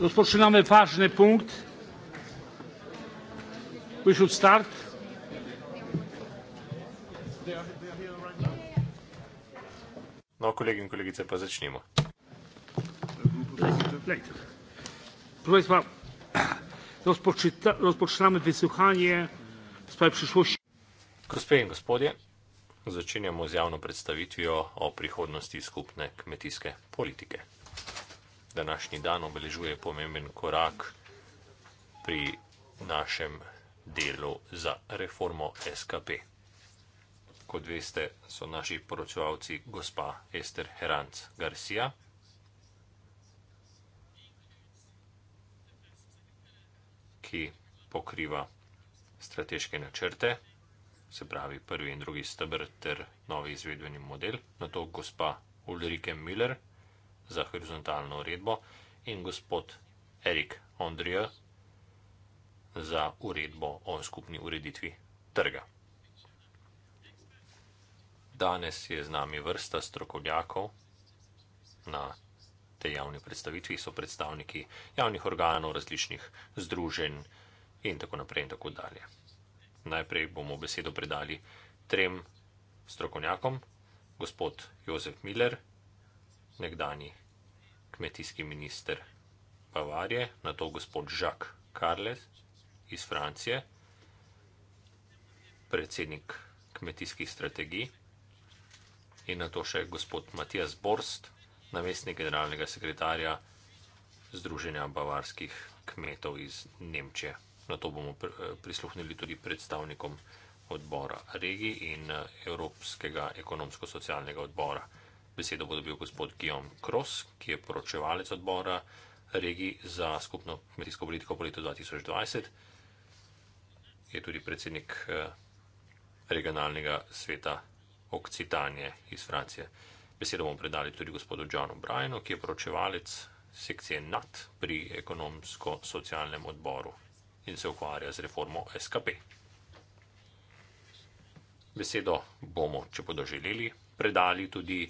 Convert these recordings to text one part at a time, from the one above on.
Rozpoczynamy ważny punkt. We should start. No, kolegi, kolegi, co zacznijmy. Proszę Państwa, rozpoczynamy wysłuchanie w sprawie przyszłości. Gospodzie i gospodzie, zaczynamy z jawną przedstawitwią o przyszłości wspólnej kmetyjskiej polityki današnji dan obeležuje pomemben korak pri našem delu za reformo SKP. Kot veste, so naši poročevalci gospa Ester Heranc Garcia ki pokriva strateške načrte, se pravi prvi in drugi stebr ter novi izvedveni model, na to gospa Ulrike Miller, za horizontalno uredbo in gospod Erik Andrija za uredbo o skupni ureditvi trga. Danes je z nami vrsta strokovnjakov na tej javni predstavitvi, so predstavniki javnih organov, različnih združenj in tako naprej in tako dalje. Najprej bomo besedo predali trem strokovnjakom, gospod Jozef Miller, nekdani kmetijski minister Bavarije, na to gospod Žak Karles iz Francije, predsednik kmetijskih strategij in na to še gospod Matijas Borst, namestnik generalnega sekretarja Združenja bavarskih kmetov iz Nemčije. Na to bomo eh, prisluhnili tudi predstavnikom odbora regij in eh, Evropskega ekonomsko-socialnega odbora besedo bo dobil gospod Guillaume Cross, ki je poročevalec odbora regij za skupno kmetijsko politiko po letu 2020. Je tudi predsednik eh, regionalnega sveta Occitanje iz Francije. Besedo bomo predali tudi gospodu Johnu Brianu, ki je poročevalec sekcije NAT pri ekonomsko-socialnem odboru in se ukvarja z reformo SKP. Besedo bomo, če bodo želeli, predali tudi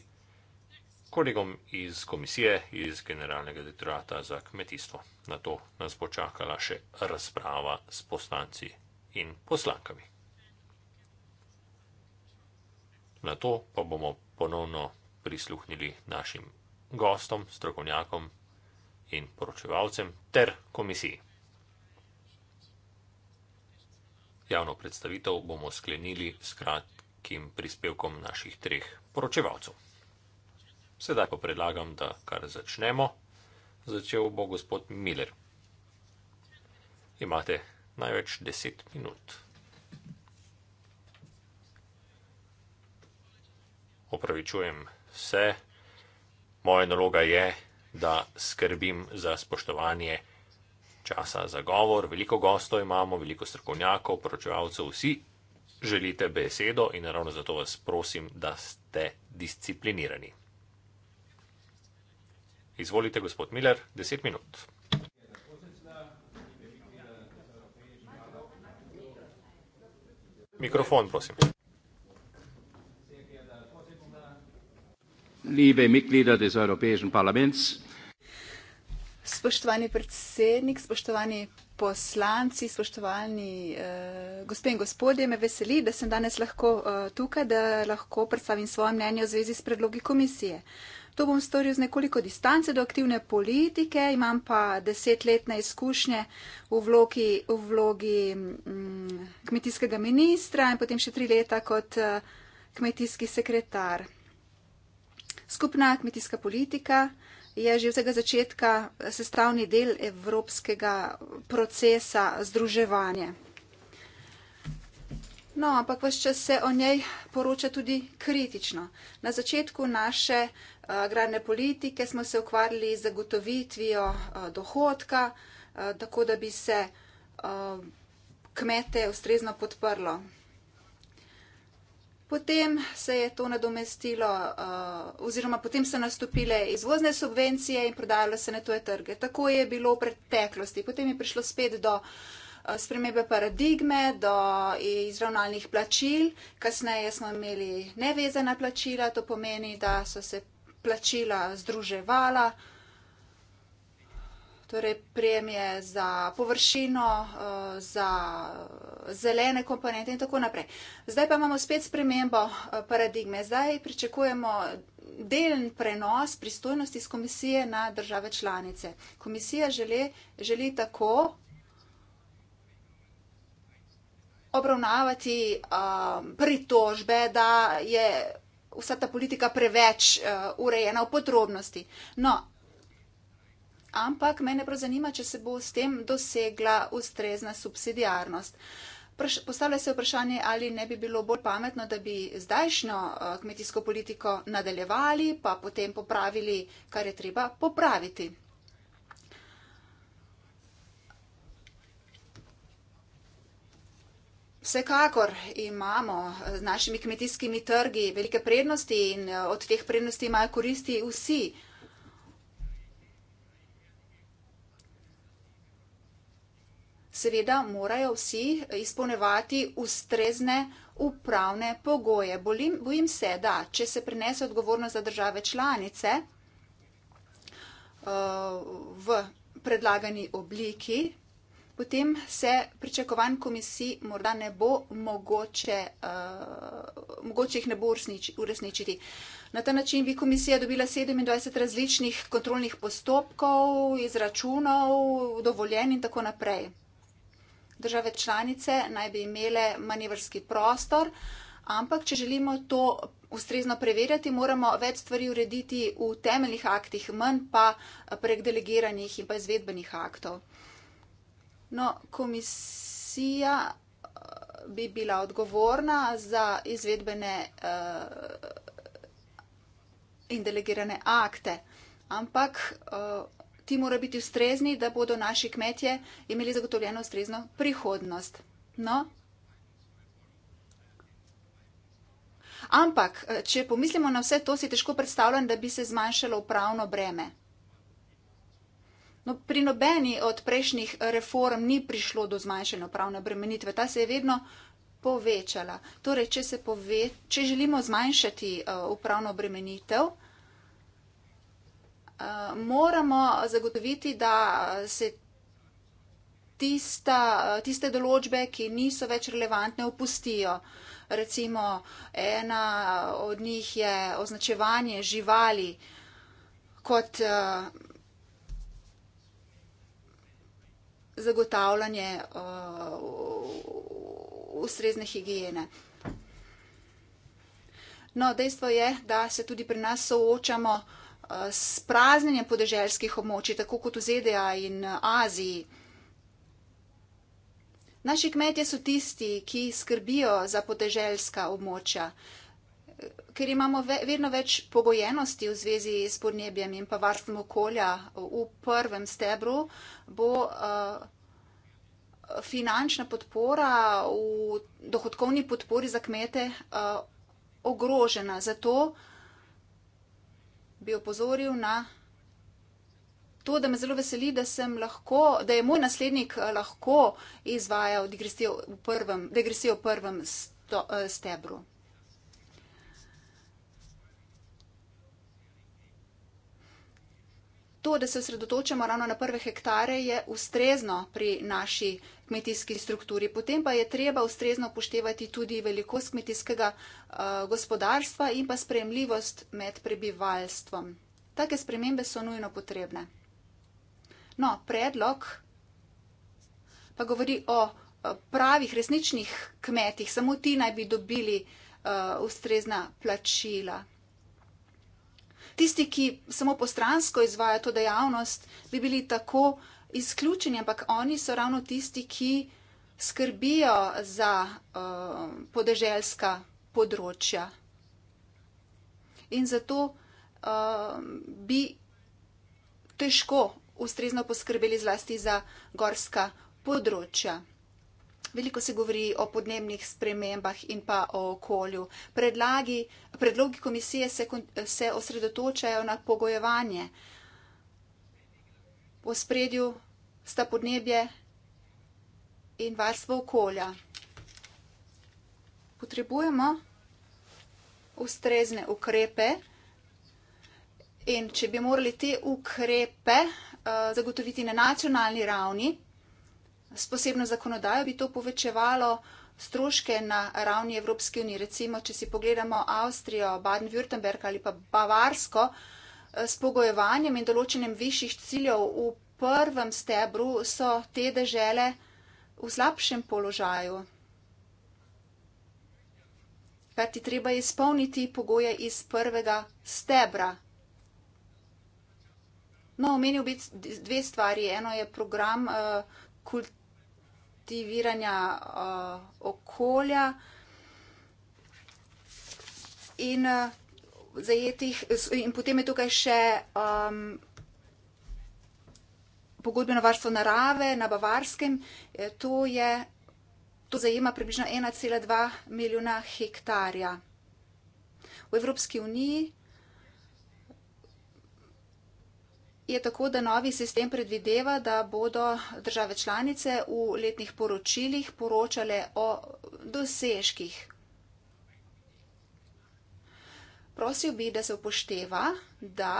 kolegom iz komisije, iz Generalnega direktorata za kmetijstvo. Na to nas bo čakala še razprava s poslanci in poslankami. Na to pa bomo ponovno prisluhnili našim gostom, strokovnjakom in poročevalcem ter komisiji. Javno predstavitev bomo sklenili s kratkim prispevkom naših treh poročevalcev. Sedaj pa predlagam, da kar začnemo. Začel bo gospod Miller. Imate največ deset minut. Opravičujem se, moja naloga je, da skrbim za spoštovanje časa za govor. Veliko gostov imamo, veliko strokovnjakov, poročevalcev, vsi želite besedo in ravno zato vas prosim, da ste disciplinirani. Izvolite, gospod Miller, deset minut. Mikrofon, prosim. Liebe Mitglieder des Europäischen Parlaments. Spoštovani predsednik, spoštovani poslanci, spoštovani eh, gospe in gospodje, me veseli, da sem danes lahko eh, tukaj, da lahko predstavim svoje mnenje v zvezi s predlogi komisije. Eh, To bom storil z nekoliko distance do aktivne politike, imam pa desetletne izkušnje v vlogi, v vlogi mm, kmetijskega ministra in potem še tri leta kot eh, kmetijski sekretar. Skupna kmetijska politika je že od vsega začetka sestavni del evropskega procesa združevanja. No, ampak vse čas se o njej poroča tudi kritično. Na začetku naše uh, Eh, agrarne politike smo se ukvarjali z zagotovitvijo eh, dohodka, eh, tako da bi se kmete ustrezno podprlo. Potem se je to nadomestilo, oziroma potem so nastopile izvozne subvencije in prodajalo se na tuje trge. Tako je bilo v preteklosti. Potem je prišlo spet do spremembe paradigme, do izravnalnih plačil. Kasneje smo imeli nevezana plačila, to pomeni, da so se plačila združevala, torej premije za površino, eh, za zelene komponente in tako naprej. Zdaj pa imamo spet spremembo eh, paradigme. Zdaj pričakujemo delen prenos pristojnosti z komisije na države članice. Komisija želi, želi tako obravnavati um, pritožbe, da je vsa ta politika preveč uh, urejena v podrobnosti. No, ampak mene prav zanima, če se bo s tem dosegla ustrezna subsidijarnost. Praš, postavlja se vprašanje, ali ne bi bilo bolj pametno, da bi zdajšnjo uh, kmetijsko politiko nadaljevali, pa potem popravili, kar je treba popraviti. Vsekakor imamo z našimi kmetijskimi trgi velike prednosti in eh, od teh prednosti imajo koristi vsi. Seveda morajo vsi izpolnevati ustrezne upravne pogoje. Bolim, bojim se, da če se prenese odgovornost za države članice uh, v predlagani obliki, potem se pričakovanj komisij morda ne bo mogoče, uh, mogoče jih ne bo uresničiti. Na ta način bi komisija dobila 27 različnih kontrolnih postopkov, izračunov, dovoljen in tako naprej. Države članice naj bi imele manevrski prostor, ampak če želimo to ustrezno preverjati, moramo več stvari urediti v temeljnih aktih, manj pa prek delegiranih in pa izvedbenih aktov. No, komisija eh, bi bila odgovorna za izvedbene uh, in delegirane akte, ampak uh, ti morajo biti ustrezni, da bodo naši kmetje imeli zagotovljeno ustrezno prihodnost. No? Ampak, če pomislimo na vse to, si težko predstavljam, da bi se zmanjšalo upravno breme. No, pri nobeni od prejšnjih reform ni prišlo do zmanjšanja pravne obremenitve, ta se je vedno povečala. Torej, če, pove, če želimo zmanjšati eh, upravno uh, obremenitev, uh, moramo zagotoviti, da se tista, uh, tiste določbe, ki niso več relevantne, opustijo. Recimo, ena od njih je označevanje živali kot. Uh, zagotavljanje uh, ustrezne higiene. No, dejstvo je, da se tudi pri nas soočamo uh, s praznjenjem podeželskih območij, tako kot v ZDA in Aziji. Naši kmetje so tisti, ki skrbijo za podeželska območja. Uh, ker imamo ve, vedno več pogojenosti v zvezi s podnebjem in pa varstvom okolja v prvem stebru, bo uh, finančna podpora v dohodkovni podpori za kmete uh, ogrožena. Zato bi opozoril na to, da me zelo veseli, da, lahko, da je moj naslednik eh, lahko izvajal degresijo v prvem, degresijo v prvem sto, stebru. to, da se osredotočamo ravno na prve hektare, je ustrezno pri naši kmetijski strukturi. Potem pa je treba ustrezno upoštevati tudi velikost kmetijskega uh, gospodarstva in pa sprejemljivost med prebivalstvom. Take spremembe so nujno potrebne. No, predlog pa govori o eh, pravih, resničnih kmetih, samo ti naj bi dobili uh, ustrezna plačila. Tisti, ki samo postransko izvaja to dejavnost, bi bili tako izključeni, ampak oni so ravno tisti, ki skrbijo za uh, podeželska področja. In zato uh, bi težko ustrezno poskrbeli zlasti za gorska področja. Veliko se govori o podnebnih spremembah in pa o okolju. Predlagi, predlogi komisije se, se osredotočajo na pogojevanje. V spredju sta podnebje in varstvo okolja. Potrebujemo ustrezne ukrepe in če bi morali te ukrepe uh, zagotoviti na nacionalni ravni, s posebno zakonodajo bi to povečevalo stroške na ravni Evropske unije. Recimo, če si pogledamo Avstrijo, Baden-Württemberg ali pa Bavarsko, eh, s pogojevanjem in določenjem višjih ciljev v prvem stebru so te dežele v slabšem položaju. Ker ti treba izpolniti pogoje iz prvega stebra. No, omenil bi dve stvari. Eno je program uh, eh, kulture aktiviranja uh, okolja in, uh, zajetih, in potem je tukaj še um, pogodbeno varstvo narave na Bavarskem. Eh, to, je, to zajema približno 1,2 milijona hektarja. V Evropski uniji je tako, da novi sistem predvideva, da bodo države članice v letnih poročilih poročale o dosežkih. Prosil bi, da se upošteva, da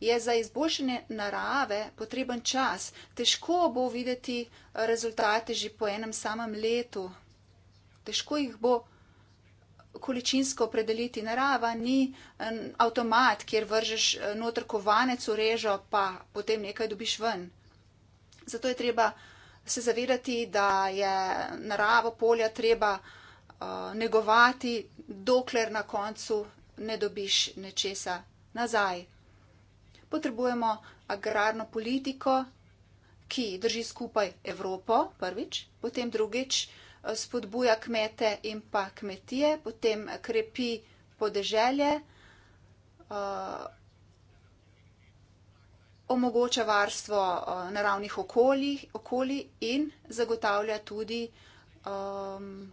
je za izboljšanje narave potreben čas. Težko bo videti rezultate že po enem samem letu. Težko jih bo videti količinsko opredeliti. Narava ni avtomat, kjer vržeš eh, noter kovanec v režo, pa potem nekaj dobiš ven. Zato je treba se zavedati, da je naravo polja treba eh, negovati, dokler na koncu ne dobiš nečesa nazaj. Potrebujemo agrarno politiko, ki drži skupaj Evropo, prvič, potem drugič spodbuja kmete in pa kmetije, potem krepi podeželje, eh, omogoča varstvo eh, naravnih okolij in zagotavlja tudi ehm,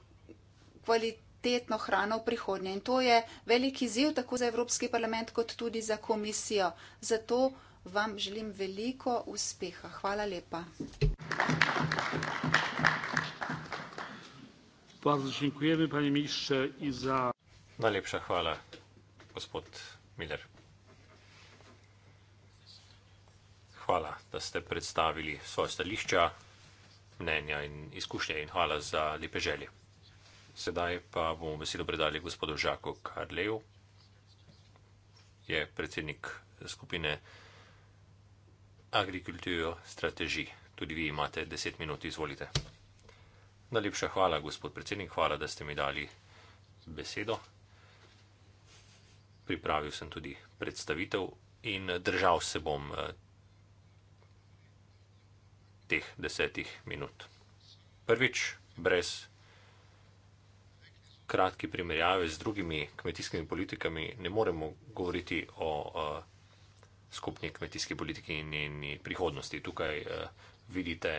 kvalitetno hrano v prihodnje. In to je veliki ziv tako za Evropski parlament kot tudi za komisijo. Zato vam želim veliko uspeha. Hvala lepa. Thank you. Najlepša hvala, gospod Miller. Hvala, da ste predstavili svoje stališča, mnenja in izkušnje in hvala za lepe želje. Sedaj pa bomo besedo predali gospodu Žaku Karleju, je predsednik skupine Agriculture Strategy. Tudi vi imate deset minut, izvolite. Najlepša hvala, gospod predsednik, hvala, da ste mi dali besedo. Pripravil sem tudi predstavitev in držal se bom eh, teh desetih minut. Prvič, brez kratke primerjave z drugimi kmetijskimi politikami, ne moremo govoriti o eh, skupni kmetijski politiki in prihodnosti. Tukaj eh, vidite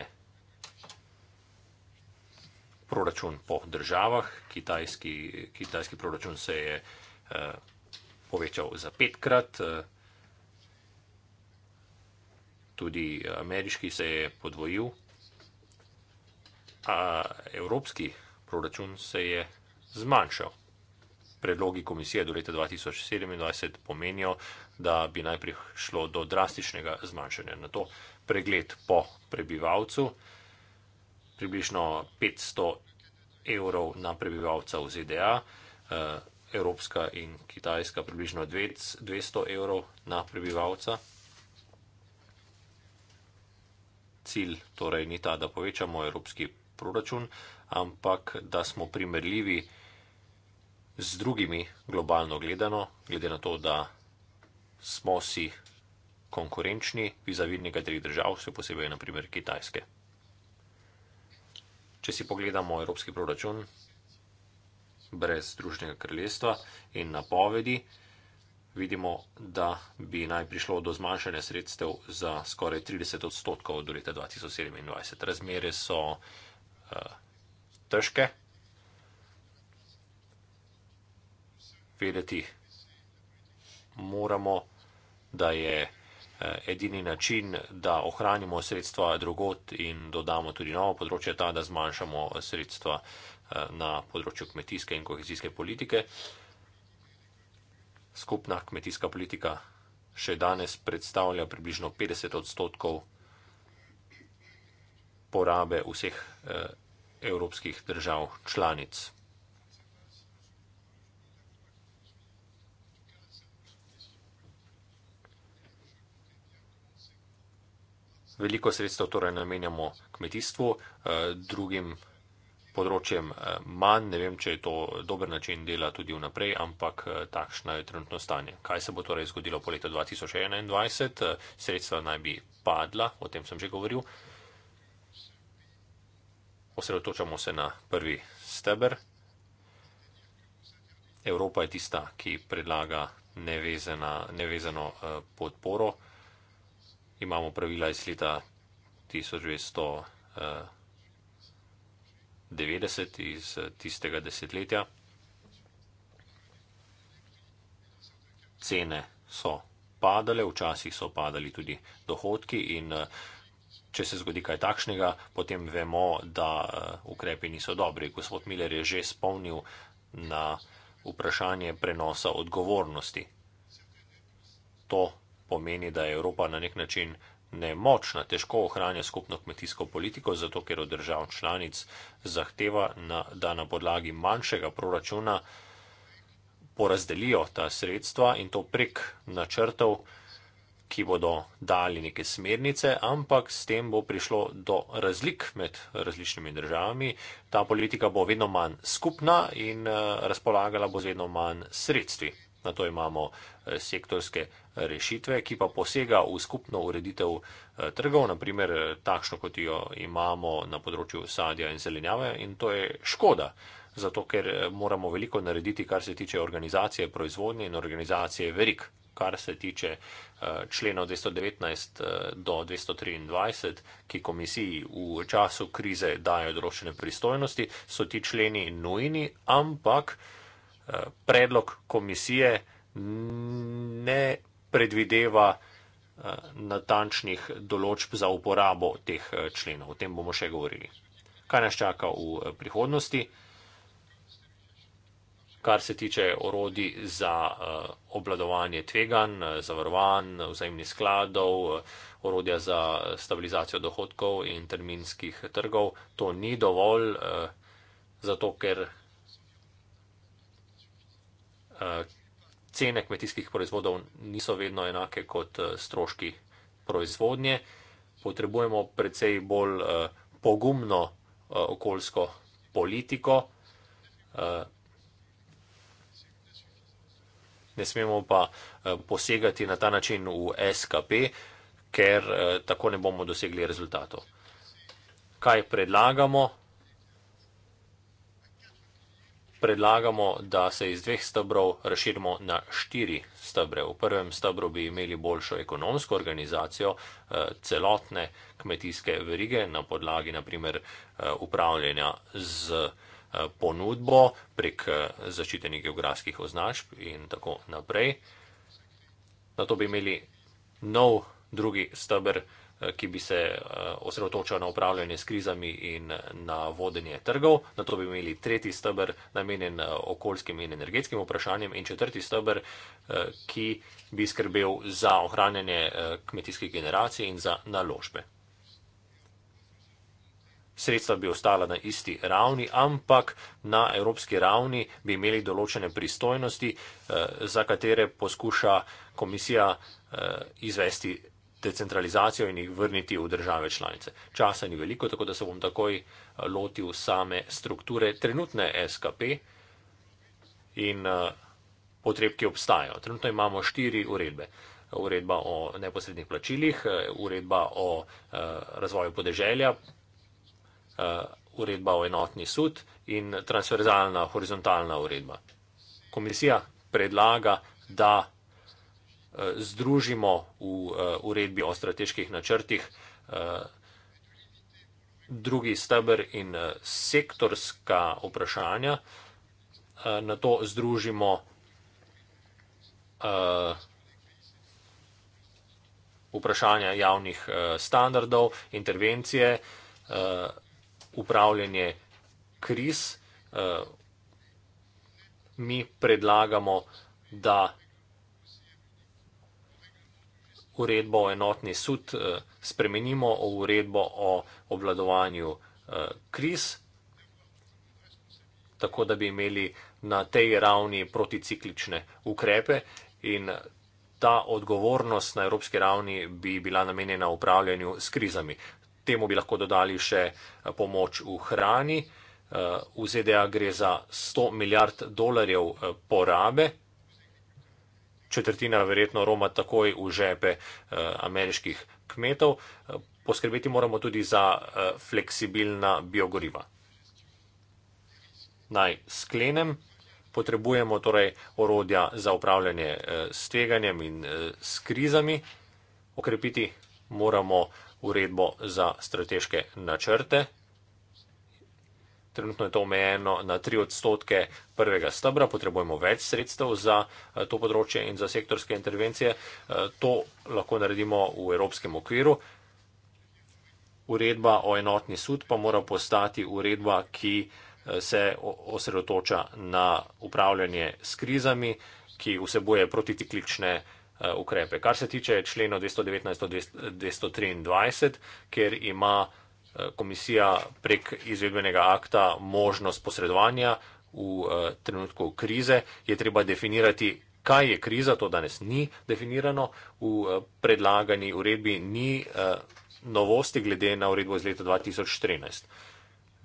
proračun po državah. Kitajski, kitajski proračun se je eh, povečal za petkrat, eh, tudi ameriški se je podvojil, a evropski proračun se je zmanjšal. Predlogi komisije do leta 2027 pomenijo, da bi najprej šlo do drastičnega zmanjšanja. Na to pregled po prebivalcu približno 500 evrov na prebivalca v ZDA, eh, Evropska in Kitajska približno 200 evrov na prebivalca. Cilj torej ni ta, da povečamo evropski proračun, ampak da smo primerljivi z drugimi globalno gledano, glede na to, da smo si konkurenčni vizavi nekaterih držav, še posebej na primer Kitajske. Če si pogledamo evropski proračun brez Združenega kraljestva in napovedi, vidimo, da bi naj prišlo do zmanjšanja sredstev za skoraj 30 odstotkov do leta 2027. Razmere so uh, težke. Vedeti moramo, da je Eh, edini način, da ohranimo sredstva drugot in dodamo tudi novo področje, ta, da zmanjšamo sredstva eh, na področju kmetijske in kohezijske politike. Skupna kmetijska politika še danes predstavlja približno 50 odstotkov porabe vseh eh, evropskih držav članic. Veliko sredstev torej namenjamo kmetijstvu, eh, drugim področjem eh, manj. Ne vem, če je to dober način dela tudi vnaprej, ampak eh, takšno je trenutno stanje. Kaj se bo torej zgodilo po letu 2021? Sredstva naj bi padla, o tem sem že govoril. Osredotočamo se na prvi steber. Evropa je tista, ki predlaga nevezena, nevezano podporo imamo pravila iz leta 1990 eh, iz eh, tistega desetletja. Cene so padale, včasih so padali tudi dohodki in eh, če se zgodi kaj takšnega, potem vemo, da ukrepi niso dobri. Gospod Miller je že spomnil na vprašanje prenosa odgovornosti. To pomeni, da je Evropa na nek način nemočna, težko ohranja skupno kmetijsko politiko, zato ker od držav članic zahteva, na, da na podlagi manjšega proračuna porazdelijo ta sredstva in to prek načrtov, ki bodo dali neke smernice, ampak s tem bo prišlo do razlik med različnimi državami. Ta politika bo vedno manj skupna in razpolagala bo z vedno manj sredstvi na to imamo eh, sektorske eh, rešitve, ki pa posega v skupno ureditev eh, trgov, naprimer takšno, kot jo imamo na področju sadja in zelenjave in to je škoda, zato ker moramo veliko narediti, kar se tiče organizacije proizvodnje in organizacije verik, kar se tiče členov 219 do 223, ki komisiji v času krize dajo določene pristojnosti, so ti členi nujni, ampak predlog komisije ne predvideva eh, natančnih določb za uporabo teh eh, členov. O tem bomo še govorili. Kaj nas čaka v eh, prihodnosti? Kar se tiče orodi za obladovanje tvegan, zavarovan, vzajemnih skladov, orodja za stabilizacijo dohodkov in terminskih trgov, to ni dovolj, zato ker Eh, cene kmetijskih proizvodov niso vedno enake kot eh, stroški proizvodnje. Potrebujemo precej bolj eh, pogumno okoljsko politiko. Ne smemo pa posegati na ta način v SKP, ker tako ne bomo dosegli rezultatov. Kaj predlagamo? predlagamo, da se iz dveh stebrov razširimo na štiri stebre. V prvem stebru bi imeli boljšo ekonomsko organizacijo eh, celotne kmetijske verige na podlagi naprimer eh, upravljanja z eh, ponudbo prek zaščitenih geografskih označb in tako naprej. Na to bi imeli nov drugi stebr. Eh, ki bi se eh, osredotočal na upravljanje s krizami in eh, na vodenje trgov. Na to bi imeli tretji stebr, namenjen okoljskim in energetskim vprašanjem, in četrti stebr, ki bi skrbel za ohranjanje kmetijskih generacij in za naložbe. Sredstva bi ostala na isti ravni, ampak na evropski ravni bi imeli določene pristojnosti, za katere poskuša komisija izvesti decentralizacijo in jih vrniti v države članice. Časa ni veliko, tako da se bom takoj eh, lotil same strukture trenutne SKP in eh, potreb, ki obstajajo. Trenutno imamo štiri uredbe. Uredba o neposrednih plačilih, eh, uredba o razvoju podeželja, uredba o enotni sud in transverzalna horizontalna uredba. Komisija predlaga, da združimo v eh, uredbi o strateških načrtih eh, drugi stebr in eh, sektorska vprašanja, na to združimo vprašanja javnih standardov, intervencije, upravljanje kriz. Mi predlagamo, da vprašanje, uredbo o enotni sud eh, spremenimo v uredbo o obladovanju eh, kriz, tako da bi imeli na tej ravni proticiklične ukrepe in ta odgovornost na evropski ravni bi bila namenjena upravljanju s krizami. Temu bi lahko dodali še eh, pomoč v hrani. V ZDA gre za 100 milijard dolarjev porabe četrtina verjetno Roma takoj v žepe eh, ameriških kmetov. Eh, poskrbeti moramo tudi za eh, fleksibilna biogoriva. Naj sklenem. Potrebujemo torej orodja za upravljanje s tveganjem in s krizami. Okrepiti moramo uredbo za strateške načrte, Trenutno je to omejeno na tri odstotke prvega stebra, potrebujemo več sredstev za eh, to področje in za sektorske intervencije. Eh, to lahko naredimo v evropskem okviru. Uredba o enotni sud pa mora postati uredba, ki eh, se osredotoča na upravljanje s krizami, ki vsebuje protitiklične ukrepe. Kar se tiče členov 219-223, kjer ima komisija prek izvedbenega akta možnost posredovanja v eh, trenutku krize, je treba definirati, kaj je kriza, to danes ni definirano, v eh, predlagani uredbi ni eh, novosti glede na uredbo iz leta 2014.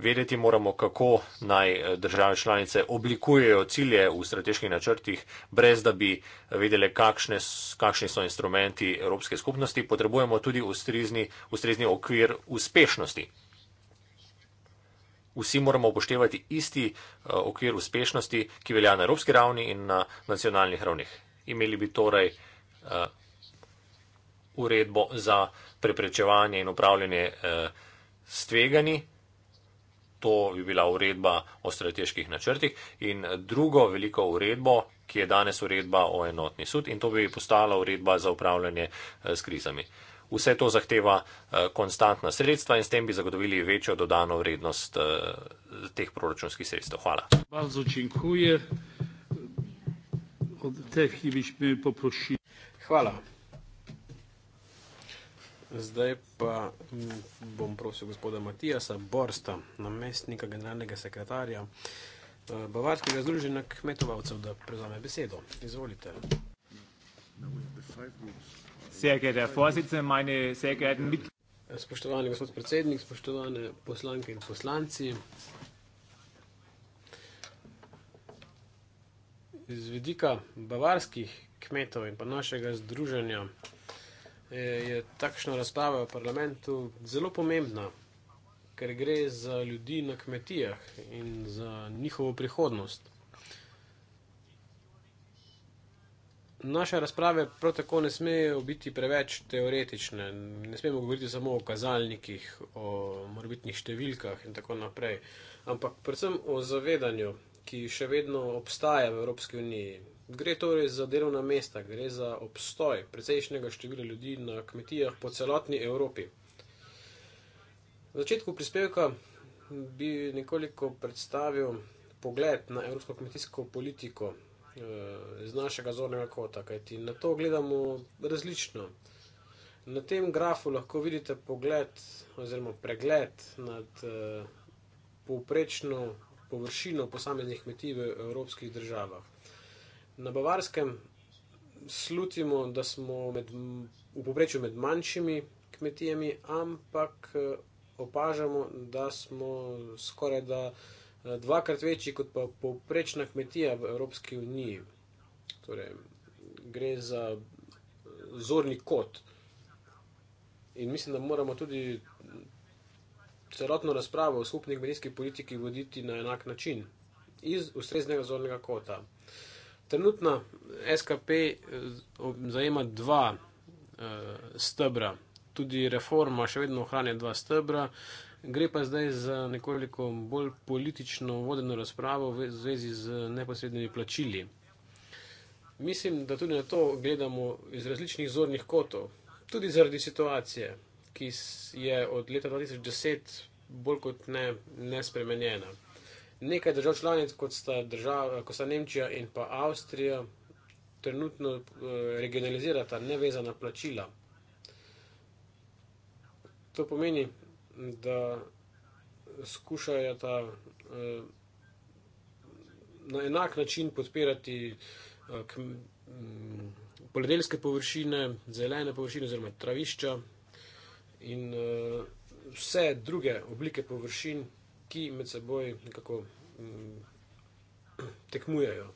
Vedeti moramo, kako naj eh, države članice oblikujejo cilje v strateških načrtih, brez da bi vedele, kakšne, kakšni so instrumenti Evropske skupnosti. Potrebujemo tudi ustrezni, ustrezni okvir uspešnosti. Vsi moramo upoštevati isti eh, okvir uspešnosti, ki velja na evropski ravni in na nacionalnih ravnih. Imeli bi torej eh, uredbo za preprečevanje in upravljanje stveganji to bi bila uredba o strateških načrtih in drugo veliko uredbo, ki je danes uredba o enotni sud in to bi postala uredba za upravljanje eh, s krizami. Vse to zahteva eh, konstantna sredstva in s tem bi zagotovili večjo dodano vrednost eh, teh proračunskih sredstev. Hvala. Hvala. Zdaj pa mm, bom prosil gospoda Matijasa Borsta, namestnika generalnega sekretarja eh, Bavarskega združenja kmetovalcev, da prevzame besedo. Izvolite. Spoštovani gospod predsednik, spoštovane poslanke in poslanci, z vidika bavarskih kmetov in pa našega združenja je takšna razprava v parlamentu zelo pomembna, ker gre za ljudi na kmetijah in za njihovo prihodnost. Naše razprave prav tako ne smejo biti preveč teoretične, ne smemo govoriti samo o kazalnikih, o morbitnih številkah in tako naprej, ampak predvsem o zavedanju, ki še vedno obstaja v Evropski uniji, Gre torej za delovna mesta, gre za obstoj precejšnjega števila ljudi na kmetijah po celotni Evropi. Na začetku prispevka bi nekoliko predstavil pogled na evropsko kmetijsko politiko eh, z našega zornega kota, kajti na to gledamo različno. Na tem grafu lahko vidite pogled oziroma pregled nad eh, povprečno površino posameznih kmetij v evropskih državah na Bavarskem slutimo, da smo med, v povprečju med manjšimi kmetijami, ampak eh, opažamo, da smo skoraj da eh, dvakrat večji kot pa povprečna kmetija v Evropski uniji. Torej, gre za eh, zorni kot. In mislim, da moramo tudi celotno razpravo o skupni kmetijski politiki voditi na enak način, iz ustreznega zornega kota. Uh, Trenutno SKP eh, zajema dva uh, stebra, tudi reforma še vedno ohranja dva stebra. Gre pa zdaj za nekoliko bolj politično vodeno razpravo v zvezi z neposrednimi plačili. Mislim, da tudi na to gledamo iz različnih zornih kotov, tudi zaradi situacije, ki je od leta 2010 bolj kot ne nespremenjena nekaj držav članic, kot sta, država, kot sta Nemčija in pa Avstrija, trenutno eh, regionalizirata nevezana plačila. To pomeni, da skušajo ta eh, na enak način podpirati eh, mm, poljedelske površine, zelene površine oziroma travišča in vse druge oblike površin ki med seboj nekako mm, tekmujejo.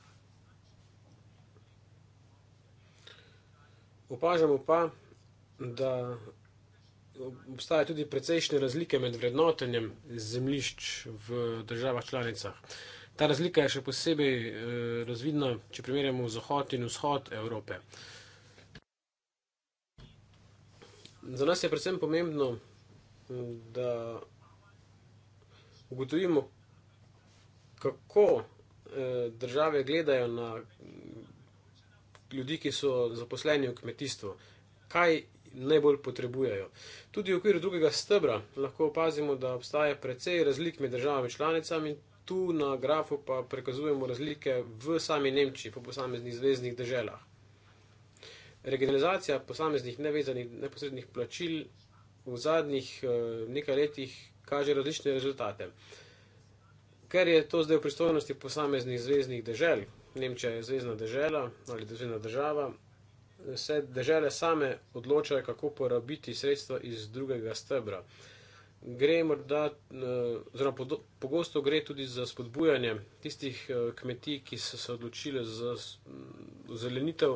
Opažamo pa, da obstaja tudi precejšnje razlike med vrednotenjem zemlišč v državah članicah. Ta razlika je še posebej eh, razvidna, če primerjamo zahod in vzhod Evrope. Za nas je predvsem pomembno, da ugotovimo, kako eh, države gledajo na ljudi, ki so zaposleni v kmetijstvu, kaj najbolj potrebujejo. Tudi v okviru drugega stebra lahko opazimo, da obstaja precej razlik med državami članicami. Tu na grafu pa prikazujemo razlike v sami Nemčiji, po posameznih zvezdnih državah. Regionalizacija posameznih nevezanih neposrednih plačil v zadnjih eh, nekaj letih kaže različne rezultate. Ker je to zdaj v pristojnosti posameznih zvezdnih dežel, Nemčija je zvezdna država ali zvezdna država, se države same odločajo, kako porabiti sredstva iz drugega stebra. Gre morda, eh, zelo pogosto gre tudi za spodbujanje tistih eh, kmetij, ki so se odločile za zelenitev,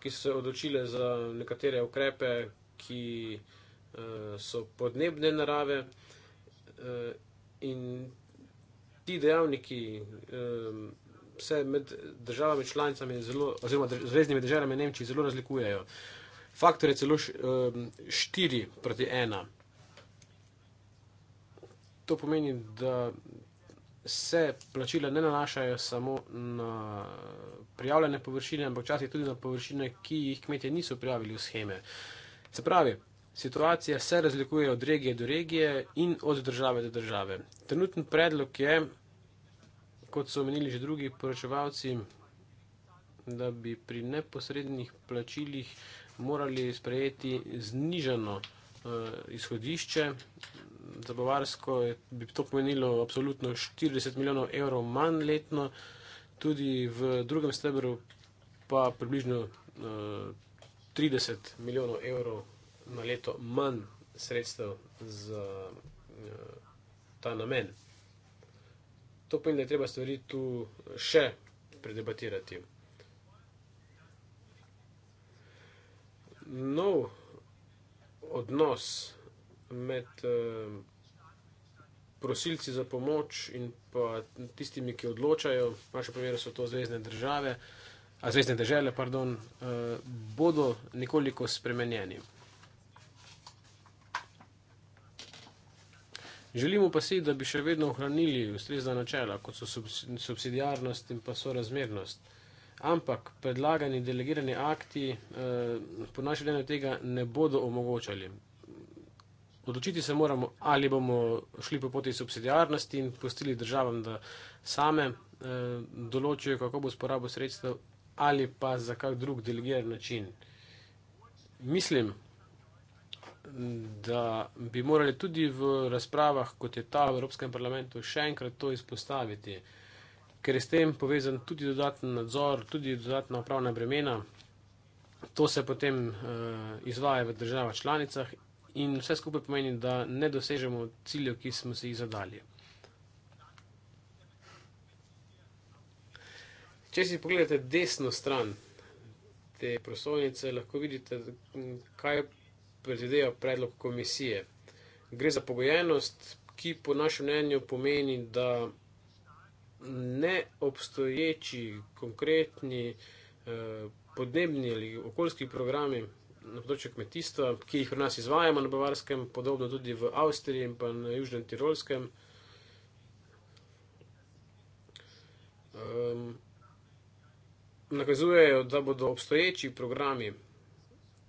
ki so se odločile za nekatere ukrepe, ki eh, so podnebne narave. Uh, in ti dejavniki um, se med državami članicami, zelo, oziroma zvezdnimi državami Nemčiji, zelo razlikujejo. Faktor je celo 4 um, proti 1. To pomeni, da se plačila ne nanašajo samo na prijavljene površine, ampak včasih tudi na površine, ki jih kmetje niso prijavili v scheme. Se pravi, Situacija se razlikuje od regije do regije in od države do države. Trenutni predlog je, kot so omenili že drugi poročevalci, da bi pri neposrednih plačilih morali sprejeti znižano uh, izhodišče. Za Bavarsko je, bi to pomenilo absolutno 40 milijonov evrov manj letno, tudi v drugem stebru pa približno uh, eh, 30 milijonov evrov na leto manj sredstev za eh, ta namen. To pomeni, da je treba stvari tu še predebatirati. Nov odnos med eh, prosilci za pomoč in pa tistimi, ki odločajo, v našem primeru so to zvezdne države, a zvezdne države, pardon, eh, bodo nekoliko spremenjeni. Želimo pa si, da bi še vedno ohranili ustrezna načela, kot so subsidijarnost in pa sorazmernost. Ampak predlagani delegirani akti eh, po našem mnenju tega ne bodo omogočali. Odločiti se moramo, ali bomo šli po poti subsidijarnosti in pustili državam, da same eh, določijo, kako bo s porabo sredstev ali pa za kak drug delegiran način. Mislim, da bi morali tudi v razpravah, kot je ta v Evropskem parlamentu, še enkrat to izpostaviti, ker je s tem povezan tudi dodaten nadzor, tudi dodatna upravna bremena. To se potem uh, izvaja v državah članicah in vse skupaj pomeni, da ne dosežemo ciljev, ki smo si jih zadali. Če si pogledate desno stran te prosovnice, lahko vidite, kaj predvideva predlog komisije. Gre za pogojenost, ki po našem mnenju pomeni, da ne obstoječi konkretni eh, podnebni ali okoljski programi na področju kmetijstva, ki jih v nas izvajamo na Bavarskem, podobno tudi v Avstriji in pa na Južnem Tirolskem. Um, nakazujejo, da bodo obstoječi programi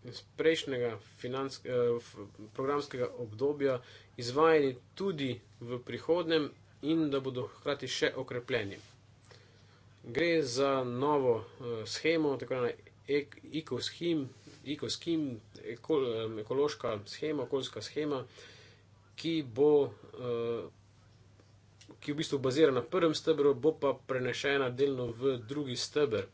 iz prejšnjega financ, eh, programskega obdobja izvajeni tudi v prihodnem in da bodo hkrati še okrepljeni. Gre za novo eh, schemo, tako imenovano ekoschim, ekoschim, eko, eh, ekološka schema, okoljska schema, ki bo eh, Ki je v bistvu bazirana na prvem stebru, bo pa prenešena delno v drugi steber.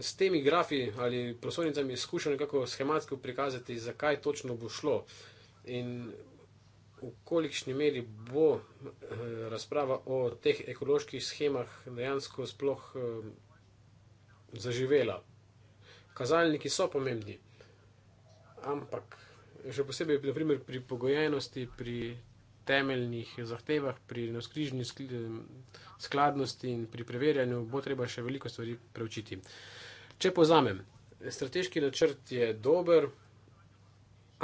s temi grafi ali prosovnicami skušal nekako schematsko prikazati, zakaj točno bo šlo in v kolikšni meri bo eh, razprava o teh ekoloških schemah dejansko sploh eh, zaživela. Kazalniki so pomembni, ampak še posebej naprimer, pri pogojenosti, pri temeljnih zahtevah, pri navskrižni eh, skladnosti in pri preverjanju bo treba še veliko stvari preučiti. Če povzamem, strateški načrt je dober,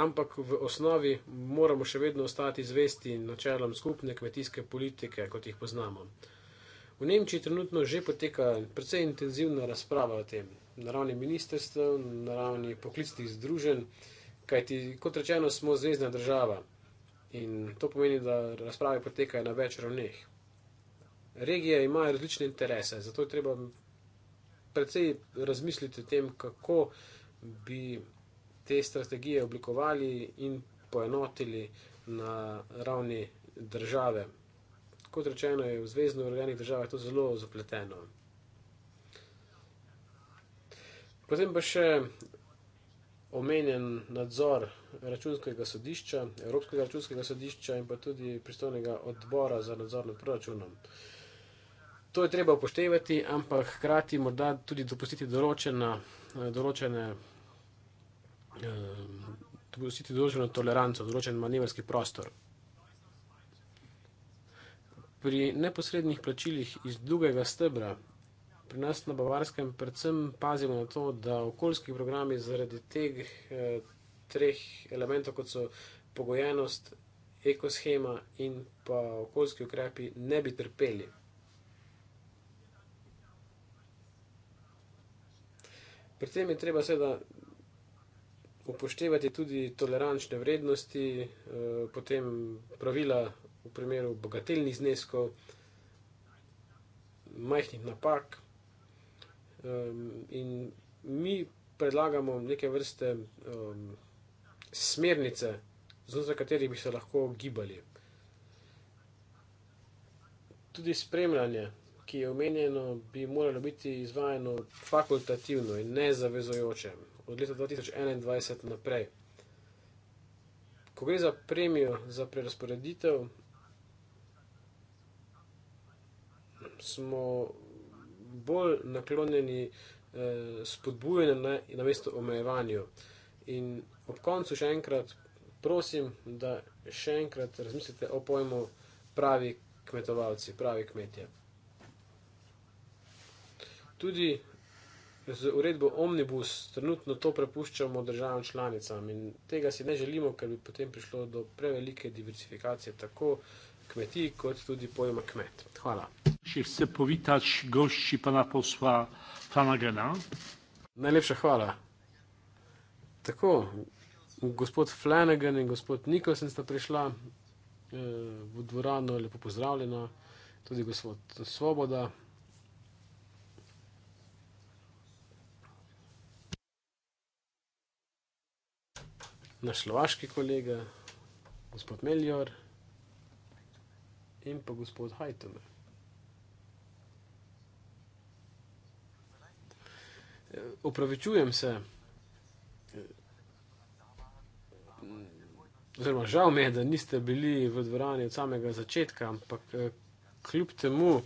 ampak v osnovi moramo še vedno ostati zvesti načelom skupne kmetijske politike, kot jih poznamo. V Nemčiji trenutno že poteka precej intenzivna razprava o tem, na ravni ministrstva, na ravni poklicnih združenj, kajti kot rečeno smo zvezdna država in to pomeni, da razprave potekajo na več ravneh. Regije imajo različne interese, zato je treba predvsej razmisliti o tem, kako bi te strategije oblikovali in poenotili na ravni države. Kot rečeno, je v zvezdni organih države to zelo zapleteno. Potem pa še omenjen nadzor računskega sodišča, Evropskega računskega sodišča in pa tudi pristojnega odbora za nadzor nad proračunom. To je treba upoštevati, ampak hkrati morda tudi dopustiti določena, eh, določene. Vsi eh, ti določeno toleranco, določen manevrski prostor. Pri neposrednih plačilih iz drugega stebra, pri nas na Bavarskem, predvsem pazimo na to, da okoljski programi zaradi teh eh, treh elementov, kot so pogojenost, ekoshema in pa okoljski ukrepi, ne bi trpeli. Pri tem je treba seveda upoštevati tudi tolerančne vrednosti, eh, potem pravila v primeru bogateljnih zneskov, majhnih napak. Ehm, in mi predlagamo neke vrste ehm, smernice, znotraj katerih bi se lahko gibali. Tudi spremljanje ki je omenjeno, bi moralo biti izvajeno fakultativno in nezavezojoče od leta 2021 naprej. Ko gre za premijo za prerasporeditev, smo bolj naklonjeni eh, spodbujanju na mesto omejevanju. In ob koncu še enkrat prosim, da še enkrat razmislite o pojmu pravi kmetovalci, pravi kmetje tudi z uredbo omnibus trenutno to prepuščamo državam članicam in tega si ne želimo, ker bi potem prišlo do prevelike diversifikacije tako kmetij, kot tudi pojma kmet. Hvala. Če se povitač gošči pana posla Flanagena. Najlepša hvala. Tako, gospod Flanagan in gospod Nikosen sta prišla eh, v dvorano, lepo pozdravljena, tudi gospod Svoboda. naš slovaški kolega, gospod Meljor in pa gospod Hajtome. Upravičujem eh, se, eh, oziroma žal mi je, da niste bili v dvorani od samega začetka, ampak eh, kljub temu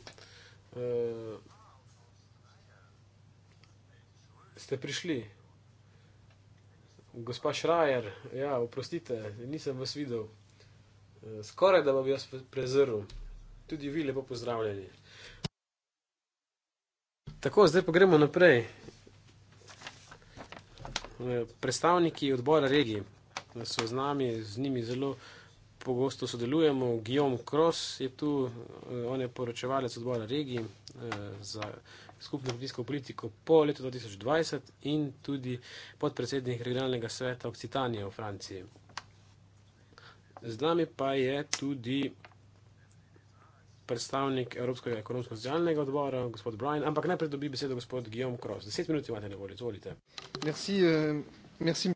ste prišli. Gospa Šrajer, ja, oprostite, nisem vas videl. Eh, skoraj da bi vas prezrl. Tudi vi lepo pozdravljeni. Tako, zdaj pa gremo naprej. Eh, predstavniki odbora regije eh, so z nami, z njimi zelo pogosto sodelujemo. Guillaume Cross je tu, on je poročevalec odbora regije za regijo skupno kmetijsko politiko po letu 2020 in tudi podpredsednik regionalnega sveta Occitanije v Franciji. Z nami pa je tudi predstavnik Evropskega ekonomsko-socialnega odbora, gospod Brian, ampak najprej dobi besedo gospod Guillaume Cross. Deset minut imate na voljo, izvolite. Merci, uh, merci.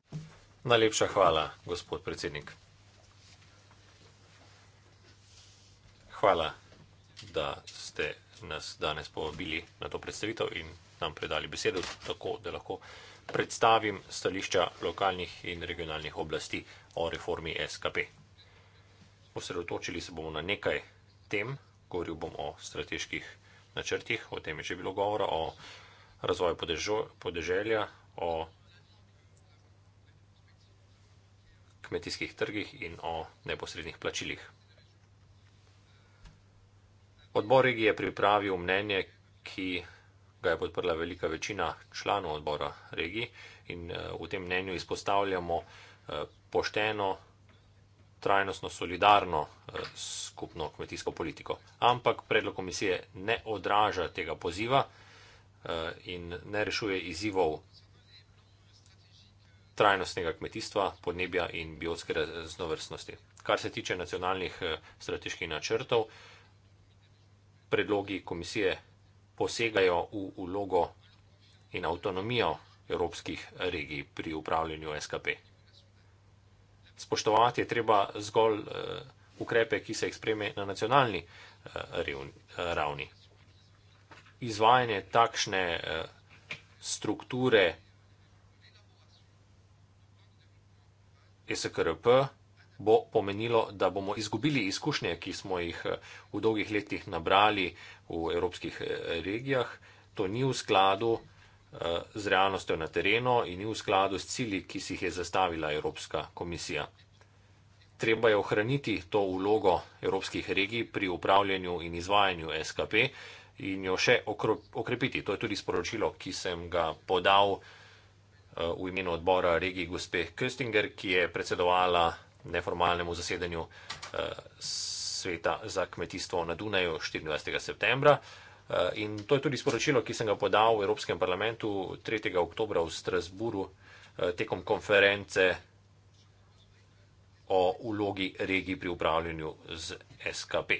Najlepša hvala, gospod predsednik. Hvala, da ste nas danes povabili na to predstavitev in nam predali besedo, tako da lahko predstavim stališča lokalnih in regionalnih oblasti o reformi SKP. Osredotočili se bomo na nekaj tem, govoril bom o strateških načrtih, o tem je že bilo govora, o razvoju podeželja, o kmetijskih trgih in o neposrednih plačilih. Odbor regije je pripravil mnenje, ki ga je podprla velika večina članov odbora regij in eh, v tem mnenju izpostavljamo eh, pošteno, trajnostno, solidarno eh, skupno kmetijsko politiko. Ampak predlog komisije ne odraža tega poziva in ne rešuje izzivov trajnostnega kmetijstva, podnebja in biotske raznovrstnosti. Kar se tiče nacionalnih strateških načrtov, predlogi komisije posegajo v ulogo in avtonomijo evropskih regij pri upravljanju SKP. Spoštovati je treba zgolj uh, ukrepe, ki se jih spreme na nacionalni uh, ravni. Izvajanje takšne uh, strukture SKRP bo pomenilo, da bomo izgubili izkušnje, ki smo jih eh, v dolgih letih nabrali v evropskih eh, regijah. To ni v skladu eh, z realnostjo na terenu in ni v skladu s cili, ki si jih je zastavila Evropska komisija. Treba je ohraniti to vlogo evropskih regij pri upravljanju in izvajanju SKP in jo še okrepiti. To je tudi sporočilo, ki sem ga podal v imenu odbora regij gospe Köstinger, ki je predsedovala neformalnemu zasedanju eh, sveta za kmetijstvo na Dunaju 24. septembra. Eh, in to je tudi sporočilo, ki sem ga podal v Evropskem parlamentu 3. oktobra v Strasburu eh, tekom konference o vlogi regij pri upravljanju z SKP.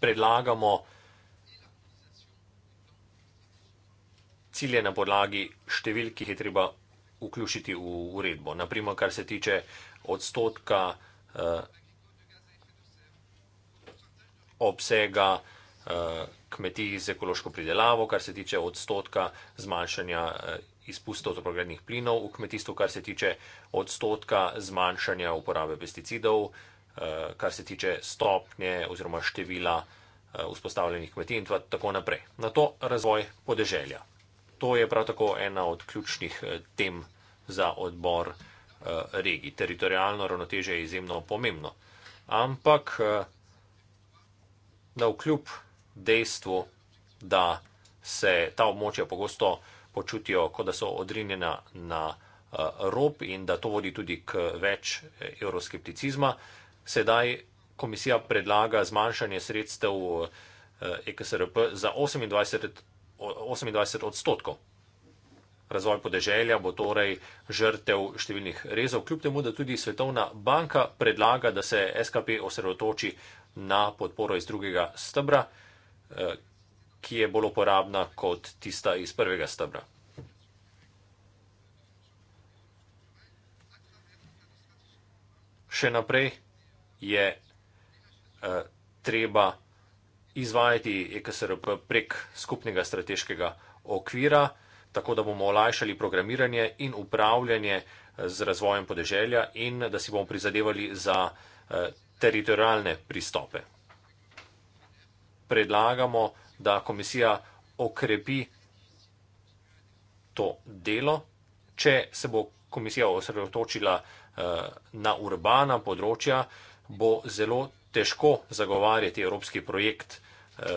Predlagamo cilje na podlagi številk, ki jih je treba vključiti v uredbo. Naprimer, kar se tiče uh, odstotka eh, obsega eh, kmetij z ekološko pridelavo, kar se tiče odstotka zmanjšanja eh, izpustov toplogrednih plinov v kmetijstvu, kar se tiče odstotka zmanjšanja uporabe pesticidov, kar se tiče stopnje oziroma števila vzpostavljenih kmetij in tako naprej. Na to razvoj podeželja. To je prav tako ena od ključnih tem za odbor. Eh, regij. Teritorijalno ravnoteže je izjemno pomembno. Ampak eh, na vkljub dejstvu, da se ta območja pogosto počutijo, kot da so odrinjena na eh, rob in da to vodi tudi k več euroskepticizma, sedaj komisija predlaga zmanjšanje sredstev EKSRP e za 28, 28 odstotkov. Razvoj podeželja bo torej žrtev številnih rezov, kljub temu, da tudi Svetovna banka predlaga, da se SKP osredotoči na podporo iz drugega stebra, eh, ki je bolj uporabna kot tista iz prvega stebra. Še naprej je eh, treba izvajati EKSRP prek skupnega strateškega okvira tako da bomo olajšali programiranje in upravljanje eh, z razvojem podeželja in eh, da si bomo prizadevali za eh, teritorijalne pristope. Predlagamo, da komisija okrepi to delo, če se bo komisija osredotočila na urbana področja, bo zelo težko zagovarjati evropski projekt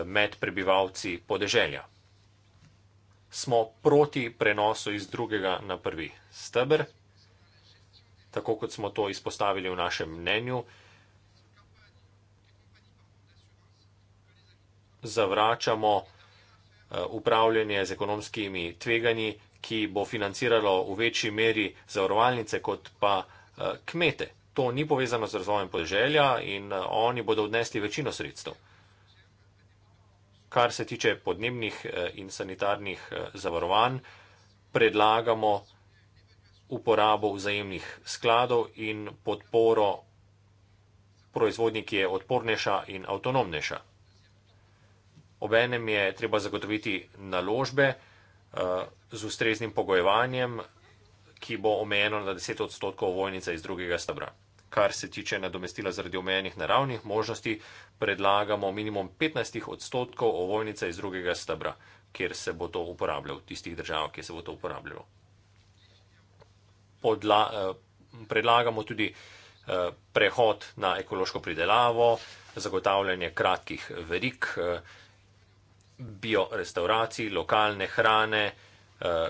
med prebivalci podeželja smo proti prenosu iz drugega na prvi stebr, tako kot smo to izpostavili v našem mnenju. Zavračamo eh, upravljanje z ekonomskimi tveganji, ki bo financiralo v večji meri zavarovalnice kot pa eh, kmete. To ni povezano z razvojem podeželja in eh, oni bodo odnesli večino sredstev. Kar se tiče podnebnih eh, in sanitarnih eh, zavarovanj, predlagamo uporabo vzajemnih skladov in podporo proizvodnji, ki je odpornejša in avtonomnejša. Obenem je treba zagotoviti naložbe eh, z ustreznim pogojevanjem, ki bo omejeno na 10 odstotkov vojnice iz drugega stebra kar se tiče nadomestila zaradi omenjenih naravnih možnosti, predlagamo minimum 15 odstotkov ovojnice iz drugega stebra, kjer se bo to uporabljalo, tistih držav, kjer se bo to uporabljalo. Podla, eh, predlagamo tudi eh, prehod na ekološko pridelavo, zagotavljanje kratkih verik, eh, biorestauracij, lokalne hrane,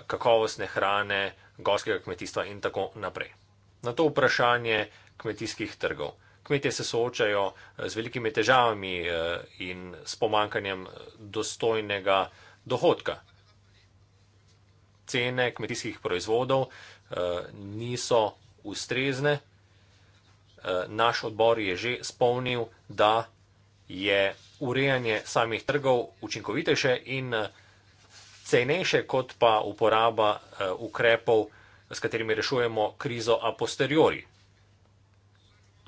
kakovostne hrane, gorskega kmetijstva in tako naprej. Na to vprašanje kmetijskih trgov. Kmetje se soočajo eh, z velikimi težavami eh, in s pomankanjem eh, dostojnega dohodka. Cene kmetijskih proizvodov niso ustrezne. Naš odbor je že spomnil, da je urejanje samih trgov učinkovitejše in cenejše kot pa uporaba ukrepov, s katerimi rešujemo krizo a posteriori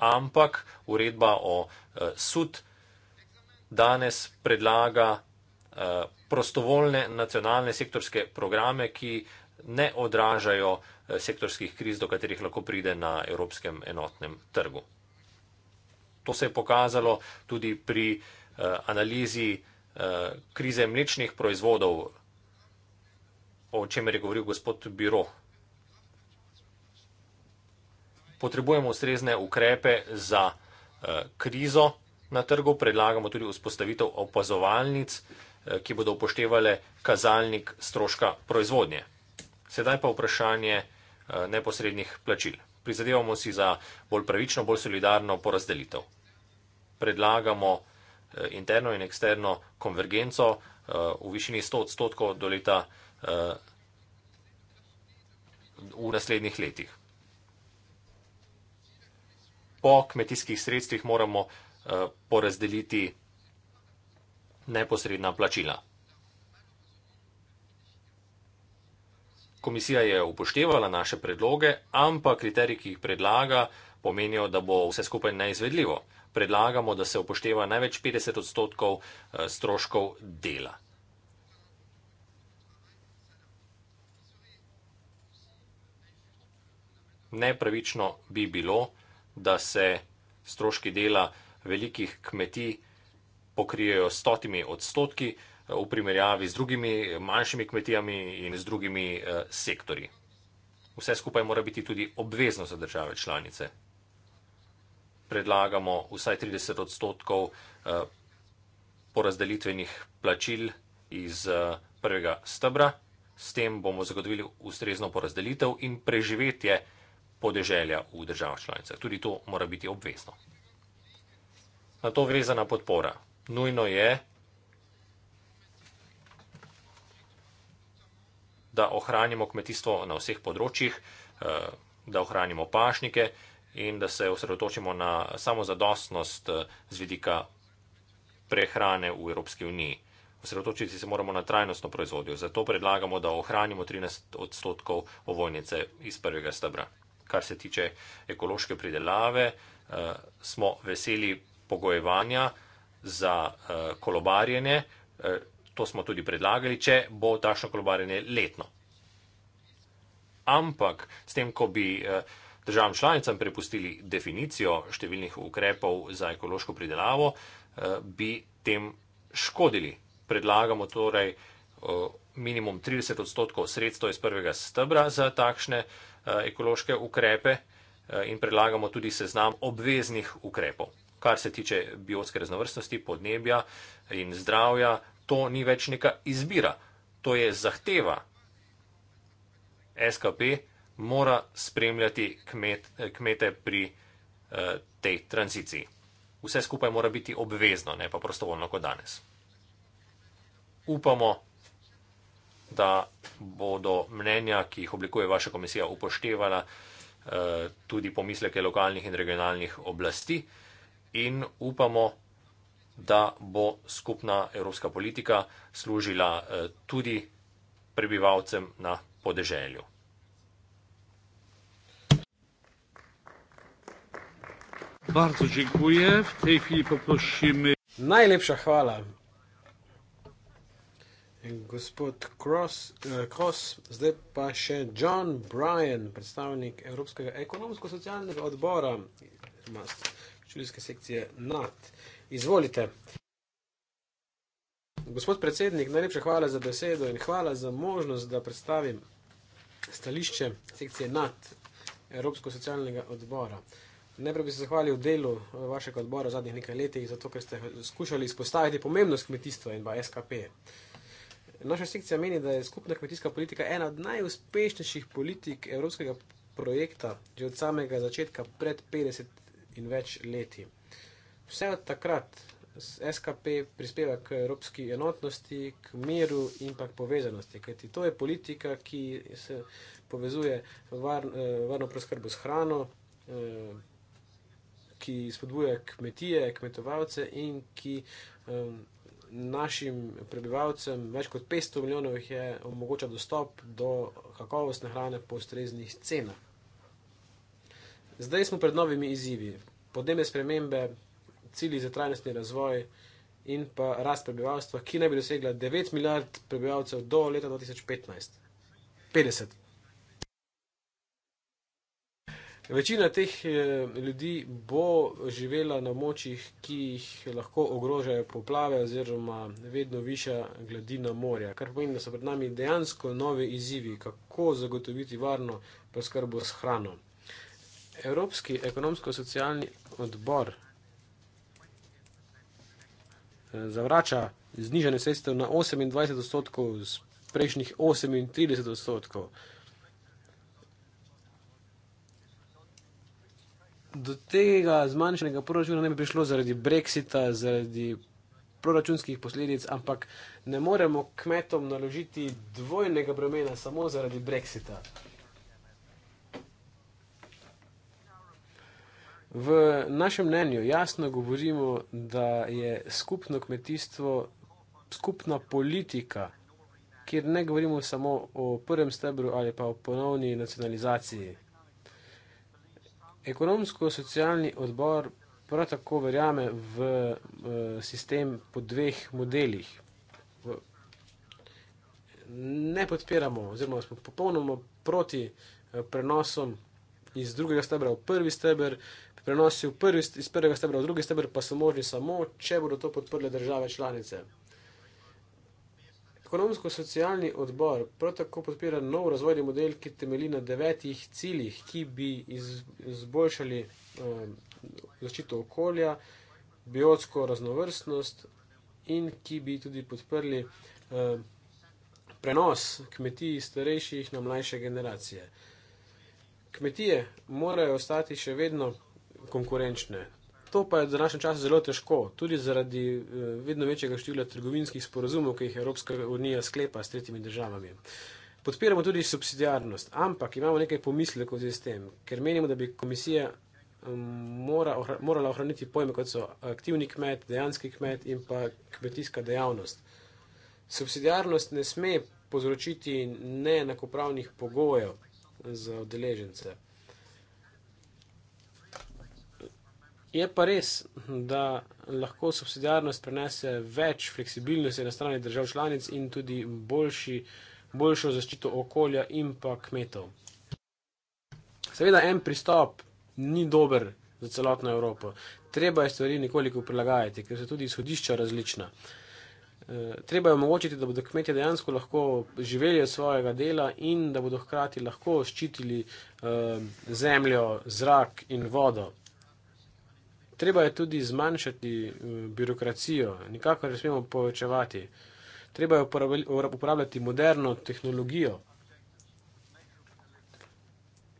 ampak uredba o eh, sud danes predlaga eh, prostovoljne nacionalne sektorske programe, ki ne odražajo eh, sektorskih kriz, do katerih lahko pride na evropskem enotnem trgu. To se je pokazalo tudi pri analizi krize mlečnih proizvodov, o čem je govoril gospod Biro potrebujemo ustrezne ukrepe za eh, krizo na trgu, predlagamo tudi vzpostavitev opazovalnic, eh, ki bodo upoštevale kazalnik stroška proizvodnje. Sedaj pa vprašanje eh, neposrednih plačil. Prizadevamo si za bolj pravično, bolj solidarno porazdelitev. Predlagamo interno in eksterno konvergenco v višini 100 odstotkov do leta v naslednjih letih po kmetijskih sredstvih moramo eh, porazdeliti neposredna plačila. Komisija je upoštevala naše predloge, ampak kriteriji, ki jih predlaga, pomenijo, da bo vse skupaj neizvedljivo. Predlagamo, da se upošteva največ 50 odstotkov eh, stroškov dela. Nepravično bi bilo, da se stroški dela velikih kmetij pokrijejo stotimi odstotki eh, v primerjavi z drugimi eh, manjšimi kmetijami in z drugimi eh, sektori. Vse skupaj mora biti tudi obvezno za države članice. Predlagamo vsaj 30 odstotkov porazdelitvenih plačil iz prvega stebra. S tem bomo zagotovili ustrezno porazdelitev in preživetje podeželja v državah članicah. Tudi to mora biti obvezno. Na to vezana podpora. Nujno je, da ohranimo kmetijstvo na vseh področjih, eh, da ohranimo pašnike in da se osredotočimo na samozadostnost eh, z vidika prehrane v Evropski uniji. Osredotočiti se moramo na trajnostno proizvodnjo, zato predlagamo, da ohranimo 13 odstotkov ovojnice iz prvega stebra kar se tiče ekološke pridelave, uh, smo veseli pogojevanja za uh, kolobarjenje. Uh, to smo tudi predlagali, če bo takšno kolobarjenje letno. Ampak s tem, ko bi uh, državam članicam prepustili definicijo številnih ukrepov za ekološko pridelavo, uh, bi tem škodili. Predlagamo torej uh, minimum 30 odstotkov sredstva iz prvega stebra za takšne uh, Eh, ekološke ukrepe eh, in predlagamo tudi seznam obveznih ukrepov. Kar se tiče biotske raznovrstnosti, podnebja in zdravja, to ni več neka izbira, to je zahteva. SKP mora spremljati kmet, eh, kmete pri eh, tej tranziciji. Vse skupaj mora biti obvezno, ne pa prostovoljno kot danes. Upamo, da bodo mnenja, ki jih oblikuje vaša komisija, upoštevala eh, tudi pomisleke lokalnih in regionalnih oblasti in upamo, da bo skupna evropska politika služila eh, tudi prebivalcem na podeželju. Bardzo dziękuję. W tej chwili poprosimy. Najlepsza chwała. Gospod Kross, eh, zdaj pa še John Bryan, predstavnik Evropskega ekonomsko-socialnega odbora, čudovske sekcije NAT. Izvolite. Gospod predsednik, najlepša hvala za besedo in hvala za možnost, da predstavim stališče sekcije NAT Evropsko-socialnega odbora. Najprej bi se zahvalil delu eh, vašega odbora v zadnjih nekaj letih, zato ker ste skušali izpostaviti pomembnost kmetijstva in pa SKP. -je. Naša sekcija meni, da je skupna kmetijska politika ena od najuspešnejših politik evropskega projekta, že od samega začetka, pred 50 in več leti. Vse od takrat SKP prispeva k evropski enotnosti, k miru in pa k povezanosti, kajti to je politika, ki se povezuje var, eh, varno preskrbo s hrano, eh, ki spodbuja kmetije, kmetovalce in ki. Eh, našim prebivalcem, več kot 500 milijonov jih je, omogoča dostop do kakovostne hrane po ustreznih cenah. Zdaj smo pred novimi izzivi. Podnebne spremembe, cilji za trajnostni razvoj in pa rast prebivalstva, ki naj bi dosegla 9 milijard prebivalcev do leta 2015. 50. Večina teh eh, ljudi bo živela na močjih, ki jih lahko ogrožajo poplave oziroma vedno višja gladina morja. Kar pomeni, da so pred nami dejansko nove izzivi, kako zagotoviti varno preskrbo s hrano. Evropski ekonomsko-socialni odbor eh, zavrača znižanje sredstev na 28 odstotkov z prejšnjih 38 odstotkov. do tega zmanjšanega proračuna ne bi prišlo zaradi brexita, zaradi proračunskih posledic, ampak ne moremo kmetom naložiti dvojnega bremena samo zaradi brexita. V našem mnenju jasno govorimo, da je skupno kmetijstvo skupna politika, kjer ne govorimo samo o prvem stebru ali pa o ponovni nacionalizaciji. Ekonomsko-socialni odbor prav tako verjame v sistem po dveh modelih. Ne podpiramo oziroma smo popolnoma proti eh, prenosom iz drugega stebra v prvi steber, prenosi v prvi, iz prvega stebra v drugi steber pa so možni samo, če bodo to podprle države članice. Ekonomsko-socialni odbor prav tako podpira nov razvojni model, ki temelji na devetih ciljih, ki bi izboljšali eh, zaščito okolja, biotsko raznovrstnost in ki bi tudi podprli eh, prenos kmetij starejših na mlajše generacije. Kmetije morajo ostati še vedno konkurenčne, to pa je v današnjem času zelo težko, tudi zaradi eh, vedno večjega števila trgovinskih sporozumov, ki jih Evropska unija sklepa s tretjimi državami. Podpiramo tudi subsidijarnost, ampak imamo nekaj pomislekov z tem, ker menimo, da bi komisija mm, mora, morala ohraniti pojme, kot so aktivni kmet, dejanski kmet in pa kmetijska dejavnost. Subsidijarnost ne sme povzročiti neenakopravnih pogojev za odeležence. Je pa res, da lahko subsidijarnost prenese več fleksibilnosti na strani držav članic in tudi boljši, boljšo zaščito okolja in pa kmetov. Seveda, en pristop ni dober za celotno Evropo. Treba je stvari nekoliko prilagajati, ker so tudi izhodišča različna. Eh, treba je omogočiti, da bodo kmetje dejansko lahko živeli od svojega dela in da bodo hkrati lahko ščitili eh, zemljo, zrak in vodo. Treba je tudi zmanjšati eh, birokracijo, nikakor ne smemo povečevati. Treba je uporabljati moderno tehnologijo.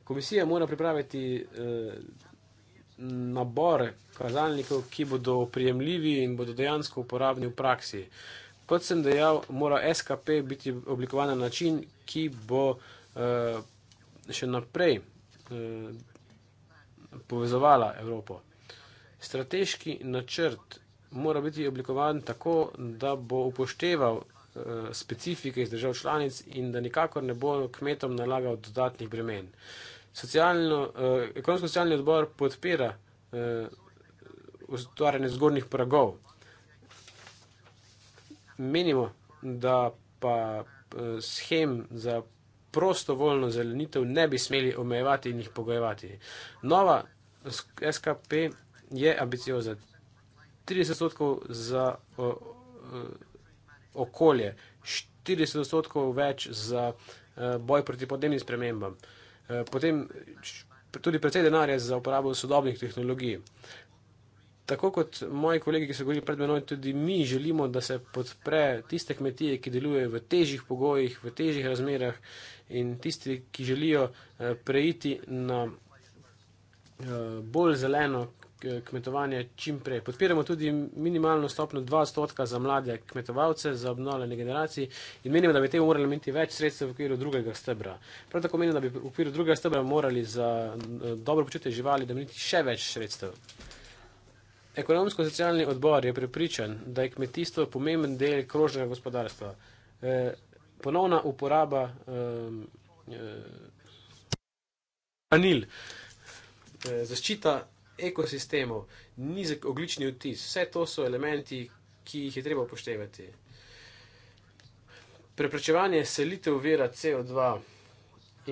Komisija mora pripraviti eh, nabor kazalnikov, ki bodo prijemljivi in bodo dejansko uporabni v praksi. Kot sem dejal, mora SKP biti oblikovan na način, ki bo eh, še naprej povezovala Evropo strateški načrt mora biti oblikovan tako, da bo upošteval eh, specifike iz držav članic in da nikakor ne bo kmetom nalagal dodatnih bremen. Eh, Ekonomsko-socialni odbor podpira eh, ustvarjanje zgornjih pragov. Menimo, da pa schem za prostovoljno zelenitev ne bi smeli omejevati in jih pogojevati. Nova SKP je ambiciozen. 30% za uh, okolje, 40% več za uh, boj proti podnebnim spremembam, uh, potem tudi precej denarja za uporabo sodobnih tehnologij. Tako kot moji kolegi, ki so govorili pred menoj, tudi mi želimo, da se podpre tiste kmetije, ki delujejo v težjih pogojih, v težjih razmerah in tisti, ki želijo uh, preiti na uh, bolj zeleno Eh, kmetovanje čim prej. Podpiramo tudi minimalno stopno 2 odstotka za mlade kmetovalce, za obnovljene generacije in menimo, da bi te morali imeti več sredstev v okviru drugega stebra. Prav tako menimo, da bi v okviru drugega stebra morali za eh, dobro počutje živali, da bi imeli še več sredstev. Ekonomsko-socialni odbor je prepričan, da je kmetijstvo pomemben del krožnega gospodarstva. E, ponovna uporaba e, e, anil, e, zaščita ekosistemov, nizek oglični odtis, vse to so elementi, ki jih je treba upoštevati. Preprečevanje selitev vira CO2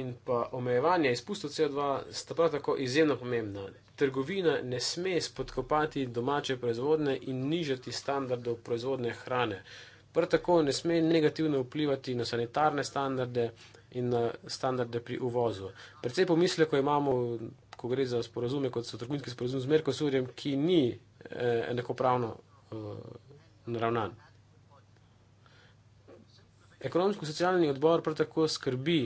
in pa omejevanje izpustov CO2 sta prav tako izjemno pomembna. Trgovina ne sme spodkopati domače proizvodne in nižati standardov proizvodne hrane. Prav tako ne sme negativno vplivati na sanitarne standarde in na standarde pri uvozu. Predvsej pomisle, ko imamo ko gre za sporazume, kot so trgovinski sporazum z Merkosurjem, ki ni eh, enakopravno eh, naravnan. Ekonomsko-socialni odbor prav tako skrbi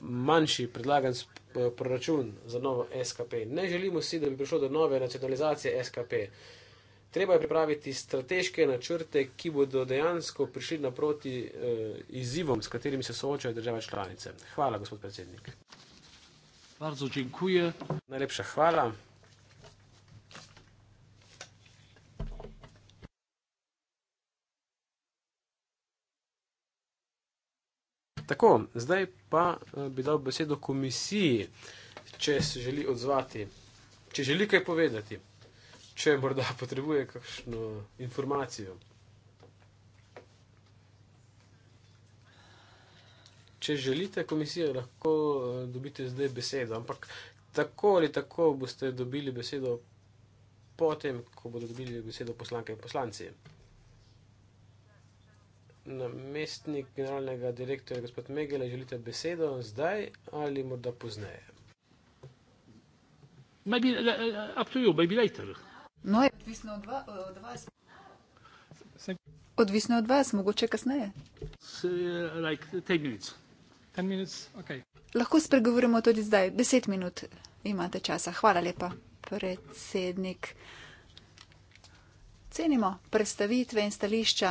manjši predlagan eh, proračun za novo SKP. Ne želimo si, da bi prišlo do nove nacionalizacije SKP. Treba je pripraviti strateške načrte, ki bodo dejansko prišli naproti eh, izzivom, s katerimi se soočajo države članice. Hvala, gospod predsednik. Bardzo dziękuję. Najlepsza chwala. Tako, zdaj pa e, bi dal besedo komisiji, če se želi odzvati, če želi kaj povedati, če morda potrebuje kakšno informacijo. če želite komisijo, lahko eh, dobite zdaj besedo, ampak tako ali tako boste dobili besedo potem, ko bodo dobili besedo poslanke in poslanci. Namestnik generalnega direktorja gospod Megele, želite besedo zdaj ali morda pozneje? Uh, uh, no, odvisno od, od vas. Odvisno od vas, mogoče kasneje. Se, uh, like, Okay. Lahko spregovorimo tudi zdaj. Deset minut imate časa. Hvala lepa, predsednik. Cenimo predstavitve in stališča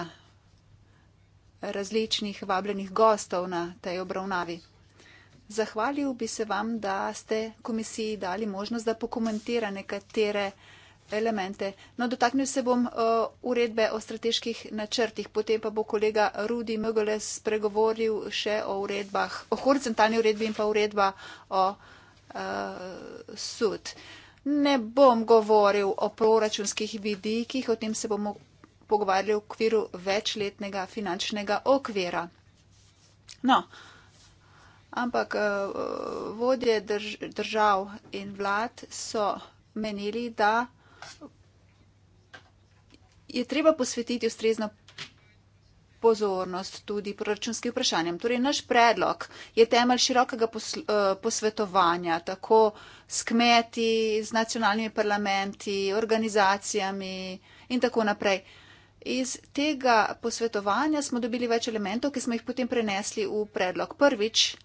različnih vabljenih gostov na tej obravnavi. Zahvalil bi se vam, da ste komisiji dali možnost, da pokomentira nekatere elemente. No, dotaknil se bom uh, uredbe o strateških načrtih, potem pa bo kolega Rudi Mögeles spregovoril še o uredbah, o horizontalni uredbi in pa uredba o uh, sud. Ne bom govoril o proračunskih vidikih, o tem se bomo pogovarjali v okviru večletnega finančnega okvira. No, ampak uh, vodje drž, držav in vlad so menili, da je treba posvetiti ustrezno pozornost tudi proračunskim vprašanjem. Torej, naš predlog je temelj širokega eh, posvetovanja tako s kmeti, z nacionalnimi parlamenti, organizacijami in tako naprej. Iz tega posvetovanja smo dobili več elementov, ki smo jih potem prenesli v predlog. Prvič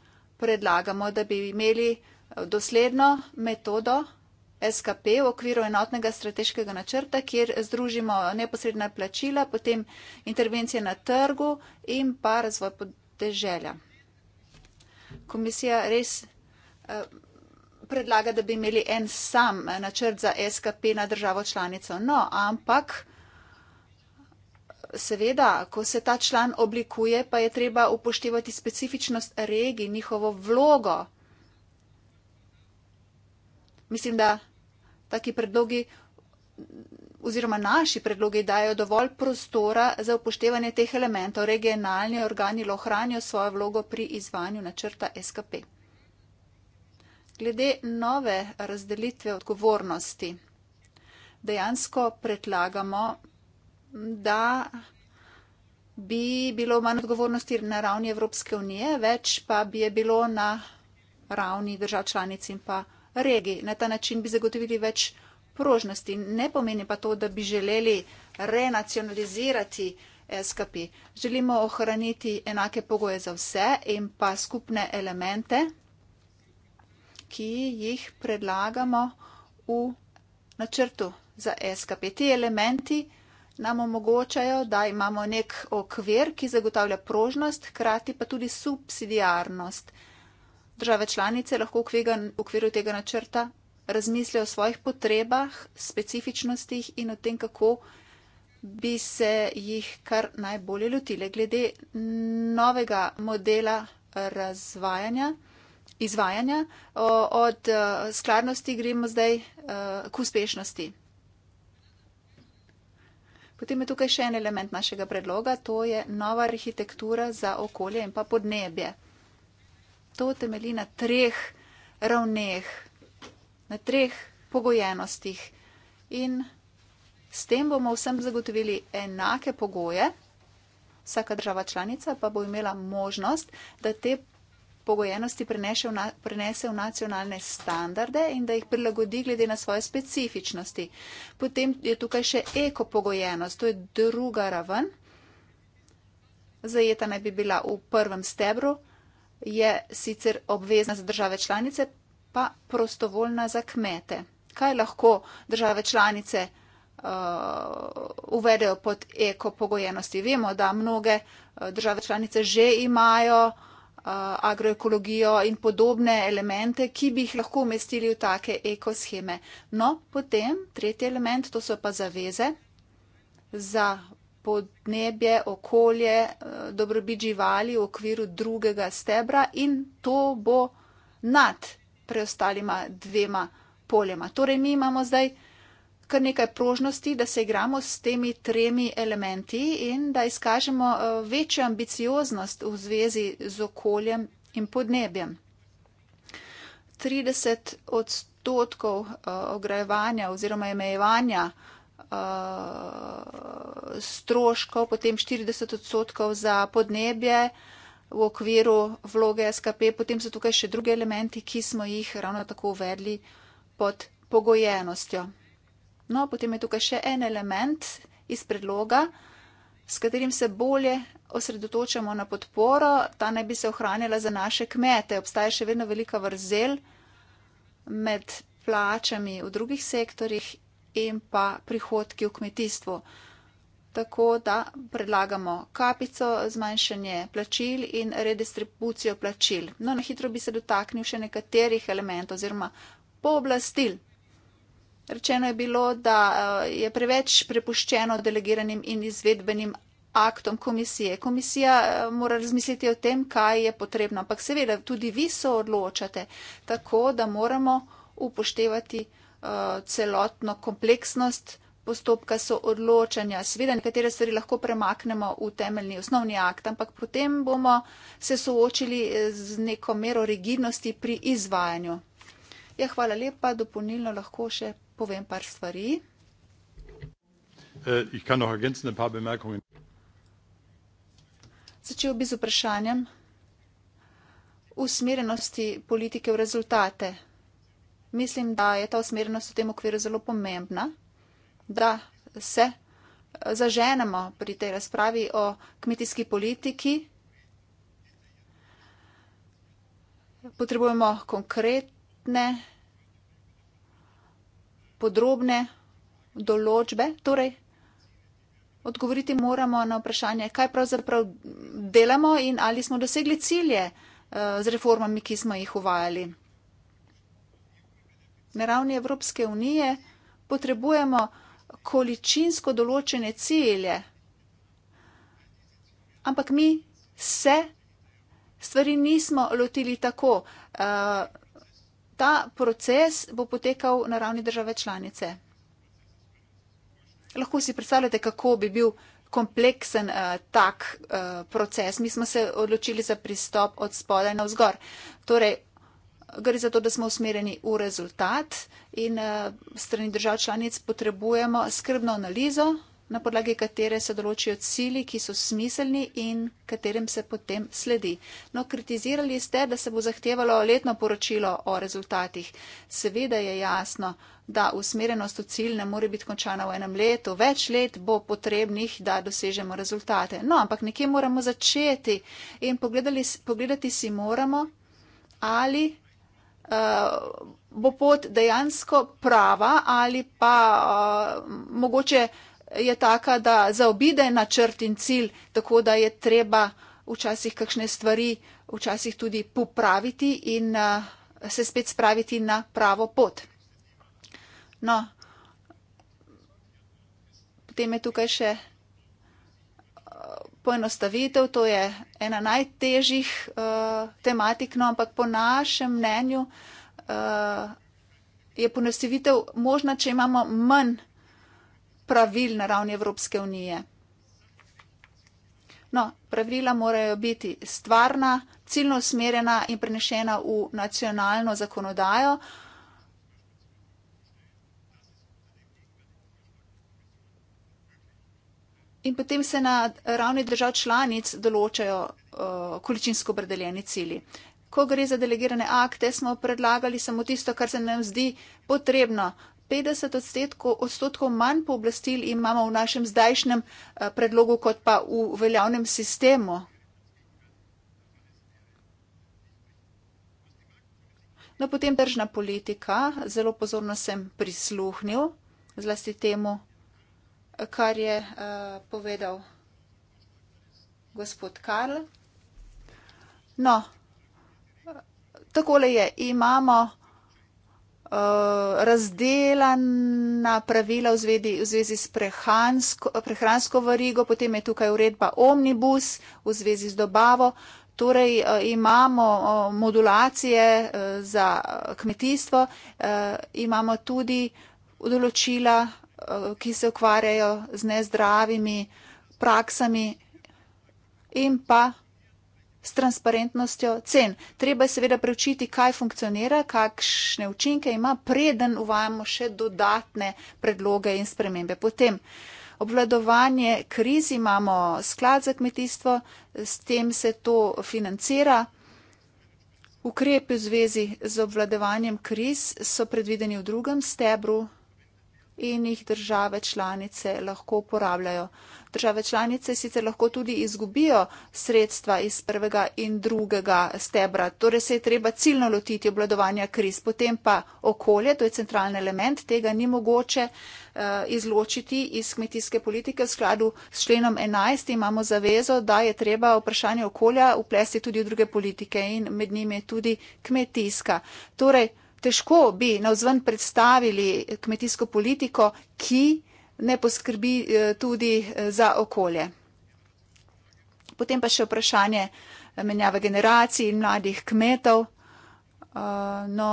predlagamo, da bi imeli eh, dosledno metodo SKP v okviru enotnega strateškega načrta, kjer združimo neposredna plačila, potem intervencije na trgu in pa razvoj podeželja. Komisija res eh, predlaga, da bi imeli en sam načrt za SKP na državo članico. No, ampak seveda, ko se ta član oblikuje, pa je treba upoštevati specifičnost regij, njihovo vlogo. Mislim, da taki predlogi oziroma naši predlogi dajo dovolj prostora za upoštevanje teh elementov. Regionalni organi lo ohranijo svojo vlogo pri izvanju načrta SKP. Glede nove razdelitve odgovornosti dejansko predlagamo, da bi bilo manj odgovornosti na ravni Evropske unije, več pa bi je bilo na ravni držav članic in pa regiji. Na ta način bi zagotovili več prožnosti. Ne pomeni pa to, da bi želeli renacionalizirati SKP. Želimo ohraniti enake pogoje za vse in pa skupne elemente, ki jih predlagamo v načrtu za SKP. Ti elementi nam omogočajo, da imamo nek okvir, ki zagotavlja prožnost, hkrati pa tudi subsidijarnost. Države članice lahko v okviru tega načrta razmislijo o svojih potrebah, specifičnostih in o tem, kako bi se jih kar najbolje lotile. Glede novega modela razvajanja, izvajanja, od eh, skladnosti gremo zdaj eh, k uspešnosti. Potem je tukaj še en element našega predloga, to je nova arhitektura za okolje in pa podnebje to temelji na treh ravneh, na treh pogojenostih. In s tem bomo vsem zagotovili enake pogoje, vsaka država članica pa bo imela možnost, da te pogojenosti prenese v, na, prenese v nacionalne standarde in da jih prilagodi glede na svoje specifičnosti. Potem je tukaj še ekopogojenost, to je druga raven. Zajeta naj bi bila v prvem stebru je sicer obvezna za države članice, pa prostovoljna za kmete. Kaj lahko države članice uh, uvedejo pod eko pogojenosti? Vemo, da mnoge uh, države članice že imajo uh, agroekologijo in podobne elemente, ki bi jih lahko umestili v take ekosheme. No, potem tretji element, to so pa zaveze za podnebje, okolje, eh, dobrobit živali v okviru drugega stebra in to bo nad preostalima dvema poljema. Torej, mi imamo zdaj kar nekaj prožnosti, da se igramo s temi tremi elementi in da izkažemo eh, večjo ambicioznost v zvezi z okoljem in podnebjem. 30 odstotkov eh, ograjevanja oziroma emejevanja Eh, stroškov, potem 40 odstotkov za podnebje v okviru vloge SKP, potem so tukaj še druge elementi, ki smo jih ravno tako uvedli pod pogojenostjo. No, potem je tukaj še en element iz predloga, s katerim se bolje osredotočamo na podporo, ta naj bi se ohranjala za naše kmete. Obstaja še vedno velika vrzel med plačami v drugih sektorjih in pa prihodki v kmetijstvu. Tako da predlagamo kapico, zmanjšanje plačil in redistribucijo plačil. No, na hitro bi se dotaknil še nekaterih elementov oziroma pooblastil. Rečeno je bilo, da eh, je preveč prepuščeno delegiranim in izvedbenim aktom komisije. Komisija eh, mora razmisliti o tem, kaj je potrebno, ampak seveda tudi vi se odločate, tako da moramo upoštevati Eh, celotno kompleksnost postopka so odločanja. Sveda nekatere stvari lahko premaknemo v temeljni osnovni akt, ampak potem bomo se soočili eh, z neko mero rigidnosti pri izvajanju. Ja, hvala lepa, dopolnilno lahko še povem par stvari. Eh, Začel bi z vprašanjem usmerenosti politike v rezultate mislim, da je ta usmerjenost v tem okviru zelo pomembna, da se eh, zaženemo pri tej razpravi o kmetijski politiki. Potrebujemo konkretne, podrobne določbe, torej odgovoriti moramo na vprašanje, kaj pravzaprav delamo in ali smo dosegli cilje eh, z reformami, ki smo jih uvajali na ravni Evropske unije potrebujemo količinsko določene cilje. Ampak mi se stvari nismo lotili tako. Eh, ta proces bo potekal na ravni države članice. Lahko si predstavljate, kako bi bil kompleksen uh, tak uh, proces. Mi smo se odločili za pristop od spodaj na vzgor. Torej, gre za to, da smo usmerjeni v rezultat in eh, strani držav članic potrebujemo skrbno analizo, na podlagi katere se določijo cili, ki so smiselni in katerim se potem sledi. No, kritizirali ste, da se bo zahtevalo letno poročilo o rezultatih. Seveda je jasno, da usmerjenost v cilj ne more biti končana v enem letu. Več let bo potrebnih, da dosežemo rezultate. No, ampak nekje moramo začeti in pogledati si moramo, ali uh, bo pot dejansko prava ali pa uh, mogoče je taka, da zaobide načrt in cilj, tako da je treba včasih kakšne stvari včasih tudi popraviti in uh, se spet spraviti na pravo pot. No, potem je tukaj še poenostavitev, to je ena najtežjih uh, tematik, no, ampak po našem mnenju uh, je poenostavitev možna, če imamo manj pravil na ravni Evropske unije. No, pravila morajo biti stvarna, ciljno usmerjena in prenešena v nacionalno zakonodajo. Uh, In potem se na ravni držav članic določajo uh, količinsko predeljeni cilji. Ko gre za delegirane akte, smo predlagali samo tisto, kar se nam zdi potrebno. 50 odstotkov, odstotkov manj pooblastil imamo v našem zdajšnjem eh, predlogu, kot pa v veljavnem sistemu. No, potem držna politika. Zelo pozorno sem prisluhnil zlasti temu kar je uh, povedal gospod Karl. No, takole je, imamo uh, eh, razdeljena pravila v zvezi, v zvezi s prehansko, prehransko varigo, potem je tukaj uredba omnibus v zvezi z dobavo. Torej eh, imamo modulacije za kmetijstvo, imamo tudi določila Eh, ki se ukvarjajo z nezdravimi praksami in pa s transparentnostjo cen. Treba je seveda preučiti, kaj funkcionira, kakšne učinke ima, preden uvajamo še dodatne predloge in spremembe. Potem obvladovanje kriz imamo sklad za kmetijstvo, s tem se to financira. Ukrepi v zvezi z obvladovanjem kriz so predvideni v drugem stebru in jih države članice lahko uporabljajo. Države članice sicer lahko tudi izgubijo sredstva iz prvega in drugega stebra, torej se je treba ciljno lotiti obladovanja kriz, potem pa okolje, to je centralni element, tega ni mogoče eh, izločiti iz kmetijske politike. V skladu s členom 11 imamo zavezo, da je treba vprašanje okolja uplesti tudi v druge politike in med njimi je tudi kmetijska. Torej, težko bi navzven predstavili kmetijsko politiko, ki ne poskrbi eh, tudi eh, za okolje. Potem pa še vprašanje eh, menjave generacij in mladih kmetov. No,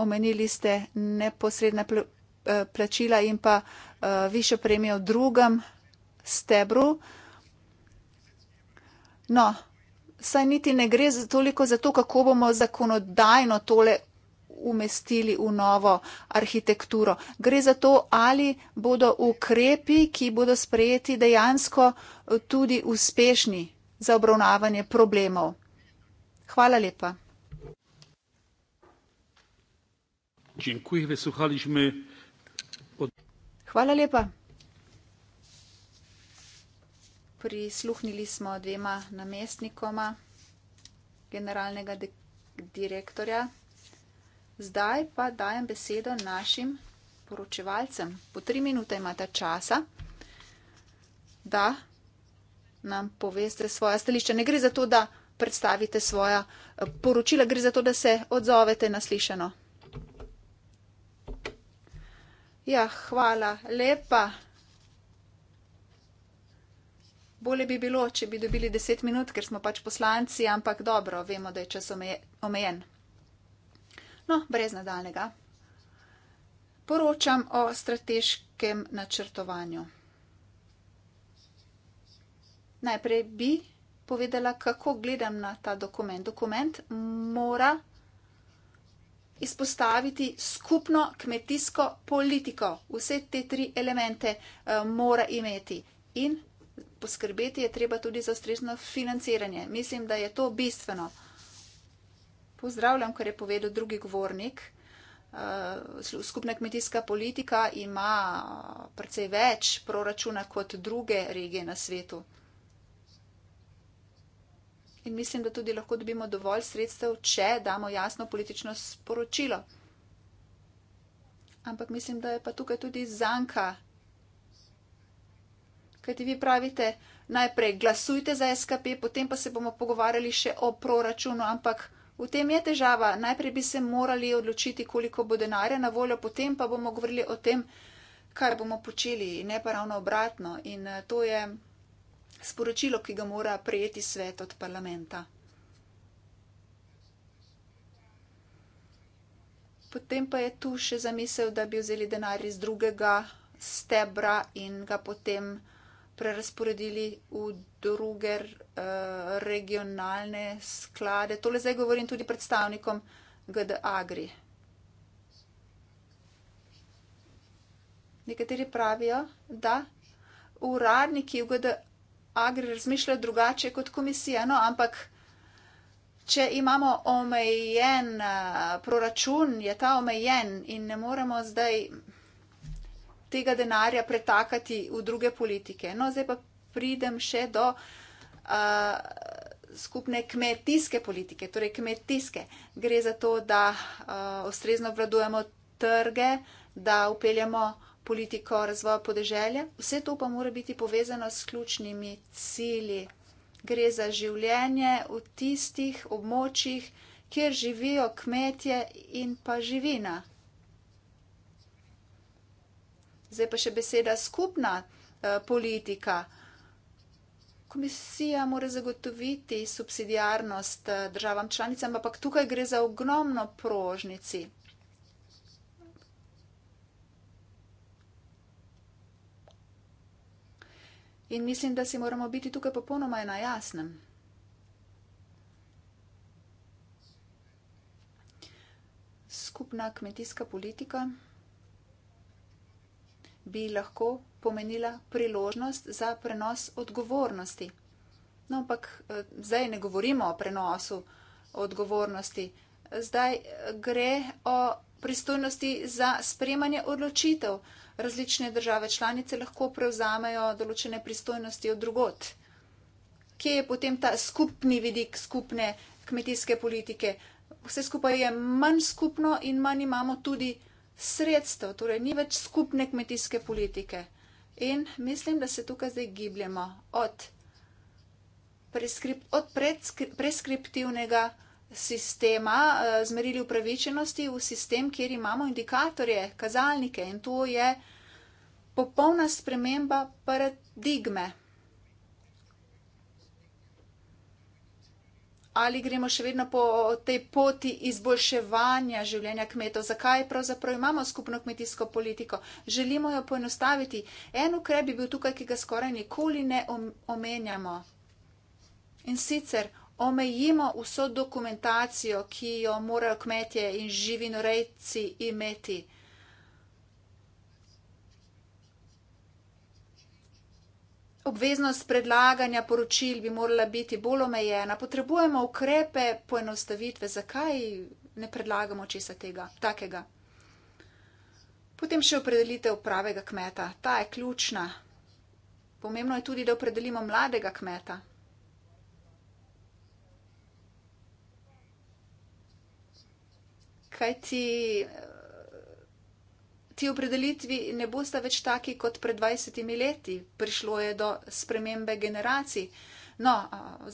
omenili ste neposredna plačila in pa više premijo v drugem stebru. No, saj niti ne gre toliko za to, kako bomo zakonodajno tole umestili v novo arhitekturo. Gre za to, ali bodo ukrepi, ki bodo sprejeti, dejansko eh, tudi uspešni za obravnavanje problemov. Hvala lepa. Hvala lepa. Prisluhnili smo dvema namestnikoma generalnega direktorja. Zdaj pa dajem besedo našim poročevalcem. Po tri minute imate časa, da nam poveste svoje stališče. Ne gre za to, da predstavite svoja eh, poročila, gre za to, da se odzovete na slišeno. Ja, hvala lepa. Bole bi bilo, če bi dobili deset minut, ker smo pač poslanci, ampak dobro, vemo, da je čas omejen. No, brez nadaljnega. Poročam o strateškem načrtovanju. Najprej bi povedala, kako gledam na ta dokument. Dokument mora izpostaviti skupno kmetijsko politiko. Vse te tri elemente eh, mora imeti in poskrbeti je treba tudi za ustrezno financiranje. Mislim, da je to bistveno pozdravljam, kar je povedal drugi govornik. Eh, skupna kmetijska politika ima precej več proračuna kot druge regije na svetu. In mislim, da tudi lahko dobimo dovolj sredstev, če damo jasno politično sporočilo. Ampak mislim, da je pa tukaj tudi zanka. Kaj ti vi pravite, najprej glasujte za SKP, potem pa se bomo pogovarjali še o proračunu, ampak. V tem je težava. Najprej bi se morali odločiti, koliko bo denarja na voljo, potem pa bomo govorili o tem, kar bomo počeli, ne pa ravno obratno. In eh, to je sporočilo, ki ga mora prejeti svet od parlamenta. Potem pa je tu še zamisel, da bi vzeli denar iz drugega stebra in ga potem prerasporedili v druge uh, regionalne sklade. Tole zdaj govorim tudi predstavnikom GD Agri. Nekateri pravijo, da uradniki v GD Agri razmišljajo drugače kot komisija, no, ampak če imamo omejen uh, proračun, je ta omejen in ne moremo zdaj tega denarja pretakati v druge politike. No, zdaj pa pridem še do uh, skupne kmetijske politike, torej kmetijske. Gre za to, da uh, ustrezno vladujemo trge, da upeljamo politiko razvoja podeželja. Vse to pa mora biti povezano s ključnimi cilji. Gre za življenje v tistih območjih, kjer živijo kmetje in pa živina. Zdaj pa še beseda skupna eh, politika. Komisija mora zagotoviti subsidijarnost eh, državam članicam, ampak tukaj gre za ogromno prožnici. In mislim, da si moramo biti tukaj popolnoma na jasnem. Skupna kmetijska politika bi lahko pomenila priložnost za prenos odgovornosti. No, ampak eh, zdaj ne govorimo o prenosu odgovornosti, zdaj eh, gre o pristojnosti za sprejemanje odločitev. Različne države članice lahko prevzamejo določene pristojnosti od drugot. Kje je potem ta skupni vidik skupne kmetijske politike? Vse skupaj je manj skupno in manj imamo tudi sredstev, torej ni več skupne kmetijske politike. In mislim, da se tukaj zdaj gibljemo od, preskrip, od predskri, preskriptivnega sistema, eh, zmerili upravičenosti v sistem, kjer imamo indikatorje, kazalnike in to je popolna sprememba paradigme. ali gremo še vedno po tej poti izboljševanja življenja kmetov, zakaj pravzaprav imamo skupno kmetijsko politiko, želimo jo poenostaviti. En ukrep je bil tukaj, ki ga skoraj nikoli ne omenjamo. In sicer omejimo vso dokumentacijo, ki jo morajo kmetje in živinorejci imeti. Obveznost predlaganja poročil bi morala biti bolj omejena. Potrebujemo ukrepe poenostavitve. Zakaj ne predlagamo česa tega, takega? Potem še opredelitev pravega kmeta. Ta je ključna. Pomembno je tudi, da opredelimo mladega kmeta. Kaj ti ti opredelitvi ne boste več taki kot pred 20 leti, prišlo je do spremembe generacij. No,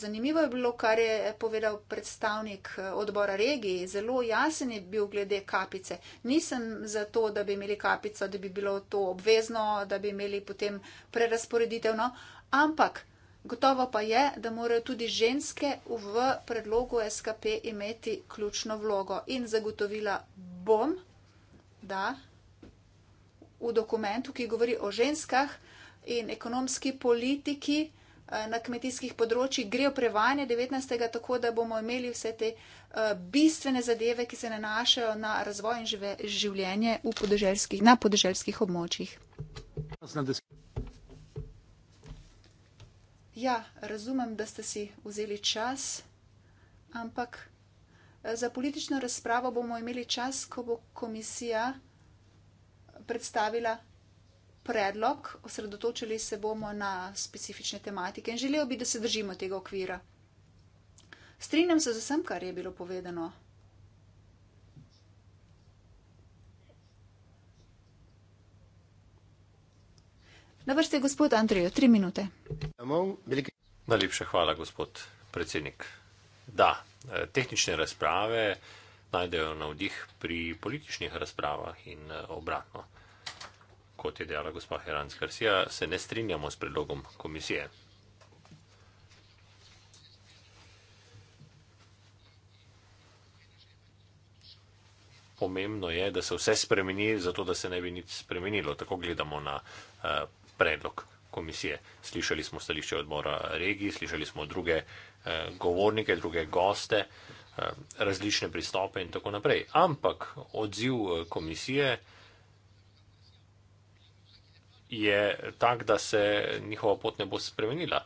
zanimivo je bilo, kar je povedal predstavnik e, odbora regije. Zelo jasen je bil glede kapice. Nisem za to, da bi imeli kapico, da bi bilo to obvezno, da bi imeli potem prerasporeditevno, ampak gotovo pa je, da morajo tudi ženske v predlogu SKP imeti ključno vlogo in zagotovila bom, da v dokumentu, ki govori o ženskah in ekonomski politiki eh, na kmetijskih področjih, grejo prevajanje 19. tako, da bomo imeli vse te eh, bistvene zadeve, ki se nanašajo na razvoj in življenje podeželskih, na podeželskih območjih. Ja, razumem, da ste si vzeli čas, ampak eh, za politično razpravo bomo imeli čas, ko bo komisija predstavila predlog, osredotočili se bomo na specifične tematike in želel bi, da se držimo tega okvira. Strinjam se z vsem, kar je bilo povedano. Na vrsti je gospod Andrejo, tri minute. Najlepša hvala, gospod predsednik. Da, eh, tehnične razprave najdejo navdih pri političnih razpravah in eh, obratno kot je dejala gospa Heranc Garcia, se ne strinjamo s predlogom komisije. Pomembno je, da se vse spremeni, zato da se ne bi nič spremenilo. Tako gledamo na uh, predlog komisije. Slišali smo stališče odbora regij, slišali smo druge uh, govornike, druge goste, uh, različne pristope in tako naprej. Ampak odziv komisije uh, je tak, da se njihova pot ne bo spremenila.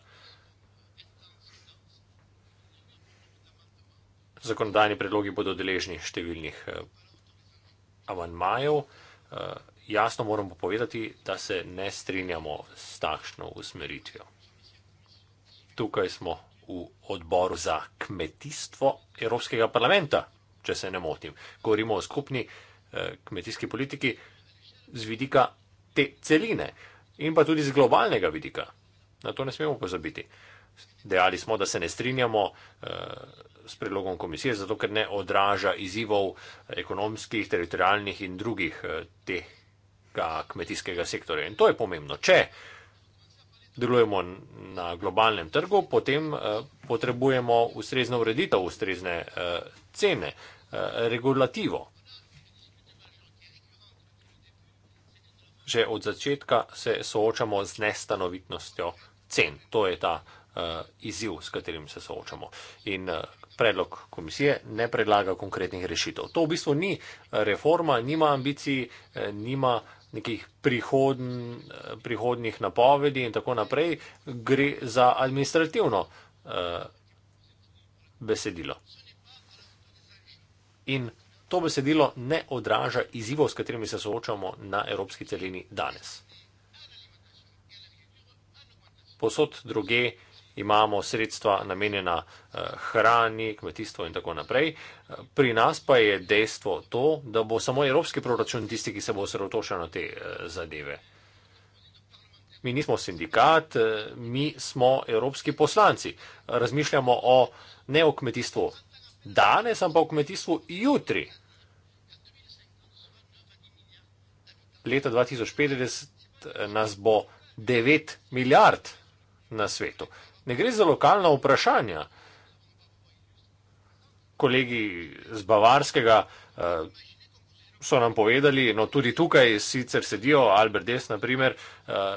Zakonodajni predlogi bodo deležni številnih eh, amanmajev. Eh, jasno moram pa povedati, da se ne strinjamo s takšno usmeritvijo. Tukaj smo v odboru za kmetijstvo Evropskega parlamenta, če se ne motim. Govorimo o skupni eh, kmetijski politiki z vidika te celine in pa tudi z globalnega vidika. Na to ne smemo pozabiti. Dejali smo, da se ne strinjamo eh, s predlogom komisije, zato ker ne odraža izzivov ekonomskih, teritorijalnih in drugih eh, tega kmetijskega sektorja. In to je pomembno. Če delujemo na globalnem trgu, potem eh, potrebujemo ustrezno ureditev, ustrezne cene, regulativo. že od začetka se soočamo z nestanovitnostjo cen. To je ta uh, izziv, s katerim se soočamo. In uh, predlog komisije ne predlaga konkretnih rešitev. To v bistvu ni eh, reforma, nima ambicij, eh, nima nekih prihodn, prihodnih napovedi in tako naprej, gre za administrativno uh, besedilo. In to besedilo ne odraža izzivov, s katerimi se soočamo na evropski celini danes. Posod druge imamo sredstva namenjena eh, hrani, kmetijstvo in tako naprej. Pri nas pa je dejstvo to, da bo samo evropski proračun tisti, ki se bo osredotočal na te eh, zadeve. Mi nismo sindikat, eh, mi smo evropski poslanci. Razmišljamo o, ne o kmetijstvu danes, ampak o kmetijstvu jutri. leta 2050 eh, nas bo 9 milijard na svetu. Ne gre za lokalna vprašanja. Kolegi z Bavarskega eh, so nam povedali, no tudi tukaj sicer sedijo, Albert Des, naprimer, eh,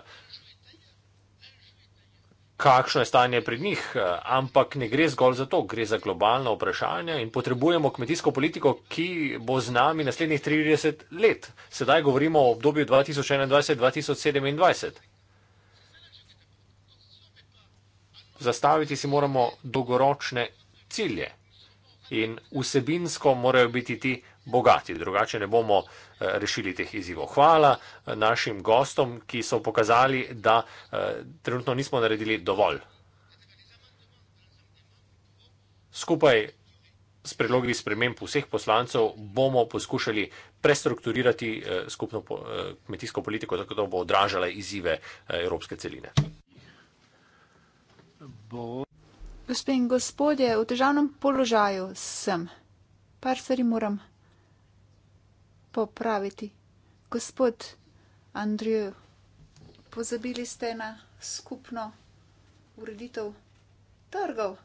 kakšno je stanje pri njih, eh, ampak ne gre zgolj za to, gre za globalno vprašanje in potrebujemo kmetijsko politiko, ki bo z nami naslednjih 30 let. Sedaj govorimo o obdobju 2021-2027. Zastaviti si moramo dolgoročne cilje in vsebinsko morajo biti ti bogati, drugače ne bomo eh, rešili teh izzivov. Hvala eh, našim gostom, ki so pokazali, da eh, trenutno nismo naredili dovolj. Skupaj s predlogi sprememb vseh poslancev bomo poskušali prestrukturirati skupno kmetijsko politiko, tako da bo odražala izzive evropske celine. Gospe in gospodje, v težavnem položaju sem. Par stvari moram popraviti. Gospod Andrej, pozabili ste na skupno ureditev trgov.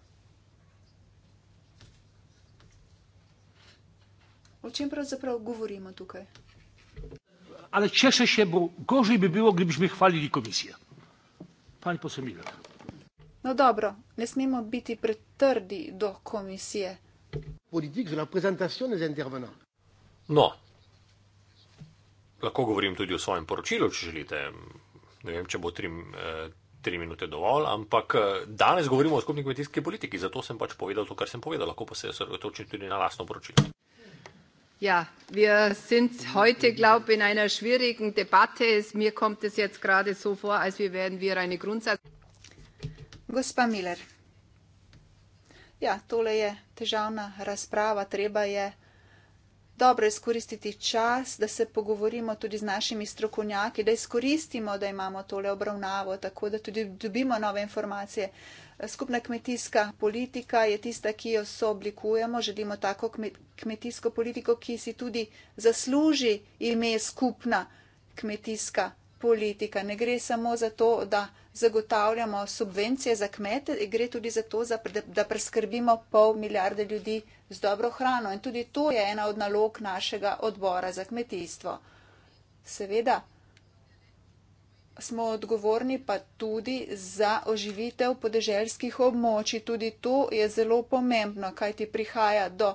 O čem pravzaprav govorimo tukaj? Ali če se še bo, gože bi bilo, če bi mi hvalili komisijo. Pa ni posebno. No, dobro, ne smemo biti pretrdi do komisije. No, lahko govorim tudi o svojem poročilu, če želite. Ne vem, če bo tri, eh, tri minute dovolj, ampak eh, danes govorimo o skupni kmetijski politiki, zato sem pač povedal to, kar sem povedal. Lahko pa se osredotočim tudi na lastno poročilo. Ja, wir sind heute, glaube ich, in einer schwierigen Debatte. Mir kommt es jetzt gerade so vor, als wir wären wir eine Grundsatz. Gospa Miller. Ja, tole je težavna razprava, treba je dobro izkoristiti čas, da se pogovorimo tudi z našimi strokovnjaki, da izkoristimo, da imamo tole obravnavo, tako da tudi dobimo nove informacije. Skupna kmetijska politika je tista, ki jo sooblikujemo. Želimo tako kmetijsko politiko, ki si tudi zasluži ime skupna kmetijska politika politika. Ne gre samo za to, da zagotavljamo subvencije za kmete, gre tudi za to, da preskrbimo pol milijarde ljudi z dobro hrano. In tudi to je ena od nalog našega odbora za kmetijstvo. Seveda smo odgovorni pa tudi za oživitev podeželskih območij. Tudi to je zelo pomembno, kaj ti prihaja do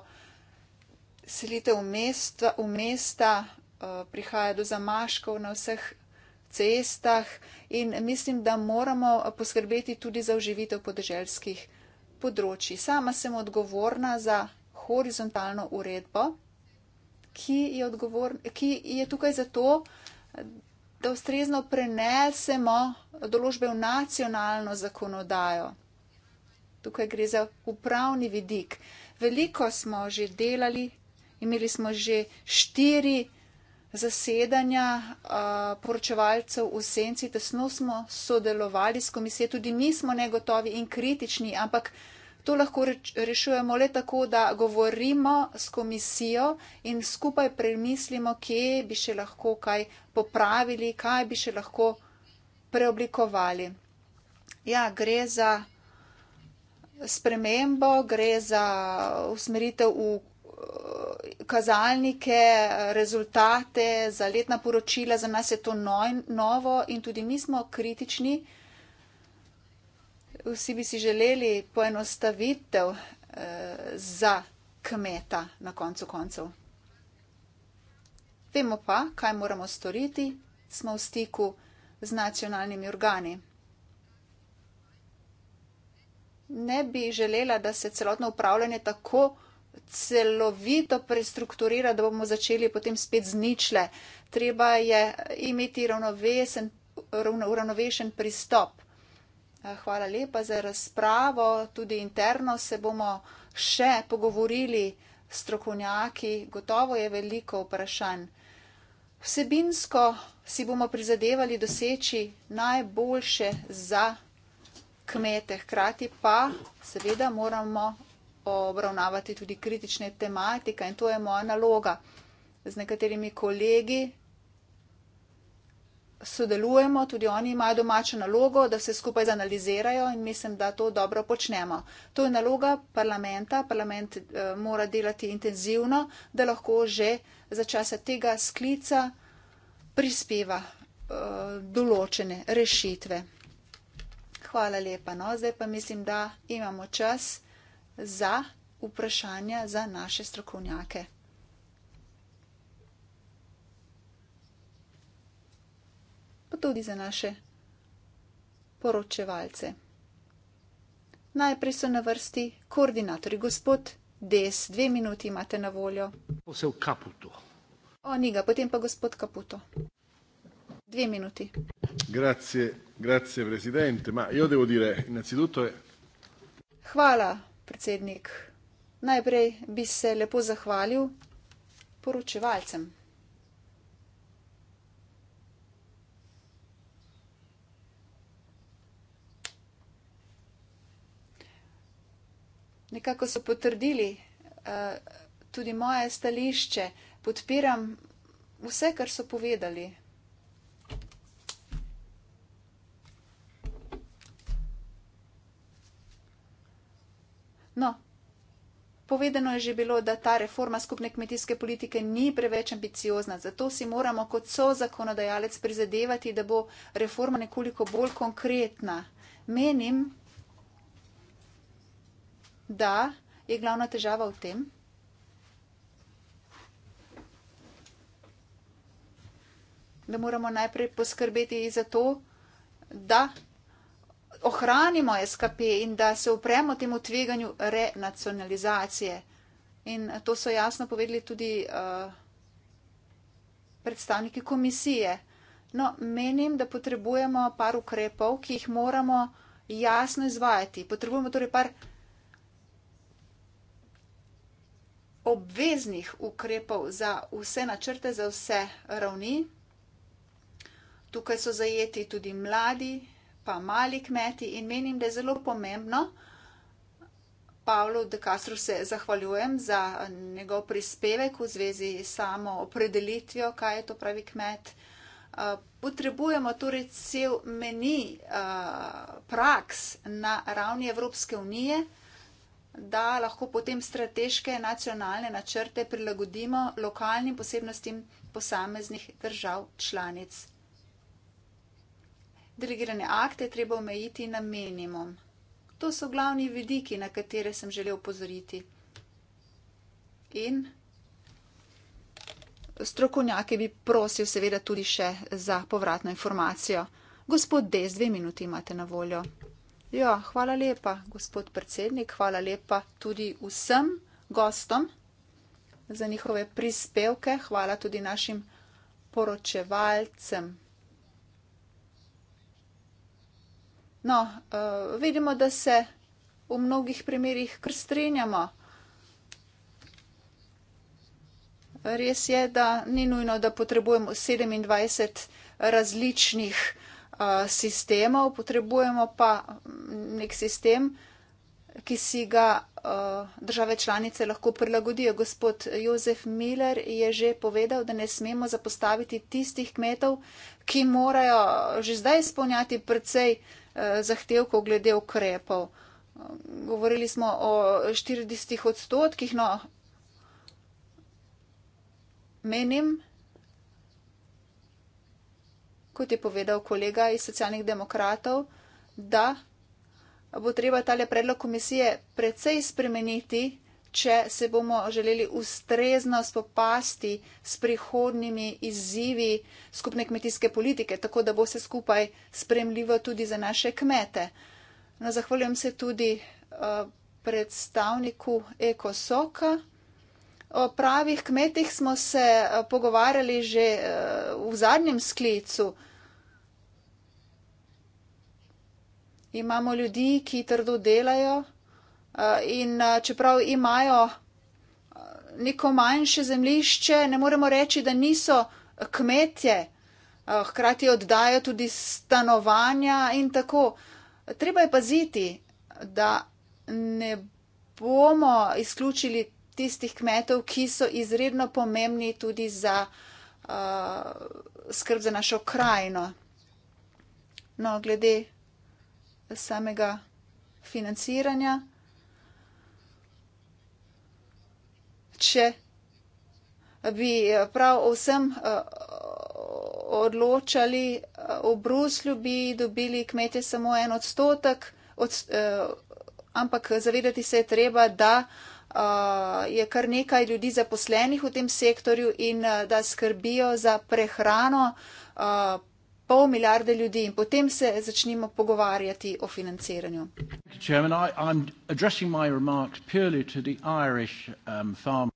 selitev v mesta, eh, prihaja do zamaškov na vseh cestah in mislim, da moramo poskrbeti tudi za oživitev podeželskih področji. Sama sem odgovorna za horizontalno uredbo, ki je, odgovor, ki je tukaj zato, da ustrezno prenesemo določbe v nacionalno zakonodajo. Tukaj gre za upravni vidik. Veliko smo že delali, imeli smo že štiri zasedanja a, poročevalcev v senci, tesno smo sodelovali s komisijo, tudi mi smo negotovi in kritični, ampak to lahko reč, rešujemo le tako, da govorimo s komisijo in skupaj premislimo, kje bi še lahko kaj popravili, kaj bi še lahko preoblikovali. Ja, gre za spremembo, gre za usmeritev v kazalnike, rezultate, za letna poročila, za nas je to noj, novo in tudi mi smo kritični. Vsi bi si želeli poenostavitev eh, za kmeta na koncu koncev. Vemo pa, kaj moramo storiti, smo v stiku z nacionalnimi organi. Ne bi želela, da se celotno upravljanje tako celovito prestrukturirati, da bomo začeli potem spet z ničle. Treba je imeti ravnovesen, uravnovešen pristop. Eh, hvala lepa za razpravo. Tudi interno se bomo še pogovorili s strokovnjaki. Gotovo je veliko vprašanj. Vsebinsko si bomo prizadevali doseči najboljše za kmete. Hkrati pa seveda moramo obravnavati tudi kritične tematike in to je moja naloga. Z nekaterimi kolegi sodelujemo, tudi oni imajo domačo nalogo, da se skupaj zanalizirajo in mislim, da to dobro počnemo. To je naloga parlamenta. Parlament eh, mora delati intenzivno, da lahko že za časa tega sklica prispeva eh, določene rešitve. Hvala lepa. No. Zdaj pa mislim, da imamo čas za vprašanja za naše strokovnjake. Pa tudi za naše poročevalce. Najprej so na vrsti koordinatorji. Gospod Des, dve minuti imate na voljo. Posev Kaputo. O, njega, potem pa gospod Kaputo. Dve minuti. Grazie, grazie, presidente. Ma io devo dire, innanzitutto... Eh, Hvala, predsednik, najprej bi se lepo zahvalil poročevalcem. Nekako so potrdili uh, tudi moje stališče, podpiram vse, kar so povedali. No, povedano je že bilo, da ta reforma skupne kmetijske politike ni preveč ambiciozna, zato si moramo kot so zakonodajalec prizadevati, da bo reforma nekoliko bolj konkretna. Menim, da je glavna težava v tem, da moramo najprej poskrbeti za to, da ohranimo SKP in da se upremo temu tveganju renacionalizacije. In to so jasno povedali tudi uh, predstavniki komisije. No, menim, da potrebujemo par ukrepov, ki jih moramo jasno izvajati. Potrebujemo torej par obveznih ukrepov za vse načrte, za vse ravni. Tukaj so zajeti tudi mladi, pa mali kmeti in menim, da je zelo pomembno. Pavlu de Castro se zahvaljujem za eh, njegov prispevek v zvezi s samo opredelitvijo, kaj je to pravi kmet. Eh, potrebujemo torej cel meni eh, praks na ravni Evropske unije, da lahko potem strateške nacionalne načrte prilagodimo lokalnim posebnostim posameznih držav članic. Delegirane akte treba omejiti na minimum. To so glavni vidiki, na katere sem želel pozoriti. In strokovnjake bi prosil seveda tudi še za povratno informacijo. Gospod Dez, dve minuti imate na voljo. Ja, hvala lepa, gospod predsednik, hvala lepa tudi vsem gostom za njihove prispevke, hvala tudi našim poročevalcem. No, uh, vidimo, da se v mnogih primerjih kar strinjamo. Res je, da ni nujno, da potrebujemo 27 različnih uh, sistemov, potrebujemo pa mm, nek sistem, ki si ga uh, države članice lahko prilagodijo. Gospod Jozef Miller je že povedal, da ne smemo zapostaviti tistih kmetov, ki morajo že zdaj izpolnjati precej uh, Eh, zahtevkov glede ukrepov. Eh, govorili smo o 40 odstotkih, no menim, kot je povedal kolega iz socialnih demokratov, da bo treba tale predlog komisije precej spremeniti če se bomo želeli ustrezno spopasti s prihodnimi izzivi skupne kmetijske politike, tako da bo se skupaj spremljivo tudi za naše kmete. No, zahvaljujem se tudi uh, predstavniku Ekosoka. O pravih kmetih smo se eh, pogovarjali že eh, v zadnjem sklicu. Imamo ljudi, ki trdo delajo. Eh, in eh, čeprav imajo eh, neko manjše zemljišče, ne moremo reči, da niso kmetje, hkrati oddajo tudi stanovanja in tako. Treba je paziti, da ne bomo izključili tistih kmetov, ki so izredno pomembni tudi za uh, skrb za našo krajino. No, glede samega financiranja. če bi eh, prav o vsem eh, odločali eh, v Bruslju, bi dobili kmete samo en odstotek, od, ampak zavedati se je treba, da je kar nekaj ljudi zaposlenih v tem sektorju in da skrbijo za prehrano pol milijarde ljudi in potem se začnimo pogovarjati o financiranju. Um,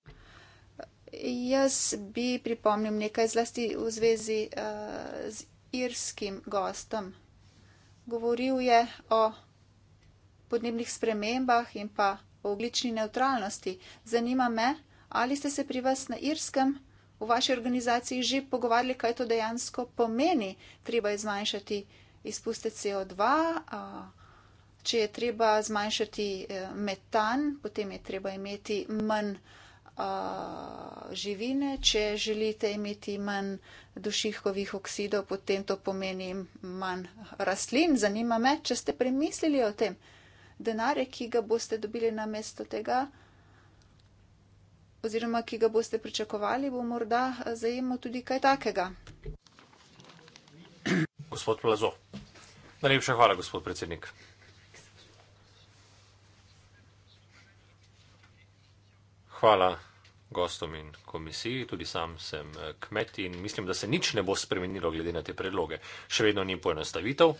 Jaz bi pripomnil nekaj zlasti v zvezi uh, z irskim gostom. Govoril je o podnebnih spremembah in pa o oglični neutralnosti. Zanima me, ali ste se pri vas na irskem v vaši organizaciji že pogovarjali, kaj to dejansko pomeni. Treba je zmanjšati izpuste CO2, če je treba zmanjšati e, metan, potem je treba imeti manj živine, če želite imeti manj dušihkovih oksidov, potem to pomeni manj rastlin. Zanima me, če ste premislili o tem denarje, ki ga boste dobili na mesto tega oziroma ki ga boste pričakovali, bo morda eh, zajemo tudi kaj takega. Gospod Plazo. Najlepša hvala, gospod predsednik. Hvala gostom in komisiji, tudi sam sem eh, kmet in mislim, da se nič ne bo spremenilo glede na te predloge. Še vedno ni poenostavitev,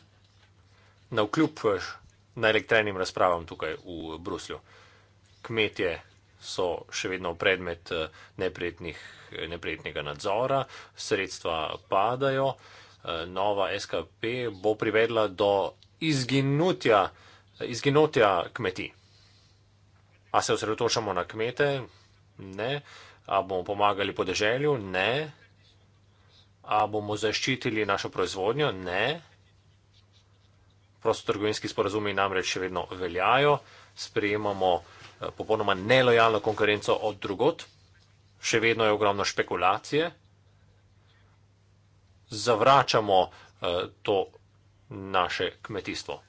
na vkljub eh, na elektrenim razpravam tukaj v Bruslju. Kmetje so še vedno predmet eh, eh, neprijetnega nadzora, sredstva padajo, eh, nova SKP bo privedla do izginutja, izginutja kmetij. A se osredotočamo na kmete? Ne. A bomo pomagali podeželju? Ne. A bomo zaščitili našo proizvodnjo? Ne. Prostotrgovinski sporazumi namreč še vedno veljajo, sprejemamo popolnoma nelojalno konkurenco od drugot, še vedno je ogromno špekulacije. Zavračamo eh, to naše kmetijstvo.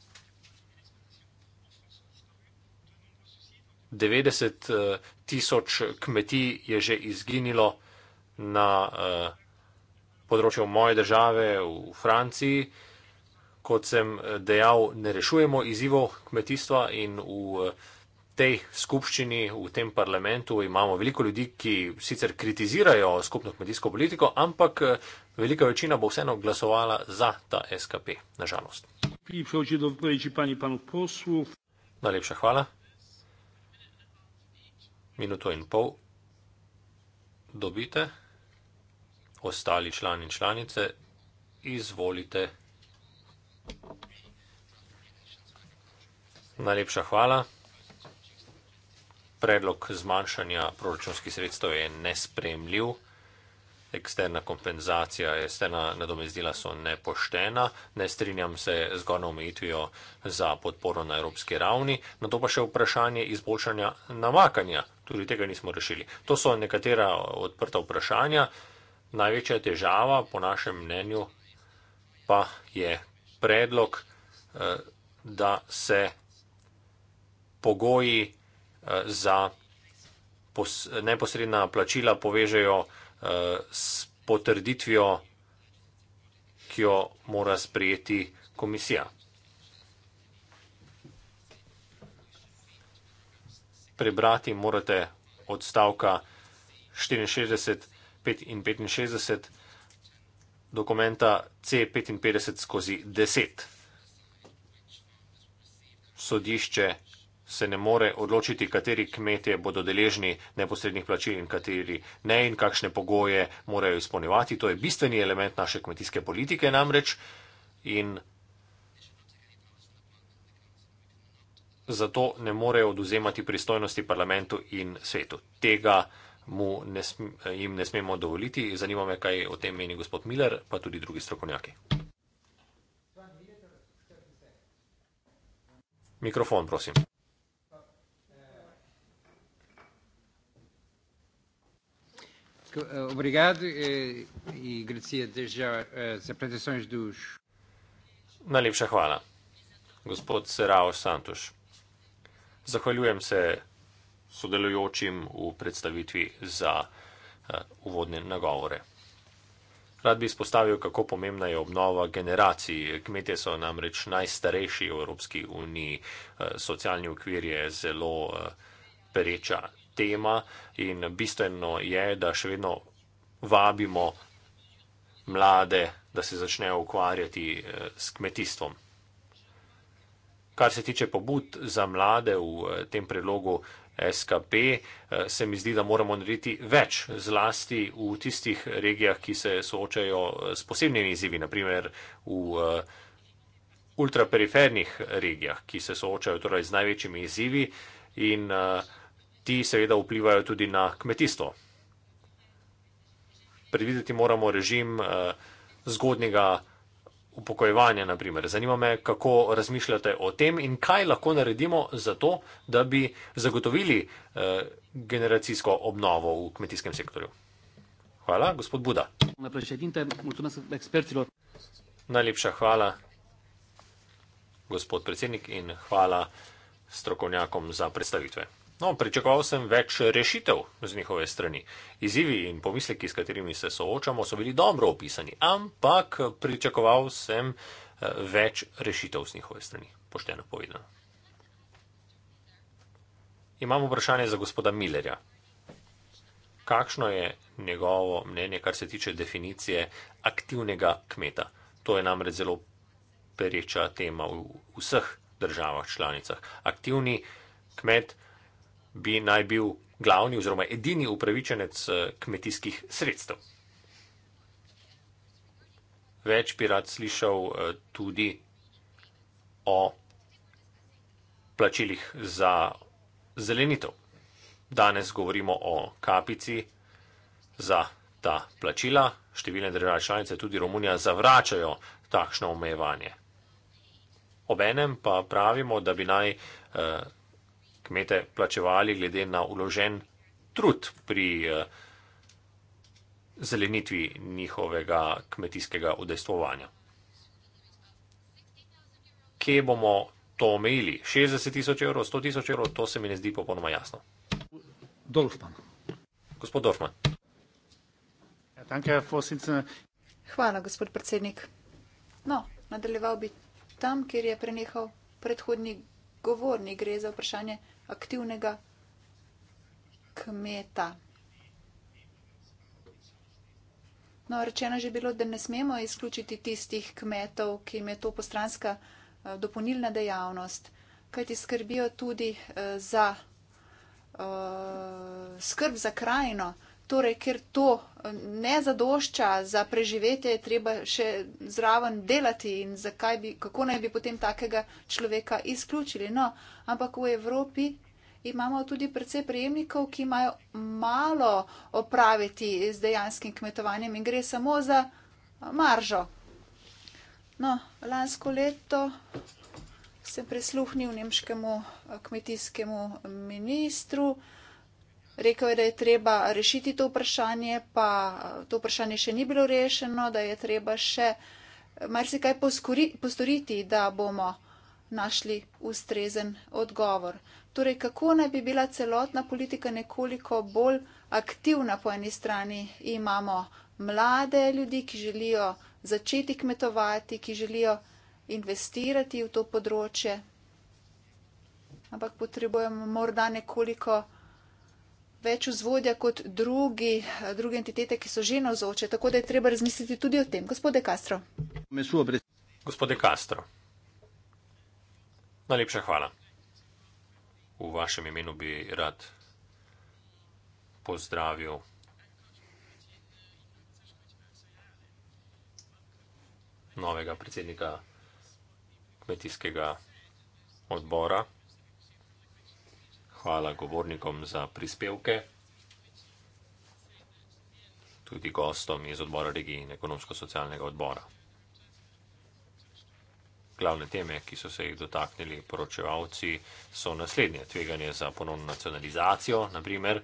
90 eh, tisoč kmetij je že izginilo na eh, področju moje države v Franciji. Kot sem dejal, ne rešujemo izzivov kmetijstva in v Franciji tej skupščini, v tem parlamentu imamo veliko ljudi, ki sicer kritizirajo skupno kmetijsko politiko, ampak eh, velika večina bo vseeno glasovala za ta SKP, nažalost. Najlepša hvala. Minuto in pol dobite. Ostali člani in članice, izvolite. Najlepša hvala predlog zmanjšanja proračunskih sredstev je nespremljiv, eksterna kompenzacija, eksterna nadomestila so nepoštena, ne strinjam se z gorno omejitvijo za podporo na evropski ravni, na to pa še vprašanje izboljšanja namakanja, tudi tega nismo rešili. To so nekatera odprta vprašanja, največja težava po našem mnenju pa je predlog, eh, da se pogoji Eh, za neposredna plačila povežejo eh, s potrditvijo, ki jo mora sprejeti komisija. Prebrati morate odstavka 64, 65 dokumenta C55 skozi 10. Sodišče se ne more odločiti, kateri kmetje bodo deležni neposrednih plačil in kateri ne in kakšne pogoje morajo izpolnjevati. To je bistveni element naše kmetijske politike namreč. In zato ne morejo oduzemati pristojnosti parlamentu in svetu. Tega mu ne jim ne smemo dovoliti. Zanima me, kaj o tem meni gospod Miller, pa tudi drugi strokovnjaki. Mikrofon, prosim. Eh, obrigado e, e agradecia desde já eh, as apresentações dos. Najlepša hvala, gospod Serao Santos. Zahvaljujem se sodelujočim v predstavitvi za eh, uvodne nagovore. Rad bi izpostavil, kako pomembna je obnova generacij. Kmetje so namreč najstarejši v Evropski uniji. Socialni okvir je zelo pereča tema in bistveno je, da še vedno vabimo mlade, da se začnejo ukvarjati eh, s kmetijstvom. Kar se tiče pobud za mlade v eh, tem predlogu SKP, eh, se mi zdi, da moramo narediti več zlasti v tistih regijah, ki se soočajo s posebnimi izzivi, naprimer v ultrapernih regijah, ki se soočajo torej z največjimi izzivi in uh, ti seveda vplivajo tudi na kmetijstvo. Predvideti moramo režim eh, zgodnjega upokojevanja, naprimer. Zanima me, kako razmišljate o tem in kaj lahko naredimo za to, da bi zagotovili eh, generacijsko obnovo v kmetijskem sektorju. Hvala, gospod Buda. Najlepša hvala, gospod predsednik, in hvala strokovnjakom za predstavitve. No, pričakoval sem več rešitev z njihove strani. Izivi in pomisleki, s katerimi se soočamo, so bili dobro opisani, ampak pričakoval sem eh, več rešitev z njihove strani, pošteno povedano. Imam vprašanje za gospoda Millerja. Kakšno je njegovo mnenje, kar se tiče definicije aktivnega kmeta? To je namreč zelo pereča tema v vseh državah članicah. Aktivni kmet bi naj bil glavni oziroma edini upravičenec eh, kmetijskih sredstev. Več bi rad slišal eh, tudi o plačilih za zelenitev. Danes govorimo o kapici za ta plačila. Številne države članice, tudi Romunija, zavračajo takšno omejevanje. Obenem pa pravimo, da bi naj eh, kmete plačevali glede na uložen trud pri eh, zelenitvi njihovega kmetijskega udejstvovanja. Kje bomo to omejili? 60 tisoč evrov, 100 tisoč evrov, to se mi ne zdi popolnoma jasno. Dolfman. Gospod Dolfman. Ja, Hvala, gospod predsednik. No, nadaljeval bi tam, kjer je prenehal predhodnik govorni, gre za vprašanje aktivnega kmeta. No, rečeno že bilo, da ne smemo izključiti tistih kmetov, ki jim je to postranska eh, dopolnilna dejavnost, kajti skrbijo tudi eh, za uh, skrb za krajino torej, ker to eh, ne zadošča za preživetje, je treba še zraven delati in bi, kako naj bi potem takega človeka izključili. No, ampak v Evropi imamo tudi precej prejemnikov, ki imajo malo opraviti z dejanskim kmetovanjem in gre samo za maržo. No, lansko leto sem prisluhnil nemškemu eh, kmetijskemu ministru, rekel je, da je treba rešiti to vprašanje, pa to vprašanje še ni bilo rešeno, da je treba še marsikaj postoriti, da bomo našli ustrezen odgovor. Torej, kako naj bi bila celotna politika nekoliko bolj aktivna po eni strani? Imamo mlade ljudi, ki želijo začeti kmetovati, ki želijo investirati v to področje, ampak potrebujemo morda nekoliko več vzvodja kot drugi, eh, druge entitete, ki so že na vzoče. Tako da je treba razmisliti tudi o tem. Gospode Castro. Gospode Castro. Najlepša hvala. V vašem imenu bi rad pozdravil novega predsednika kmetijskega odbora. Hvala govornikom za prispevke, tudi gostom iz odbora regije in ekonomsko-socialnega odbora. Glavne teme, ki so se jih dotaknili poročevalci, so naslednje. Tveganje za ponovno nacionalizacijo, naprimer,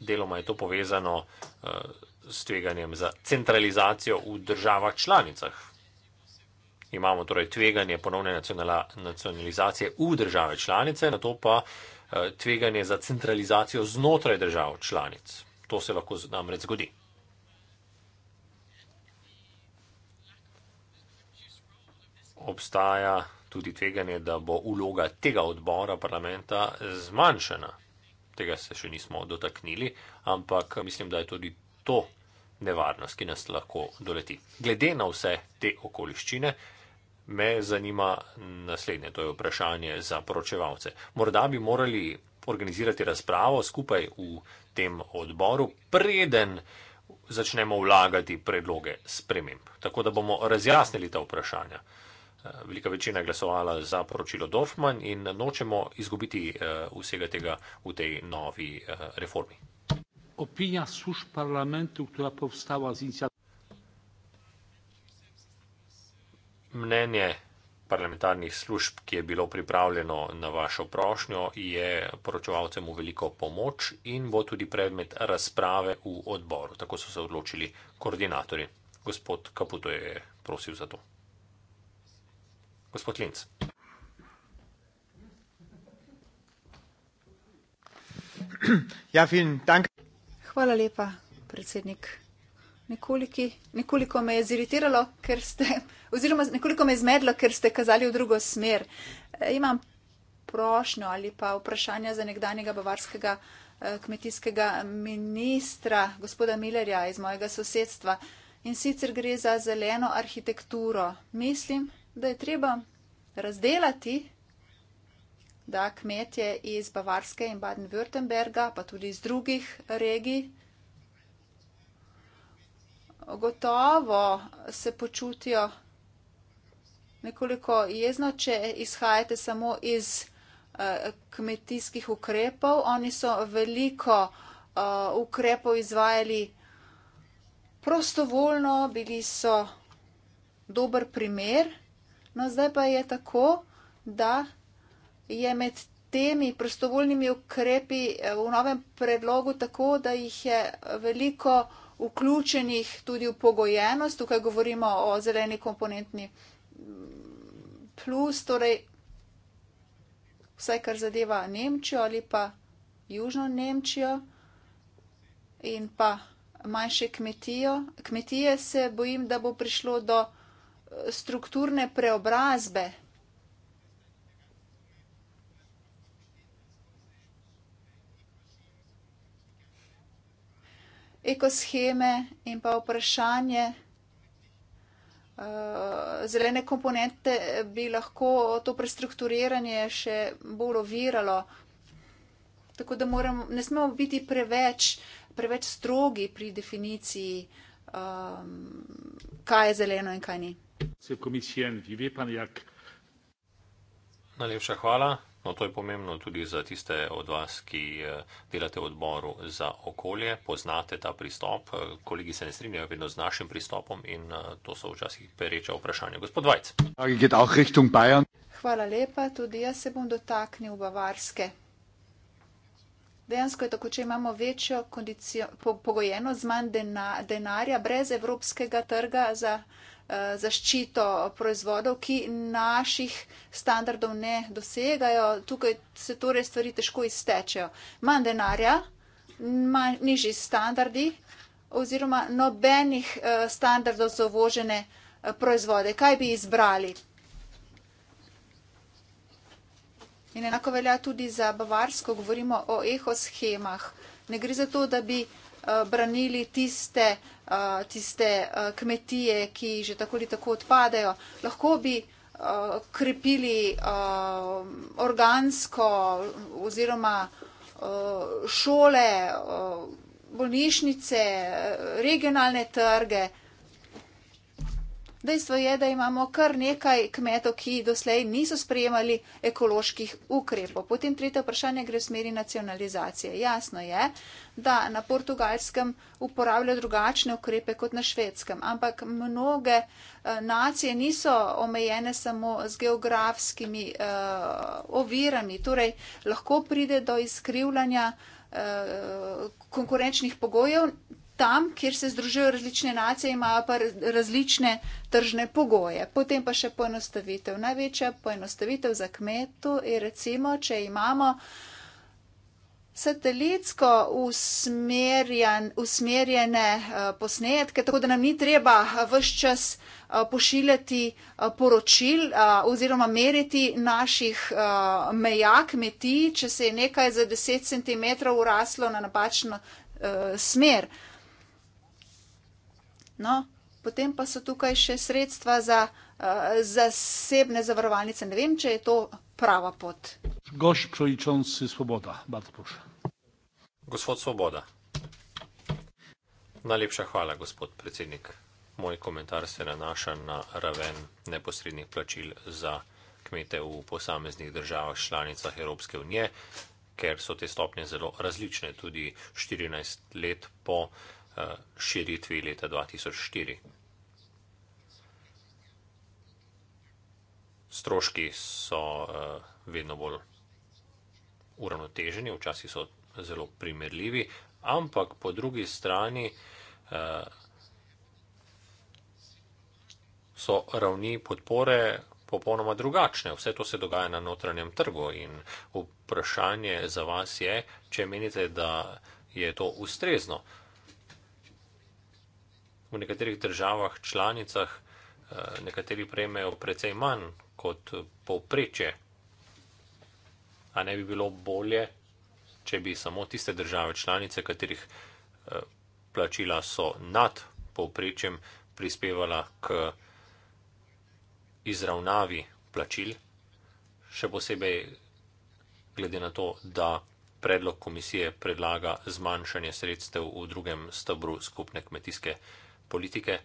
deloma je to povezano eh, s tveganjem za centralizacijo v državah članicah imamo torej tveganje ponovne nacionalizacije v države članice, na to pa eh, tveganje za centralizacijo znotraj držav članic. To se lahko namreč zgodi. Obstaja tudi tveganje, da bo uloga tega odbora parlamenta zmanjšana. Tega se še nismo dotaknili, ampak eh, mislim, da je tudi to nevarnost, ki nas lahko doleti. Glede na vse te okoliščine, Me zanima naslednje, to je vprašanje za poročevalce. Morda bi morali organizirati razpravo skupaj v tem odboru, preden začnemo vlagati predloge sprememb, tako da bomo razjasnili ta vprašanja. Eh, velika večina je glasovala za poročilo Dorfman in nočemo izgubiti eh, vsega tega v tej novi eh, reformi. Opinja služ parlamentu, ki je povstala z inicijativo. Mnenje parlamentarnih služb, ki je bilo pripravljeno na vašo prošnjo, je poročevalcem v veliko pomoč in bo tudi predmet razprave v odboru. Tako so se odločili koordinatori. Gospod Kaputo je prosil za to. Gospod Linc. Ja, Hvala lepa, predsednik nekoliko me je ziritiralo, ker ste, oziroma nekoliko me je zmedlo, ker ste kazali v drugo smer. E, imam prošnjo ali pa vprašanja za nekdanjega bavarskega e, kmetijskega ministra, gospoda Millerja iz mojega sosedstva. In sicer gre za zeleno arhitekturo. Mislim, da je treba razdelati, da kmetje iz Bavarske in Baden-Württemberga, pa tudi iz drugih regij, gotovo se počutijo nekoliko jezno, če izhajate samo iz eh, kmetijskih ukrepov. Oni so veliko eh, ukrepov izvajali prostovoljno, bili so dober primer. No, zdaj pa je tako, da je med temi prostovoljnimi ukrepi eh, v novem predlogu tako, da jih je veliko ukrepov vključenih tudi v pogojenost. Tukaj govorimo o zeleni komponentni plus, torej vsaj kar zadeva Nemčijo ali pa Južno Nemčijo in pa manjše kmetijo. kmetije, se bojim, da bo prišlo do strukturne preobrazbe ekosheme in pa vprašanje eh, zelene komponente bi lahko to prestrukturiranje še bolj oviralo. Tako da moram, ne smemo biti preveč, preveč strogi pri definiciji, um, kaj je zeleno in kaj ni. Najlepša hvala. No, to je pomembno tudi za tiste od vas, ki eh, delate v odboru za okolje, poznate ta pristop. Kolegi se ne strinjajo vedno z našim pristopom in eh, to so včasih pereča vprašanja. Gospod Vajc. Hvala lepa, tudi jaz se bom dotaknil Bavarske. Dejansko je tako, če imamo večjo kondicijo, po, pogojeno z manj dena, denarja, brez evropskega trga za eh, zaščito proizvodov, ki naših standardov ne dosegajo. Tukaj se torej stvari težko iztečejo. Manj denarja, manj, nižji standardi oziroma nobenih eh, standardov za vožene eh, proizvode. Kaj bi izbrali? In enako velja tudi za Bavarsko, govorimo o ekoshemah. Ne gre za to, da bi eh, branili tiste, eh, tiste eh, kmetije, ki že tako ali tako odpadajo. Lahko bi krepili organsko oziroma šole, bolnišnice, regionalne trge. Dejstvo je, da imamo kar nekaj kmetov, ki doslej niso sprejemali ekoloških ukrepov. Potem tretje vprašanje gre v smeri nacionalizacije. Jasno je, da na portugalskem uporabljajo drugačne ukrepe kot na švedskem, ampak mnoge eh, nacije niso omejene samo z geografskimi uh, ovirami, torej lahko pride do izkrivljanja eh, konkurenčnih pogojev, tam, kjer se združujejo različne nacije, imajo pa različne tržne pogoje. Potem pa še poenostavitev. Največja poenostavitev za kmetu je recimo, če imamo satelitsko usmerjen, usmerjene eh, posnetke, tako da nam ni treba eh, vse čas eh, pošiljati poročil oziroma meriti naših meja kmetij, če se je nekaj za 10 cm uraslo na napačno smer. No, potem pa so tukaj še sredstva za uh, zasebne zavarovalnice. Ne vem, če je to prava pot. Goš, prvičonci Svoboda, Bartoš. Gospod Svoboda. Najlepša hvala, gospod predsednik. Moj komentar se nanaša na raven neposrednih plačil za kmete v posameznih državah članicah Evropske unije, ker so te stopnje zelo različne, tudi 14 let po širitvi leta 2004. Stroški so eh, vedno bolj uravnoteženi, včasih so zelo primerljivi, ampak po drugi strani eh, so ravni podpore popolnoma drugačne. Vse to se dogaja na notranjem trgu in vprašanje za vas je, če menite, da je to ustrezno v nekaterih državah članicah eh, nekateri prejmejo precej manj kot povprečje. A ne bi bilo bolje, če bi samo tiste države članice, katerih eh, plačila so nad povprečjem, prispevala k izravnavi plačil, še posebej glede na to, da predlog komisije predlaga zmanjšanje sredstev v drugem stebru skupne kmetijske politike politike,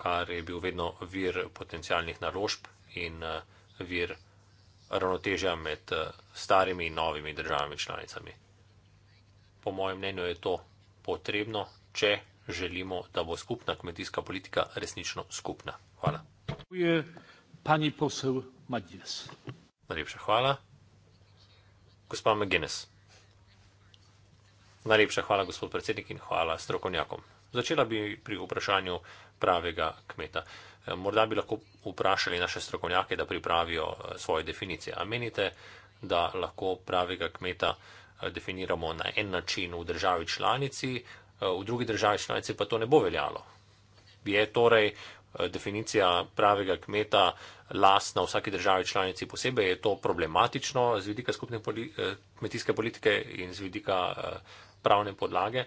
kar je bil vedno vir potencijalnih naložb in eh, vir ravnotežja med eh, starimi in novimi državami članicami. Po mojem mnenju je to potrebno, če želimo, da bo skupna kmetijska politika resnično skupna. Hvala. Najlepša hvala. Gospa McGuinness. Najlepša hvala, gospod predsednik, in hvala strokovnjakom. Začela bi pri vprašanju pravega kmeta. E, morda bi lahko vprašali naše strokovnjake, da pripravijo e, svoje definicije. Ali menite, da lahko pravega kmeta e, definiramo na en način v državi članici, v drugi državi članici pa to ne bo veljalo? Je torej definicija pravega kmeta lasna vsaki državi članici posebej? Je to problematično z vidika skupne poli kmetijske politike in z vidika pravne podlage?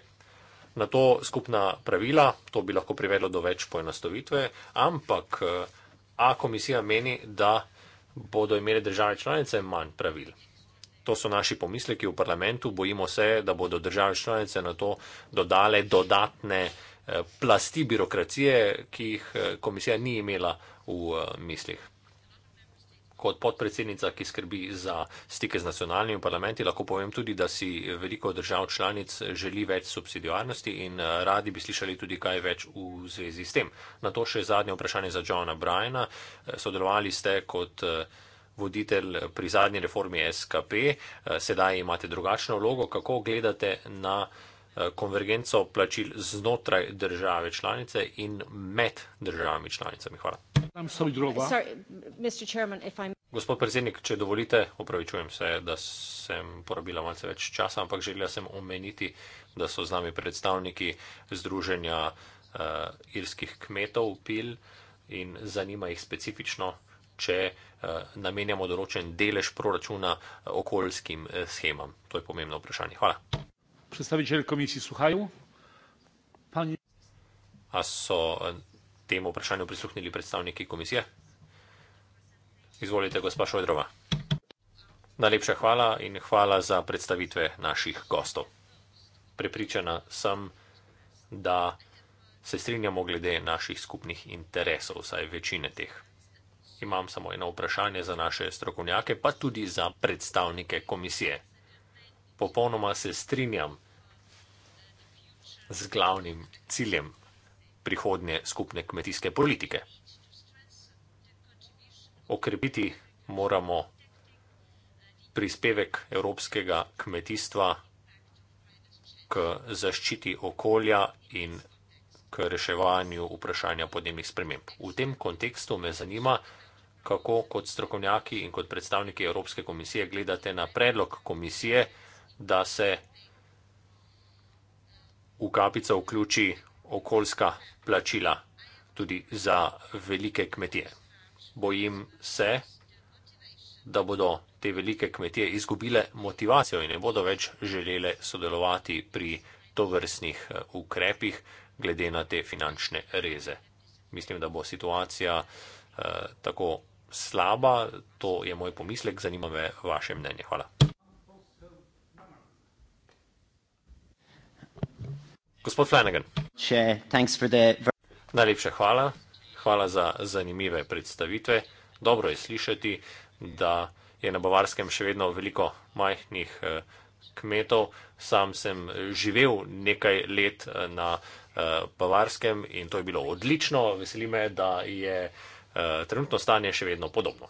na to skupna pravila, to bi lahko privedlo do več poenostavitve, ampak eh, a komisija meni, da bodo imeli države članice manj pravil. To so naši pomisleki v parlamentu, bojimo se, da bodo države članice na to dodale dodatne eh, plasti birokracije, ki jih eh, komisija ni imela v mislih kot podpredsednica, ki skrbi za stike z nacionalnimi parlamenti, lahko povem tudi, da si veliko držav članic želi več subsidijarnosti in eh, radi bi slišali tudi kaj več v zvezi s tem. Na to še zadnje vprašanje za Johna Bryana. Eh, sodelovali ste kot eh, voditelj pri zadnji reformi SKP, sedaj imate drugačno vlogo. Kako gledate na. Eh, konvergenco plačil znotraj države članice in med državami članicami. Hvala. Gospod predsednik, če dovolite, opravičujem se, da sem porabila malce več časa, ampak želela sem omeniti, da so z nami predstavniki Združenja uh, irskih kmetov PIL in zanima jih specifično, če uh, namenjamo določen delež proračuna okoljskim schemam. To je pomembno vprašanje. Hvala. Predstaviteli komisije sluhajo? Pani... A so e, temu vprašanju prisluhnili predstavniki komisije? Izvolite, gospa Šojdrova. Najlepša hvala in hvala za predstavitve naših gostov. Prepričana sem, da se strinjamo glede naših skupnih interesov, vsaj večine teh. Imam samo eno vprašanje za naše strokovnjake, pa tudi za predstavnike komisije popolnoma se strinjam z glavnim ciljem prihodnje skupne kmetijske politike. Okrepiti moramo prispevek evropskega kmetijstva k zaščiti okolja in k reševanju vprašanja podnebnih sprememb. V tem kontekstu me zanima, kako kot strokovnjaki in kot predstavniki Evropske komisije gledate na predlog komisije, da se v kapico vključi okoljska plačila tudi za velike kmetije. Bojim se, da bodo te velike kmetije izgubile motivacijo in ne bodo več želele sodelovati pri tovrstnih eh, ukrepih glede na te finančne reze. Mislim, da bo situacija eh, tako slaba, to je moj pomislek, zanima me vaše mnenje. Hvala. Gospod Flanagan. Če, thanks for the... Najlepša hvala. Hvala za zanimive predstavitve. Dobro je slišati, da je na Bavarskem še vedno veliko majhnih eh, kmetov. Sam sem živel nekaj let eh, na eh, Bavarskem in to je bilo odlično. Veseli me, da je trenutno stanje še vedno podobno.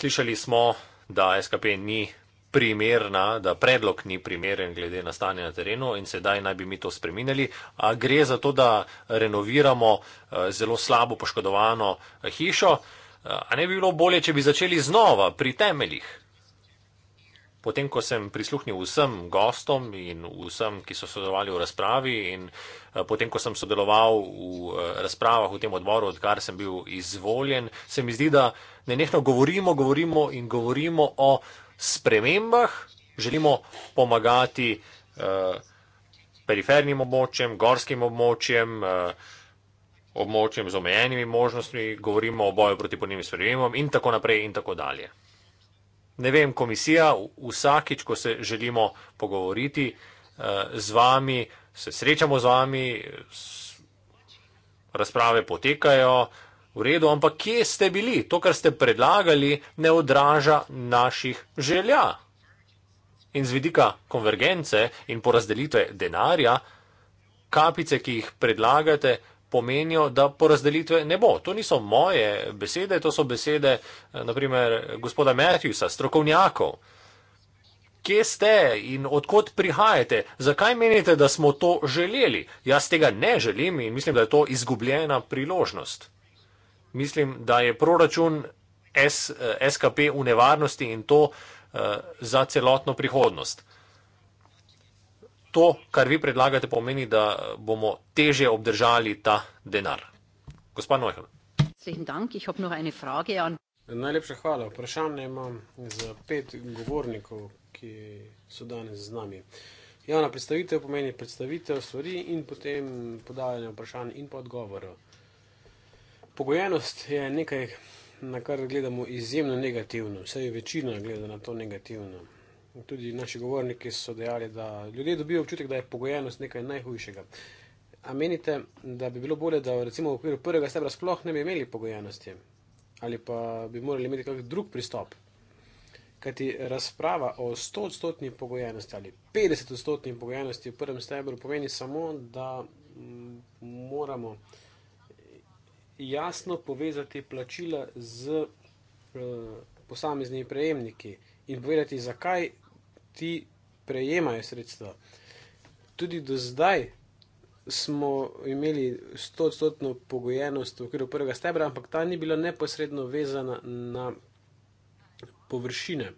Slišali smo, da SKP ni primerna, da predlog ni primeren glede na stanje na terenu in sedaj naj bi mi to spreminjali. Gre za to, da renoviramo eh, zelo slabo poškodovano eh, hišo, eh, a ne bi bilo bolje, če bi začeli znova pri temeljih. Potem, ko sem prisluhnil vsem gostom in vsem, ki so sodelovali v razpravi in potem, ko sem sodeloval v razpravah v tem odboru, odkar sem bil izvoljen, se mi zdi, da nenehno govorimo, govorimo in govorimo o spremembah, želimo pomagati eh, perifernim območjem, gorskim območjem, eh, območjem z omejenimi možnostmi, govorimo o boju proti podnebnim spremembam in tako naprej in tako dalje. Ne vem, komisija, vsakič, ko se želimo pogovoriti eh, z vami, se srečamo z vami, razprave potekajo, V redu, ampak kje ste bili? To, kar ste predlagali, ne odraža naših želja. In z vidika konvergence in porazdelitve denarja, kapice, ki jih predlagate, pomenijo, da porazdelitve ne bo. To niso moje besede, to so besede, eh, naprimer, gospoda Matthewsa, strokovnjakov. Kje ste in odkot prihajate? Zakaj menite, da smo to želeli? Jaz tega ne želim in mislim, da je to izgubljena priložnost mislim, da je proračun S, eh, SKP v nevarnosti in to uh, za celotno prihodnost. To, kar vi predlagate, pomeni, da bomo teže obdržali ta denar. Gospa Nojhan. Najlepša hvala. Vprašanje imam za pet govornikov, ki so danes z nami. Javna predstavitev pomeni predstavitev stvari in potem podajanje vprašanj in pa odgovorov. Pogojenost je nekaj, na kar gledamo izjemno negativno, vse je večina gleda na to negativno. Tudi naši govorniki so dejali, da ljudje dobijo občutek, da je pogojenost nekaj najhujšega. A menite, da bi bilo bolje, da recimo v okviru prvega stebra sploh ne bi imeli pogojenosti ali pa bi morali imeti kak drug pristop? Kajti razprava o 100-odstotni pogojenosti ali 50-odstotni pogojenosti v prvem stebru pomeni samo, da mm, moramo jasno povezati plačila z uh, posameznimi prejemniki in povedati, zakaj ti prejemajo sredstva. Tudi do zdaj smo imeli 100-odstotno pogojenost v okviru prvega stebra, ampak ta ni bila neposredno vezana na površine.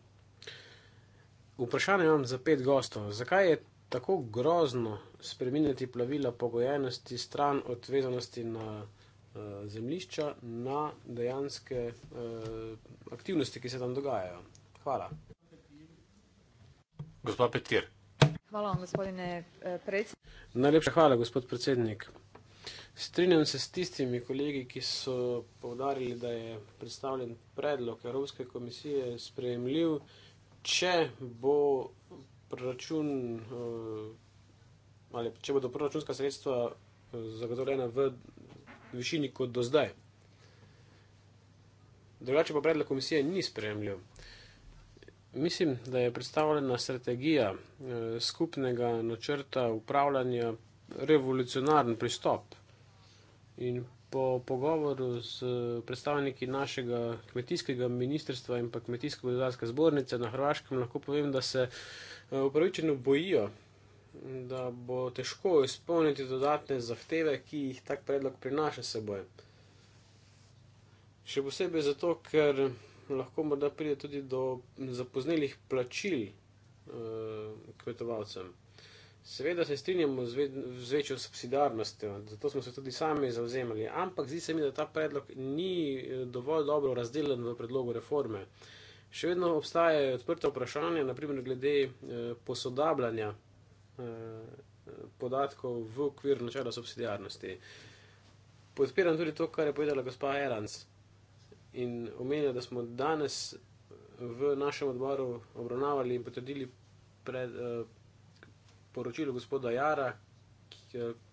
Vprašanje imam za pet gostov. Zakaj je tako grozno spremeniti plavila pogojenosti stran odvezanosti na površine? Eh, zemljišča na dejanske uh, aktivnosti, ki se tam dogajajo. Hvala. Gospod Petir. Hvala vam, gospodine eh, predsednik. Najlepša hvala, gospod predsednik. Strinjam se s tistimi kolegi, ki so povdarili, da je predstavljen predlog Evropske komisije sprejemljiv, če bo proračun ali če bodo proračunska sredstva zagotovljena v višini kot do zdaj. Drugače pa predlog komisije ni spremljiv. Mislim, da je predstavljena strategija eh, skupnega načrta upravljanja revolucionarni pristop. In po pogovoru z eh, predstavniki našega kmetijskega ministrstva in pa kmetijsko-gozdarske zbornice na Hrvaškem lahko povem, da se eh, upravičeno bojijo da bo težko izpolniti dodatne zahteve, ki jih tak predlog prinaša seboj. Še posebej zato, ker lahko morda pride tudi do zapoznelih plačil eh, kmetovalcem. Seveda se strinjamo z, ve, z večjo subsidarnostjo, zato smo se tudi sami zauzemali, ampak zdi se mi, da ta predlog ni eh, dovolj dobro razdeljen v predlogu reforme. Še vedno obstajajo odprte vprašanja, naprimer glede eh, posodabljanja Eh, podatkov v okviru načela subsidijarnosti. Podpiram tudi to, kar je povedala gospa Erans in omenila, da smo danes v našem odboru obravnavali in potrdili pred, eh, poročilo gospoda Jara,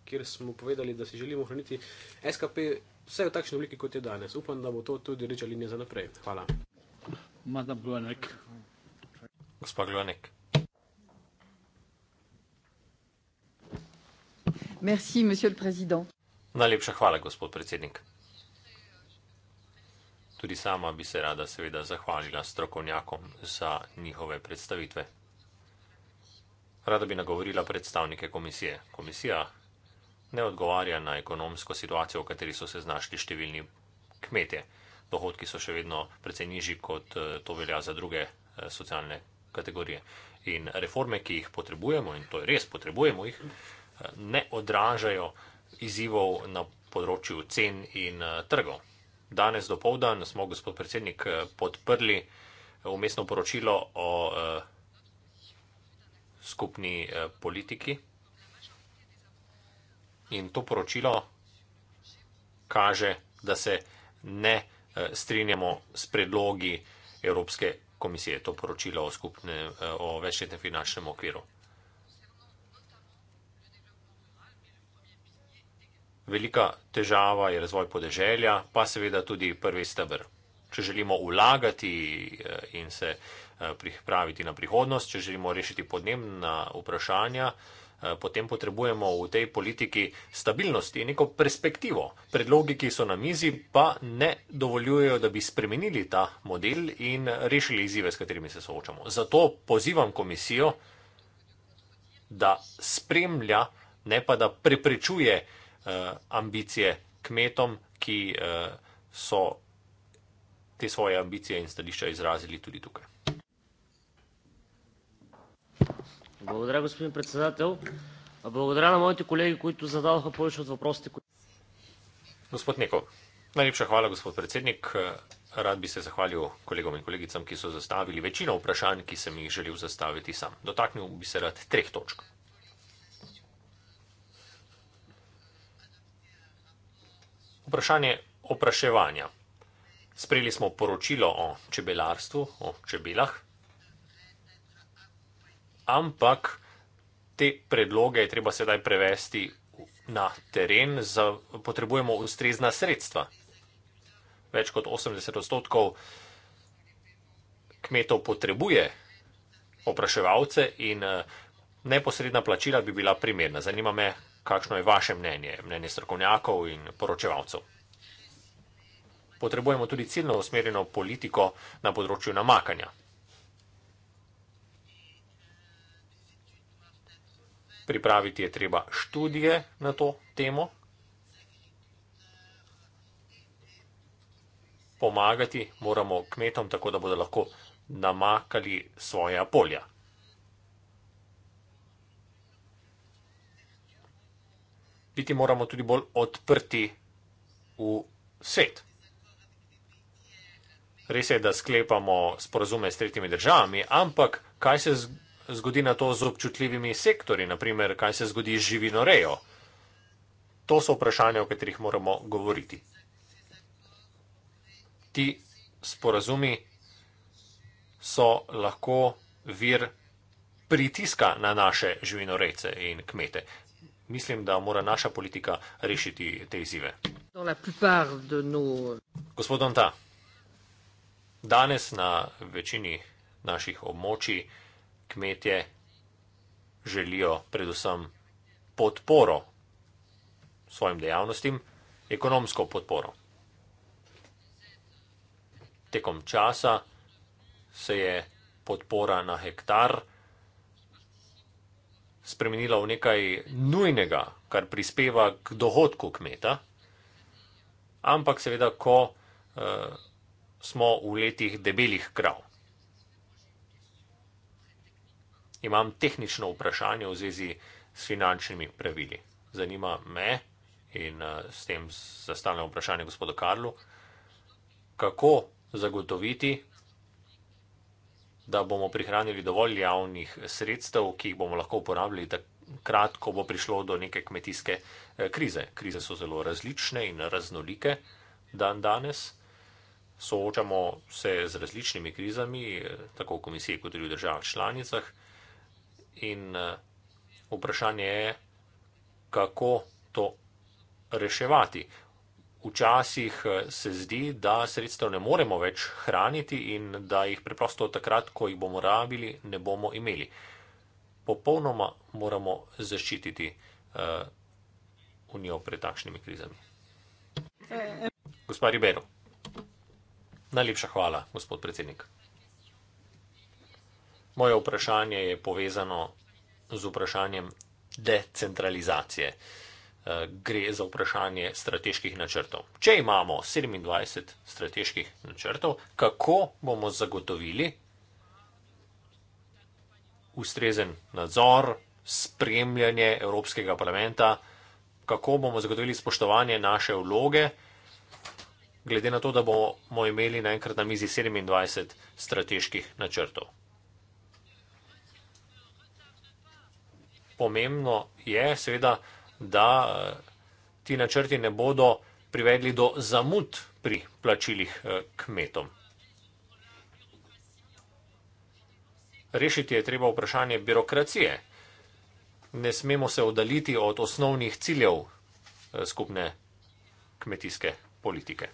kjer smo povedali, da si želimo ohraniti SKP vse v takšni obliki, kot je danes. Upam, da bo to tudi reča linija za naprej. Hvala. Gospod Glonek. Gospod Glonek. Merci, monsieur le président. Najlepša hvala, gospod predsednik. Tudi sama bi se rada seveda zahvalila strokovnjakom za njihove predstavitve. Rada bi nagovorila predstavnike komisije. Komisija ne odgovarja na ekonomsko situacijo, v kateri so se znašli številni kmetje. Dohodki so še vedno precej nižji, kot eh, to velja za druge eh, socialne kategorije. In reforme, ki jih potrebujemo, in to je res, potrebujemo jih, ne odražajo izzivov na področju cen in eh, trgov. Danes do povdan smo, gospod predsednik, eh, podprli eh, umestno poročilo o skupni politiki in to poročilo kaže, da se ne strinjamo s predlogi Evropske komisije, to poročilo o, skupne, o večletnem finančnem okviru. Velika težava je razvoj podeželja, pa seveda tudi prvi stebr. Če želimo ulagati eh, in se eh, pripraviti na prihodnost, če želimo rešiti podnebna vprašanja, eh, potem potrebujemo v tej politiki stabilnosti in neko perspektivo. Predlogi, ki so na mizi, pa ne dovoljujejo, da bi spremenili ta model in rešili izzive, s katerimi se soočamo. Zato pozivam komisijo, da spremlja, ne pa da preprečuje Eh, ambicije kmetom, ki eh, so te svoje ambicije in stališča izrazili tudi tukaj. Благодаря, господин председател. Благодаря на моите колеги, които зададоха повече от въпросите. Господ Неков, най-липша хвала, господ председник. Рад би се захвалил колегам и колегицам, ки са заставили вечина упрашан, ки съм ги желил заставити сам. Дотакнил би се рад трех точка. Vprašanje opraševanja. Sprejeli smo poročilo o čebelarstvu, o čebelah, ampak te predloge je treba sedaj prevesti na teren, za, potrebujemo ustrezna sredstva. Več kot 80 odstotkov kmetov potrebuje opraševalce in eh, neposredna plačila bi bila primerna. Zanima me, kakšno je vaše mnenje, mnenje strokovnjakov in poročevalcev. Potrebujemo tudi ciljno usmerjeno politiko na področju namakanja. Pripraviti je treba študije na to temo, pomagati moramo kmetom, tako da bodo lahko namakali svoje polja. biti moramo tudi bolj odprti v svet. Res je, da sklepamo sporazume s tretjimi državami, ampak kaj se zgodi na to z občutljivimi sektori, naprimer, kaj se zgodi z živinorejo? To so vprašanja, o katerih moramo govoriti. Ti sporazumi so lahko vir pritiska na naše živinorejce in kmete. Mislim, da mora naša politika rešiti te izzive. Gospod Donta, danes na večini naših območij kmetje želijo predvsem podporo svojim dejavnostim, ekonomsko podporo. Tekom časa se je podpora na hektar spremenila v nekaj nujnega, kar prispeva k dohodku kmeta. Ampak seveda, ko uh, smo v letih debelih krav. Imam tehnično vprašanje v zvezi s finančnimi pravili. Zanima me in uh, s tem zastavljam vprašanje gospodu Karlu, kako zagotoviti da bomo prihranili dovolj javnih sredstev, ki jih bomo lahko uporabili takrat, ko bo prišlo do neke kmetijske eh, krize. Krize so zelo različne in raznolike dan danes. Soočamo se z različnimi krizami, eh, tako v komisiji kot tudi v državah članicah. In eh, vprašanje je, kako to reševati včasih eh, se zdi, da sredstev ne moremo več hraniti in da jih preprosto takrat, ko jih bomo rabili, ne bomo imeli. Popolnoma moramo zaščititi uh, Unijo pred takšnimi krizami. Gospa Ribero, najlepša hvala, gospod predsednik. Moje vprašanje je povezano z vprašanjem decentralizacije. Uh, Eh, gre za vprašanje strateških načrtov. Če imamo 27 strateških načrtov, kako bomo zagotovili ustrezen nadzor, spremljanje Evropskega parlamenta, kako bomo zagotovili spoštovanje naše vloge, glede na to, da bomo imeli naenkrat na mizi 27 strateških načrtov. Pomembno je seveda, da da eh, ti načrti ne bodo privedli do zamud pri plačilih eh, kmetom. Rešiti je treba vprašanje birokracije. Ne smemo se oddaliti od osnovnih ciljev eh, skupne kmetijske politike.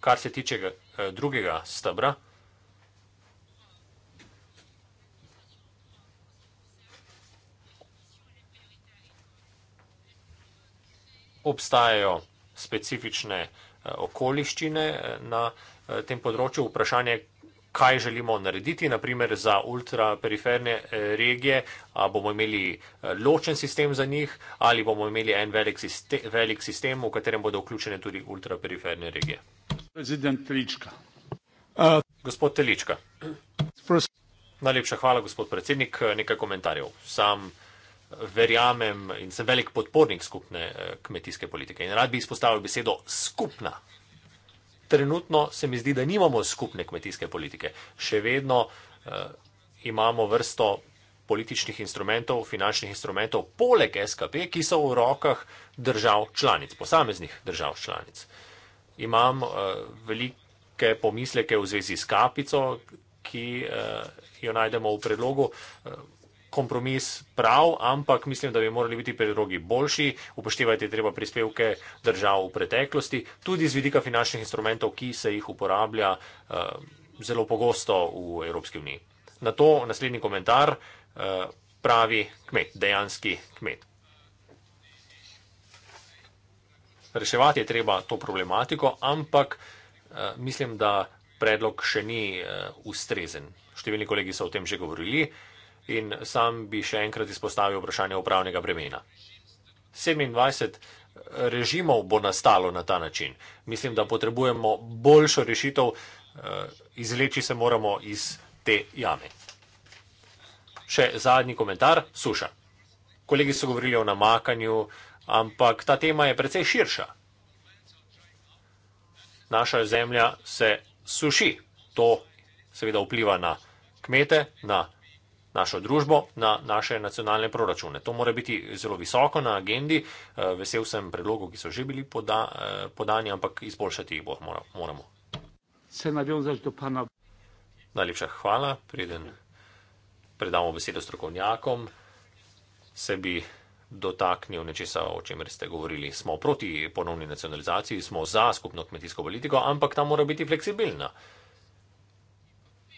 Kar se tiče drugega stabra, obstajajo specifične eh, okoliščine eh, na eh, tem področju. Vprašanje, kaj želimo narediti, naprimer za ultraperiferne regije, ali bomo imeli ločen sistem za njih, ali bomo imeli en velik sistem, velik sistem v katerem bodo vključene tudi ultraperiferne regije. Gospod Telička. Najlepša hvala, gospod predsednik. Nekaj komentarjev. Sam verjamem in sem velik podpornik skupne eh, kmetijske politike. In rad bi izpostavil besedo skupna. Trenutno se mi zdi, da nimamo skupne kmetijske politike. Še vedno uh, imamo vrsto političnih instrumentov, finančnih instrumentov, poleg SKP, ki so v rokah držav članic, posameznih držav članic. Imam uh, velike pomisleke v zvezi s kapico, ki uh, jo najdemo v predlogu. Uh, kompromis prav, ampak mislim, da bi morali biti predlogi boljši, upoštevati treba prispevke držav v preteklosti, tudi z vidika finančnih instrumentov, ki se jih uporablja uh, zelo pogosto v Evropski uniji. Na to naslednji komentar uh, pravi kmet, dejanski kmet. Reševati je treba to problematiko, ampak uh, mislim, da predlog še ni uh, ustrezen. Številni kolegi so o tem že govorili. Uh, in sam bi še enkrat izpostavil vprašanje upravnega bremena. 27 režimov bo nastalo na ta način. Mislim, da potrebujemo boljšo rešitev, eh, izleči se moramo iz te jame. Še zadnji komentar, suša. Kolegi so govorili o namakanju, ampak ta tema je precej širša. Naša zemlja se suši. To seveda vpliva na kmete, na kmete našo družbo, na naše nacionalne proračune. To mora biti zelo visoko na agendi. Eh, vesel sem predlogov, ki so že bili poda, eh, podani, ampak izboljšati jih bo, moramo. Se navijam do pana. Najlepša hvala, preden predamo besedo strokovnjakom, se bi dotaknil nečesa, o čemer ste govorili. Smo proti ponovni nacionalizaciji, smo za skupno kmetijsko politiko, ampak ta mora biti fleksibilna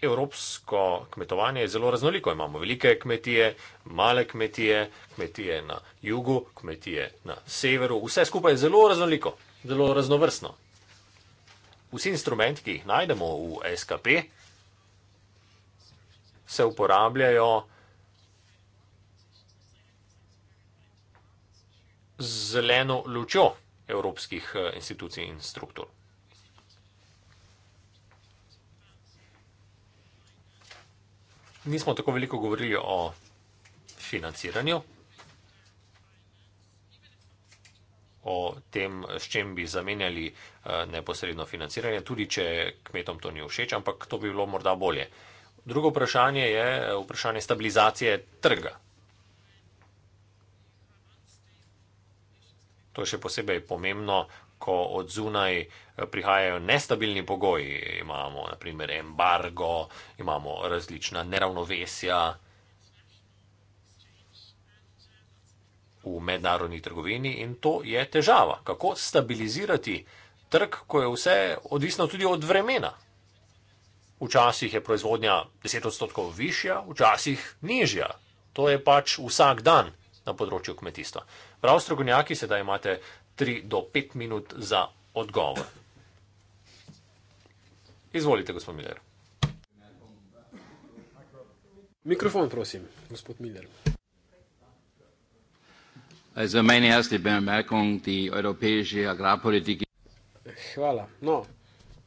evropsko kmetovanje je zelo raznoliko. Imamo velike kmetije, male kmetije, kmetije na jugu, kmetije na severu. Vse skupaj je zelo raznoliko, zelo raznovrstno. Vsi instrumenti, ki jih najdemo v SKP, se uporabljajo z zeleno lučjo evropskih eh, institucij in struktur. nismo tako veliko govorili o financiranju, o tem, s čem bi zamenjali eh, neposredno financiranje, tudi če kmetom to ni všeč, ampak to bi bilo morda bolje. Drugo vprašanje je eh, vprašanje stabilizacije trga. To je še posebej pomembno, ko odzunaj eh, prihajajo nestabilni pogoji. Imamo naprimer embargo, imamo različna neravnovesja v mednarodni trgovini in to je težava, kako stabilizirati trg, ko je vse odvisno tudi od vremena. Včasih je proizvodnja 10 odstotkov višja, včasih nižja. To je pač vsak dan na področju kmetijstva. Prav strokovnjaki, sedaj imate 3 do 5 minut za odgovor. Izvolite, gospod Miller. Mikrofon, prosim, gospod Miller. Za er meni je jasno, da bi omenil ti evropejski agrapolitiki. Hvala. No,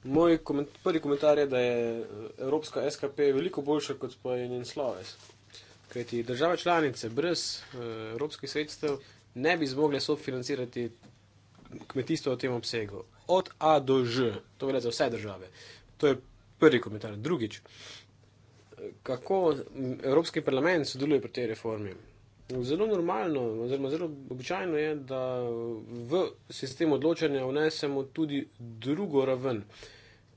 moj koment, prvi komentar je, da je eh, evropska SKP veliko boljša kot pa je njen sloves. Kajti država članice brez eh, evropskih sredstev ne bi zmogle sofinancirati kmetijstva v tem obsegu. Od A do Ž, to velja za vse države. To je prvi komentar. Drugič, kako Evropski parlament sodeluje pri tej reformi? Zelo normalno, oziroma zelo običajno je, da v sistem odločanja vnesemo tudi drugo raven,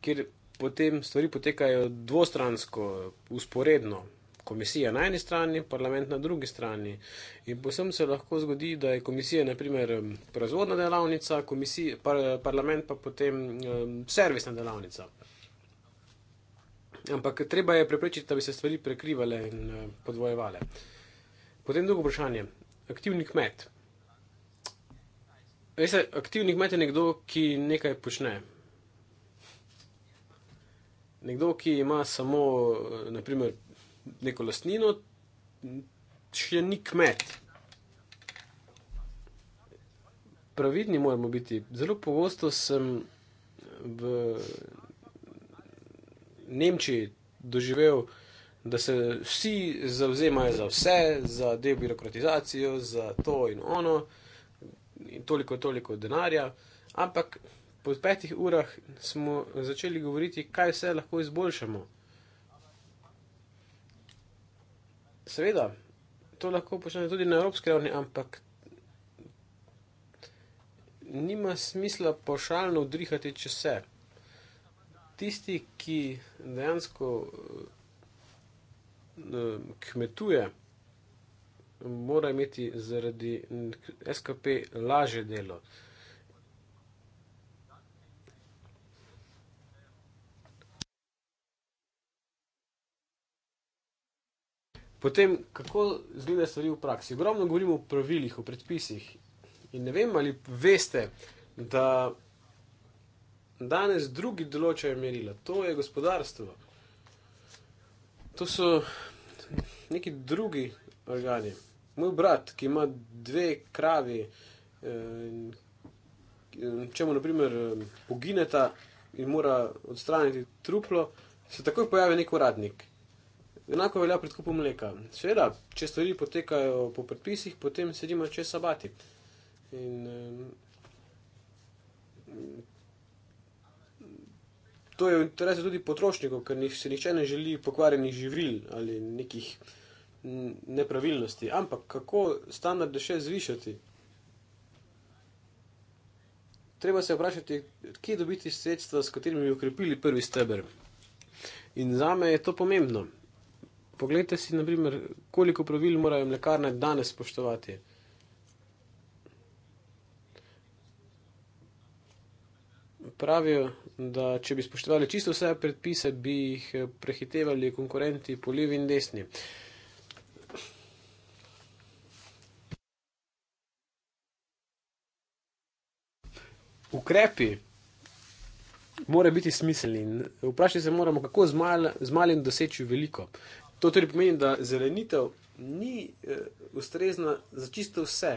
kjer potem stvari potekajo dvostransko, usporedno. Komisija na eni strani, parlament na drugi strani. In posem se lahko zgodi, da je komisija naprimer proizvodna delavnica, komisija, par, parlament pa potem um, servisna delavnica ampak treba je preprečiti, da bi se stvari prekrivale in eh, podvojevale. Potem drugo vprašanje. Aktivni kmet. Veste, aktivni kmet je nekdo, ki nekaj počne. Nekdo, ki ima samo, eh, naprimer, neko lastnino, še ni kmet. Pravidni moramo biti. Zelo pogosto sem v Nemčiji doživel, da se vsi zauzemajo za vse, za debirokratizacijo, za to in ono, in toliko, toliko denarja. Ampak po petih urah smo začeli govoriti, kaj vse lahko izboljšamo. Seveda, to lahko počnejo tudi na evropski ravni, ampak. Nima smisla pošalno udrihati čez vse tisti, ki dejansko eh, kmetuje, mora imeti zaradi SKP laže delo. Potem, kako zgleda stvari v praksi? Ogromno govorimo o pravilih, o predpisih. In ne vem, ali veste, da danes drugi določajo merila, to je gospodarstvo. To so neki drugi organi. Moj brat, ki ima dve kravi, eh, če mu naprimer pogineta eh, in mora odstraniti truplo, se takoj pojavi nek uradnik. Enako velja pred kupom mleka. Sveda, če stvari potekajo po predpisih, potem sedimo čez sabati. In, eh, to je v interesu tudi potrošnikov, ker ni, se nihče ne želi pokvarjenih živil ali nekih nepravilnosti. Ampak kako standarde še zvišati? Treba se vprašati, kje dobiti sredstva, s katerimi bi ukrepili prvi steber. In za me je to pomembno. Poglejte si, naprimer, koliko pravil morajo mlekarne danes spoštovati. pravijo, da če bi spoštovali čisto vse predpise, bi jih eh, prehitevali konkurenti po levi in desni. Ukrepi morajo biti smiselni. Vprašaj se moramo, kako z, mal, z malim doseči veliko. To tudi pomeni, da zelenitev ni e, ustrezna za čisto vse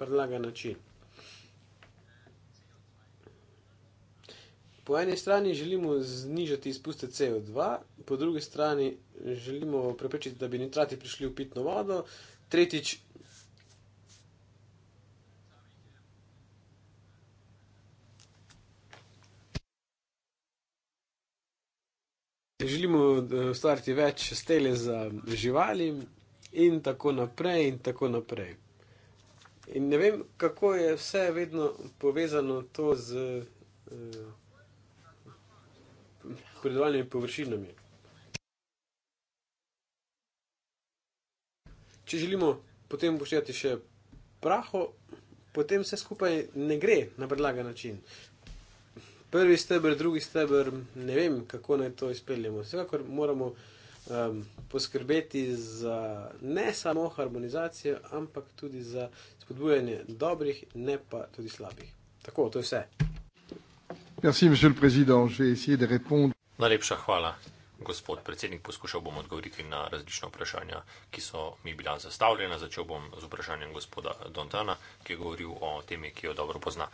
predlagane načine. Po eni strani želimo znižati izpuste CO2, po drugi strani želimo preprečiti, da bi nitrati prišli v pitno vodo, tretjič. Želimo eh, ustvariti več stele za živali, in tako naprej, in tako naprej. In ne vem, kako je vse vedno povezano to z. Uh, pridelanimi površinami. Če želimo potem poštevati še praho, potem vse skupaj ne gre na predlagan način. Prvi stebr, drugi stebr, ne vem, kako naj to izpeljemo. Vsekakor moramo um, poskrbeti za ne samo harmonizacijo, ampak tudi za spodbujanje dobrih, ne pa tudi slabih. Tako, to je vse. Merci, monsieur le Président. Je vais essayer de répondre. Najlepša hvala, gospod predsednik. Poskušal bom odgovoriti na različna vprašanja, ki so mi bila zastavljena. Začel bom z vprašanjem gospoda Dontana, ki je govoril o temi, ki jo dobro pozna.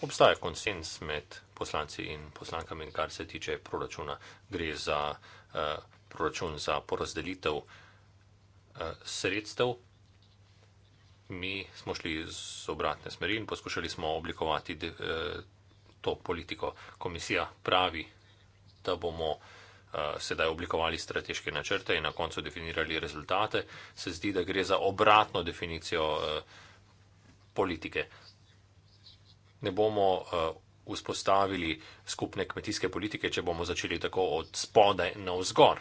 Obstaja konsens med poslanci in poslankami, kar se tiče proračuna. Gre za eh, proračun za porazdelitev eh, sredstev. Mi smo šli z obratne smeri in poskušali smo oblikovati de, eh, to politiko. Komisija pravi, leta bomo eh, sedaj oblikovali strateške načrte in na koncu definirali rezultate, se zdi, da gre za obratno definicijo eh, politike. Ne bomo eh, vzpostavili skupne kmetijske politike, če bomo začeli tako od spodaj na vzgor.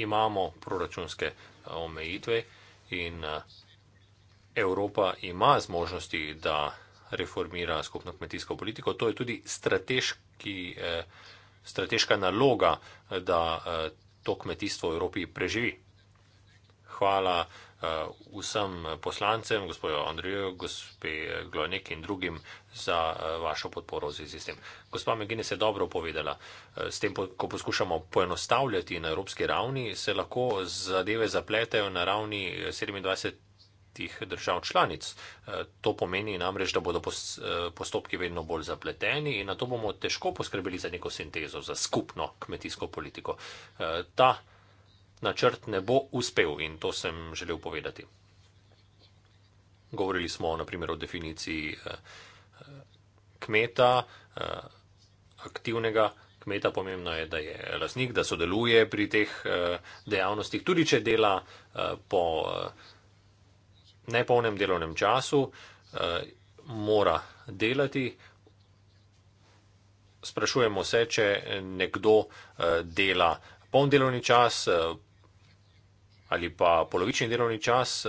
Imamo proračunske omejitve in Evropa ima zmožnosti, da reformira skupno kmetijsko politiko. To je tudi strateški, eh, strateška naloga, eh, da eh, to kmetijstvo v Evropi preživi. Hvala vsem poslancem, gospodu Andreju, gospe Glonek in drugim za vašo podporo v zvezi s tem. Gospa Megine se dobro povedala, s tem, ko poskušamo poenostavljati na evropski ravni, se lahko zadeve zapletajo na ravni 27 desetih držav članic. Eh, to pomeni namreč, da bodo eh, postopki vedno bolj zapleteni in na to bomo težko poskrbeli za neko sintezo, za skupno kmetijsko politiko. Eh, ta načrt ne bo uspel in to sem želel povedati. Govorili smo naprimer o definiciji kmeta, aktivnega kmeta, pomembno je, da je lasnik, da sodeluje pri teh dejavnostih, tudi če dela po nepolnem delovnem času, eh, mora delati. Sprašujemo se, če nekdo eh, dela poln delovni čas eh, ali pa polovični delovni čas.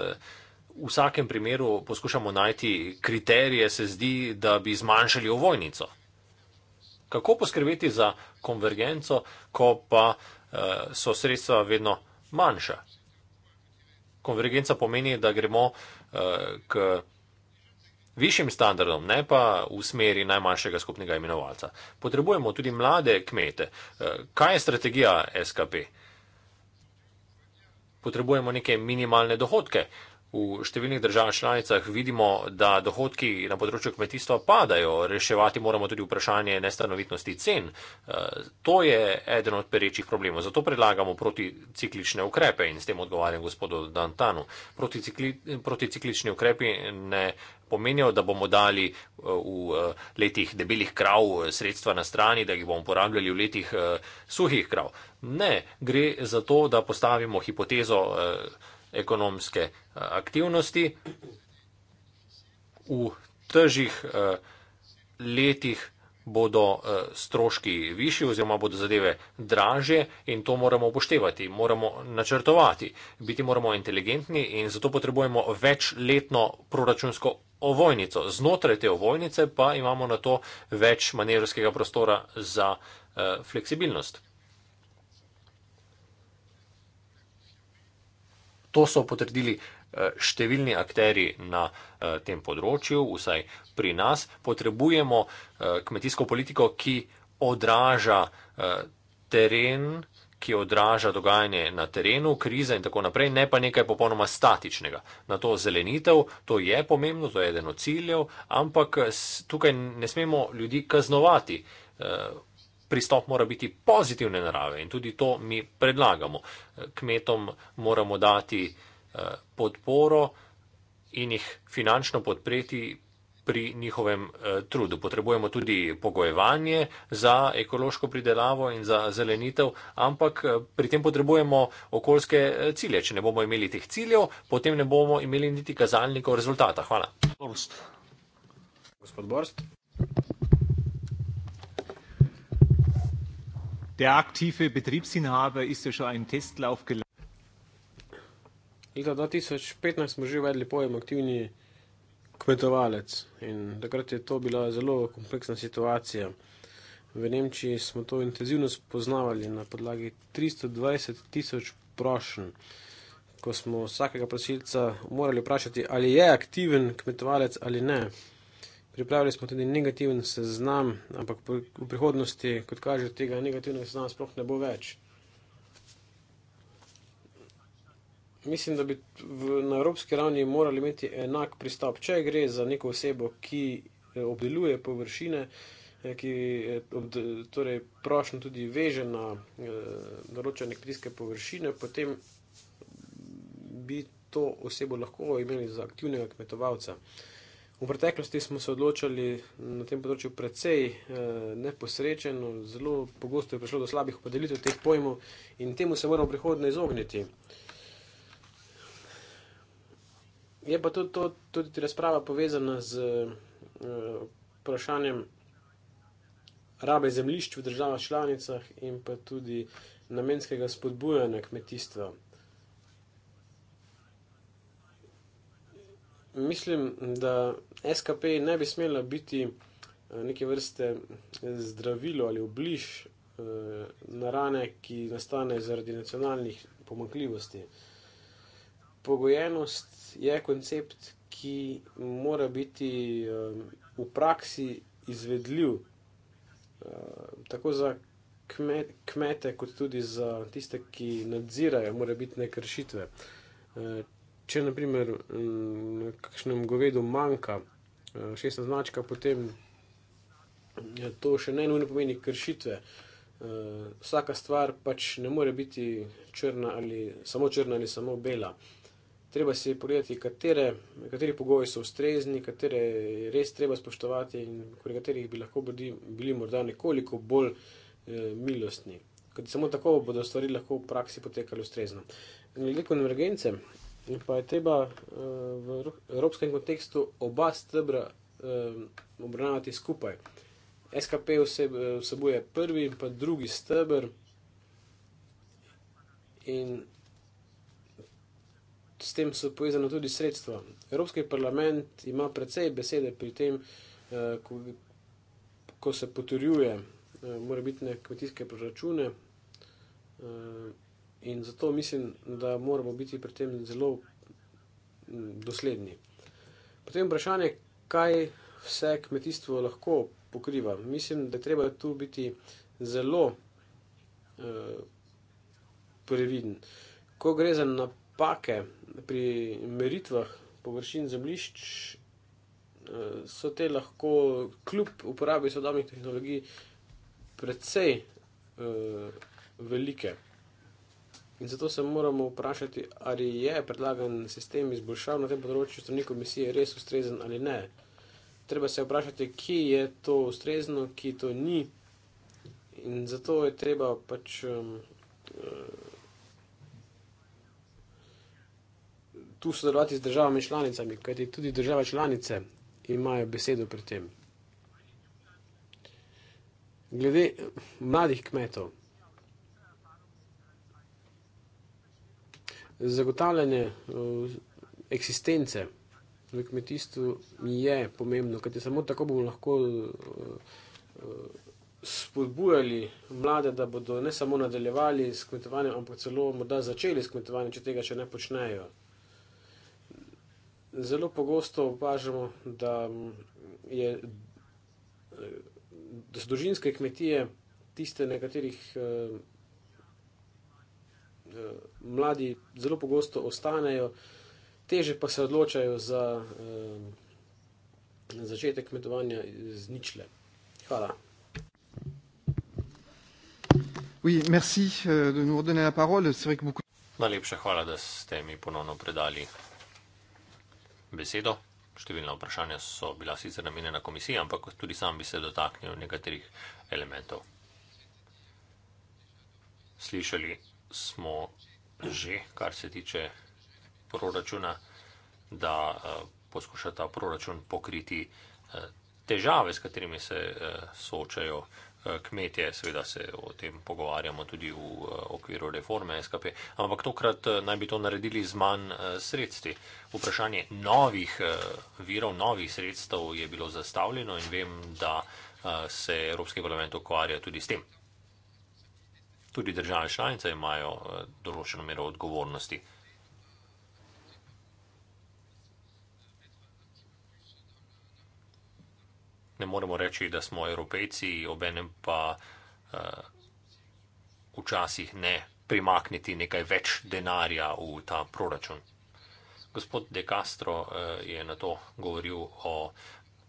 V vsakem primeru poskušamo najti kriterije, se zdi, da bi zmanjšali ovojnico. Kako poskrbeti za konvergenco, ko pa so sredstva vedno manjša? konvergenca pomeni, da gremo uh, k višjim standardom, ne pa v smeri najmanjšega skupnega imenovalca. Potrebujemo tudi mlade kmete. Eh, kaj je strategija SKP? Potrebujemo neke minimalne dohodke v številnih državah članicah vidimo, da dohodki na področju kmetijstva padajo, reševati moramo tudi vprašanje nestanovitnosti cen. Eh, to je eden od perečih problemov. Zato predlagamo proticiklične ukrepe in s tem odgovarjam gospodu Dantanu. Proticikli, proticiklični ukrepi ne pomenijo, da bomo dali eh, v eh, letih debelih krav sredstva na strani, da jih bomo uporabljali v letih suhih krav. Ne, gre za to, da postavimo hipotezo, ekonomske eh, aktivnosti. V težjih eh, letih bodo eh, stroški višji oziroma bodo zadeve draže in to moramo upoštevati, moramo načrtovati, biti moramo inteligentni in zato potrebujemo večletno proračunsko ovojnico. Znotraj te ovojnice pa imamo na to več manevrskega prostora za fleksibilnost. To so potrdili eh, številni akteri na eh, tem področju, vsaj pri nas. Potrebujemo eh, kmetijsko politiko, ki odraža teren, ki odraža dogajanje na terenu, krize in tako naprej, ne pa nekaj popolnoma statičnega. Na to zelenitev, to je pomembno, to je eden od ciljev, ampak tukaj ne smemo ljudi kaznovati pristop mora biti pozitivne narave in tudi to mi predlagamo. Kmetom moramo dati eh, podporo in jih finančno podpreti pri njihovem eh, trudu. Potrebujemo tudi pogojevanje za ekološko pridelavo in za zelenitev, ampak eh, pri tem potrebujemo okoljske cilje. Če ne bomo imeli teh ciljev, potem ne bomo imeli niti kazalnikov rezultata. Hvala. Borst. Gospod Borst. Der aktive Betriebsinhaber ist ja schon einen Testlauf gelaufen. Leta 2015 smo že uvedli pojem aktivni kmetovalec in takrat je to bila zelo kompleksna situacija. V Nemčiji smo to intenzivno spoznavali na podlagi 320 tisoč prošenj, ko smo vsakega prosilca morali vprašati, ali je aktiven kmetovalec ali ne. Pripravili smo tudi negativen seznam, ampak v prihodnosti, kot kaže, tega negativnega seznama sploh ne bo več. Mislim, da bi na evropski ravni morali imeti enak pristop. Če gre za neko osebo, ki eh, obdeluje površine, eh, ki eh, torej prošnjo tudi veže na določene kritiske površine, potem bi to osebo lahko imeli za aktivnega kmetovalca. V preteklosti smo se odločali na tem področju precej eh, neposrečeno, zelo pogosto je prišlo do slabih opredelitev teh pojmov in temu se moramo prihodno izogniti. Je pa tudi, tudi razprava povezana z eh, vprašanjem rabe zemljišč v državah članicah in pa tudi namenskega spodbujanja kmetijstva. mislim, da SKP ne bi smela biti eh, neke vrste zdravilo ali obliž eh, na rane, ki nastane zaradi nacionalnih pomankljivosti. Pogojenost je koncept, ki mora biti eh, v praksi izvedljiv tako za kmete, kot tudi za tiste, ki nadzirajo, mora biti nekršitve če naprimer na kakšnem govedu manjka eh, šesta značka, potem eh, to še ne nujno pomeni kršitve. Eh, vsaka stvar pač ne more biti črna ali samo črna ali samo bela. Treba si pogledati, katere, kateri pogoji so ustrezni, katere je res treba spoštovati in pri katerih bi lahko bili, bili morda nekoliko bolj e, milostni. Kaj samo tako bodo stvari lahko v praksi potekali ustrezno. Glede konvergence, In pa je treba uh, v evropskem kontekstu oba stebra uh, obravnavati skupaj. SKP vsebuje prvi in pa drugi stebr. In s tem so povezane tudi sredstva. Evropski parlament ima precej besede pri tem, uh, ko, ko se potrjuje uh, morebitne kmetijske proračune. Uh, In zato mislim, da moramo biti pri tem zelo mm, dosledni. Potem vprašanje, kaj vse kmetijstvo lahko pokriva. Mislim, da je treba tu biti zelo eh, previden. Ko gre za napake pri meritvah površin zemlišč, eh, so te lahko kljub uporabi sodobnih tehnologij precej eh, velike. In zato se moramo vprašati, ali je predlagan sistem izboljšav na tem področju strani komisije res ustrezen ali ne. Treba se vprašati, ki je to ustrezno, ki to ni. In zato je treba pač. Um, uh, Tu sodelovati z državami članicami, kajti tudi države članice imajo besedo pri tem. Glede uh, mladih kmetov. zagotavljanje eh, eksistence v kmetijstvu je pomembno, kajte samo tako bomo lahko eh, eh, spodbujali mlade, da bodo ne samo nadaljevali s kmetovanjem, ampak celo morda začeli s kmetovanjem, če tega še ne počnejo. Zelo pogosto opažamo, da, je, da so družinske kmetije tiste, na katerih Eh, mladi zelo pogosto ostanejo, teže pa se odločajo za eh, začetek kmetovanja z ničle. Hvala. Oui, merci eh, de nous redonner la parole. C'est vrai que beaucoup... Najlepša hvala, da ste mi ponovno predali besedo. Številna vprašanja so bila sicer namenjena komisiji, ampak tudi sam bi se dotaknil nekaterih elementov. Slišali smo že, kar se tiče proračuna, da eh, poskuša ta proračun pokriti eh, težave, s katerimi se eh, soočajo kmetje. Seveda se o tem pogovarjamo tudi v okviru reforme SKP, ampak tokrat naj bi to naredili z manj sredstvi. Vprašanje novih virov, novih sredstev je bilo zastavljeno in vem, da se Evropski parlament ukvarja tudi s tem tudi države članice imajo eh, določeno mero odgovornosti. Ne moremo reči, da smo evropejci, obenem pa uh, včasih ne primakniti nekaj več denarja v ta proračun. Gospod De Castro uh, je na to govoril o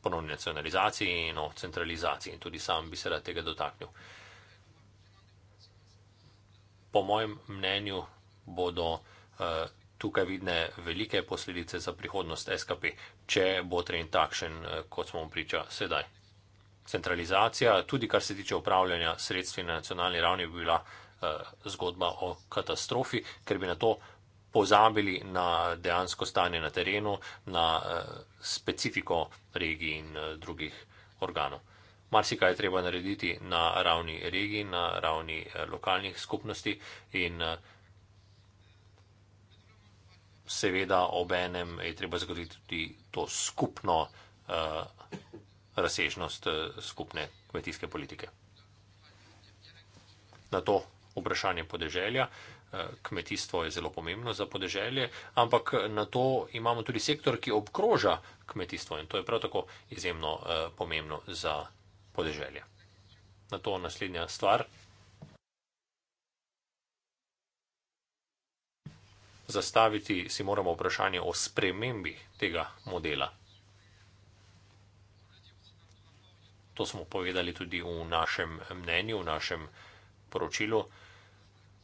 ponovni nacionalizaciji in o centralizaciji in tudi sam bi se rad tega dotaknil. Uh, po mojem mnenju bodo uh, tukaj vidne velike posledice za prihodnost SKP, če bo trend takšen, uh, kot smo mu priča sedaj. Centralizacija, tudi kar se tiče upravljanja sredstvi na nacionalni ravni, bi bila uh, zgodba o katastrofi, ker bi na to pozabili na dejansko stanje na terenu, na uh, specifiko regij in uh, drugih organov. Marsikaj je treba narediti na ravni regij, na ravni eh, lokalnih skupnosti in eh, seveda ob enem je treba zagotoviti tudi to skupno eh, razsežnost skupne kmetijske politike. Na to vprašanje podeželja. Kmetijstvo je zelo pomembno za podeželje, ampak na to imamo tudi sektor, ki obkroža kmetijstvo in to je prav tako izjemno pomembno za podeželje podeželja. Na to naslednja stvar. Zastaviti si moramo vprašanje o spremembi tega modela. To smo povedali tudi v našem mnenju, v našem poročilu.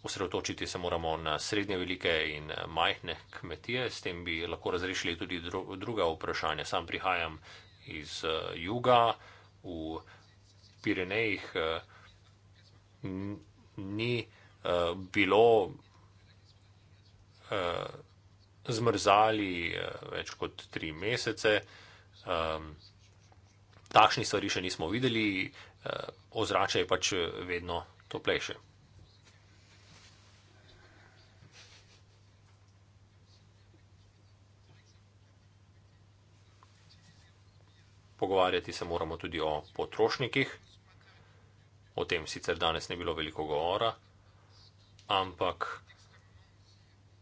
Osredotočiti se moramo na srednje velike in majhne kmetije, s tem bi lahko razrešili tudi druga vprašanja. Sam prihajam iz eh, juga v Sloveniji. Pirenejih eh, ni eh, bilo eh, zmrzali več kot tri mesece. Ehm, Takšni stvari še nismo videli, ozračje je pač vedno toplejše. Pogovarjati se moramo tudi o potrošnikih. O tem sicer danes ne bilo veliko govora, ampak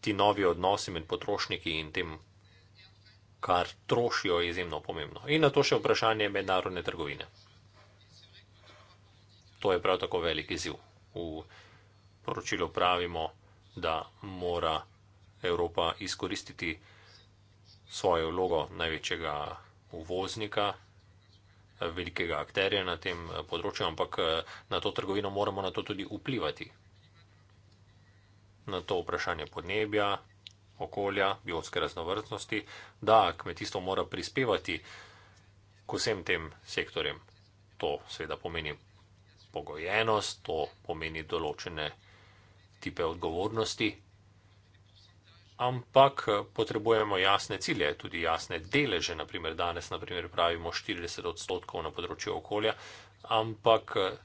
ti novi odnosi med potrošniki in tem, kar trošijo, je izjemno pomembno. In na to še vprašanje mednarodne trgovine. To je prav tako velik izziv. V poročilu pravimo, da mora Evropa izkoristiti svojo vlogo največjega uvoznika velikega akterja na tem eh, področju, ampak eh, na to trgovino moramo na to tudi vplivati. Na to vprašanje podnebja, okolja, biotske raznovrstnosti, da kmetijstvo mora prispevati k vsem tem sektorjem. To seveda pomeni pogojenost, to pomeni določene tipe odgovornosti, ampak eh, potrebujemo jasne cilje, tudi jasne deleže. Naprimer, danes naprimer, pravimo 40 odstotkov na področju okolja, ampak eh,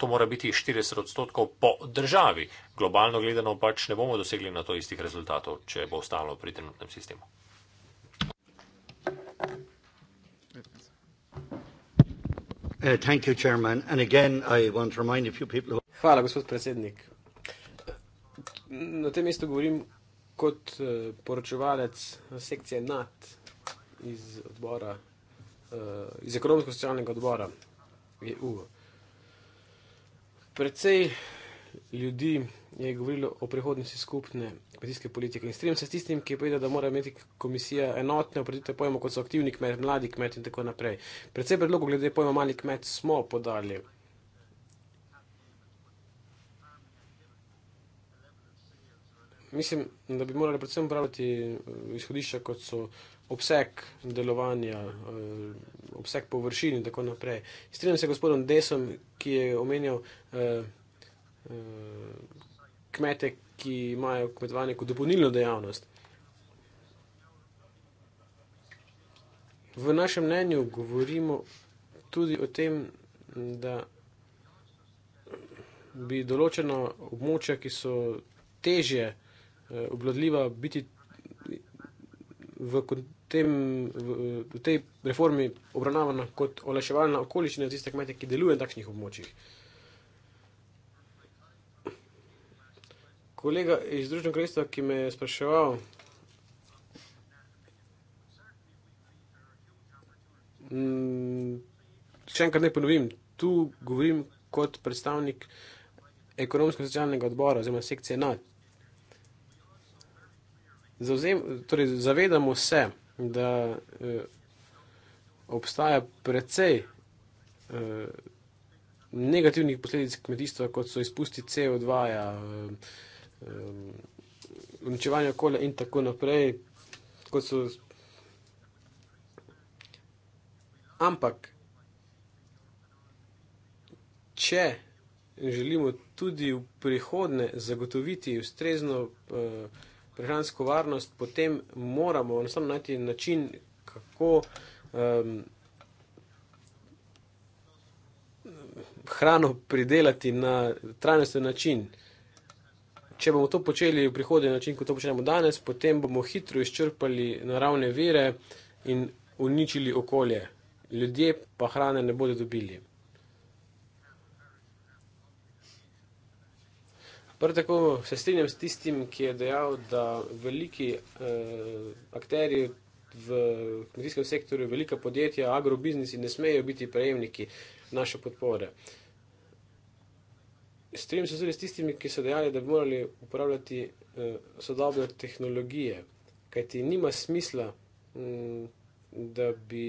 to mora biti 40 odstotkov po državi. Globalno gledano pač ne bomo dosegli na to istih rezultatov, če bo ostalo pri trenutnem sistemu. Uh, Hvala, gospod predsednik na tem mestu govorim kot uh, poročevalec sekcije NAT iz odbora, uh, iz ekonomsko-socialnega odbora EU. Predvsej ljudi je govorilo o prihodnosti skupne kmetijske politike in strim se s tistim, ki je povedal, da mora imeti komisija enotne opredite pojmo, kot so aktivni kmet, mladi kmet in tako naprej. Predvsej predlogo glede pojma mali kmet smo podali. Mislim, da bi morali predvsem upravljati eh, izhodišča, kot so obseg delovanja, eh, obseg površin in tako naprej. Strenjam se gospodom Desom, ki je omenjal eh, kmete, ki imajo kmetovanje kot dopolnilno dejavnost. V našem mnenju govorimo tudi o tem, da bi določeno območje, ki so težje, Eh, obvladljiva biti v, tem, v, v tej reformi obravnavana kot olaševalna okoliščina za tiste kmete, ki delujejo na takšnih območjih. Kolega iz Združenega kraljestva, ki me je spraševal, mm, Še enkrat ne ponovim, tu govorim kot predstavnik ekonomsko-socialnega odbora oziroma sekcije NAT zavzem, torej, zavedamo se, da eh, obstaja precej eh, negativnih posledic kmetijstva, kot so izpusti CO2, -ja, eh, eh, uničevanje okolja in tako naprej. So, ampak, če želimo tudi v prihodnje zagotoviti ustrezno eh, prehransko varnost, potem moramo samo najti način, kako um, hrano pridelati na trajnosten način. Če bomo to počeli v prihodnje na način, kot to počnemo danes, potem bomo hitro izčrpali naravne vire in uničili okolje. Ljudje pa hrane ne bodo dobili. Prav tako se strinjam s tistim, ki je dejal, da veliki eh, akteri v kmetijskem sektorju, velika podjetja, agrobiznisi ne smejo biti prejemniki naše podpore. Strinjam se tudi s tistimi, ki so dejali, da bi morali uporabljati eh, sodobne tehnologije, kajti nima smisla, mm, da bi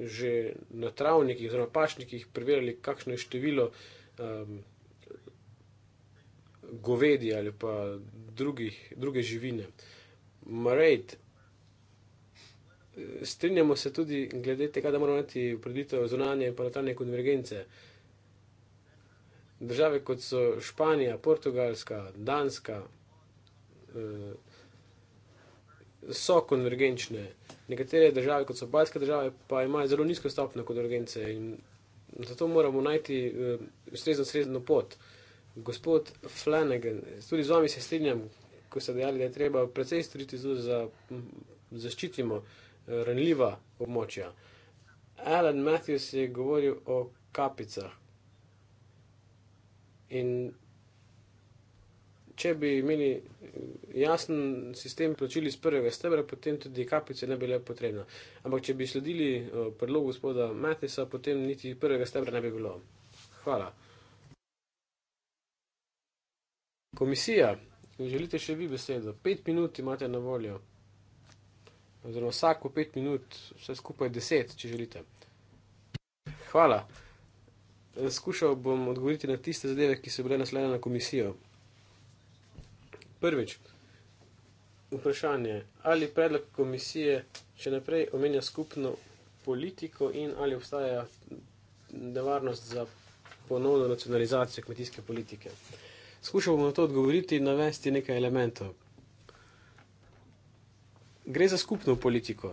že na travnikih oziroma pašnikih preverjali, kakšno je število. Eh, govedi ali pa drugih, druge živine. Marejt, eh, strinjamo se tudi glede tega, da moramo imeti upreditev zonanje in planetarne konvergence. Države kot so Španija, Portugalska, Danska eh, so konvergenčne. Nekatere države, kot so baljske države, pa imajo zelo nizko stopno konvergence in zato moramo najti eh, ustrezno sredno pot. Uh, Gospod Flanagan, tudi z vami se strinjam, ko ste dejali, da je treba precej storiti za to, da zaščitimo eh, ranljiva območja. Alan Matthews je govoril o kapicah. In če bi imeli eh, jasen sistem plačil iz prvega stebra, potem tudi kapice ne bi bile potrebne. Ampak če bi sledili eh, predlogu gospoda Matthewsa, potem niti prvega stebra ne bi bilo. Hvala. komisija, želite še vi besedo? Pet minut imate na voljo. Oziroma vsako pet minut, vse skupaj deset, če želite. Hvala. Skušal bom odgovoriti na tiste zadeve, ki so bile naslene na komisijo. Prvič, vprašanje, ali predlog komisije še naprej omenja skupno politiko in ali obstaja nevarnost za ponovno nacionalizacijo kmetijske politike. Uh, Skušal bom na to odgovoriti in navesti nekaj elementov. Gre za skupno politiko.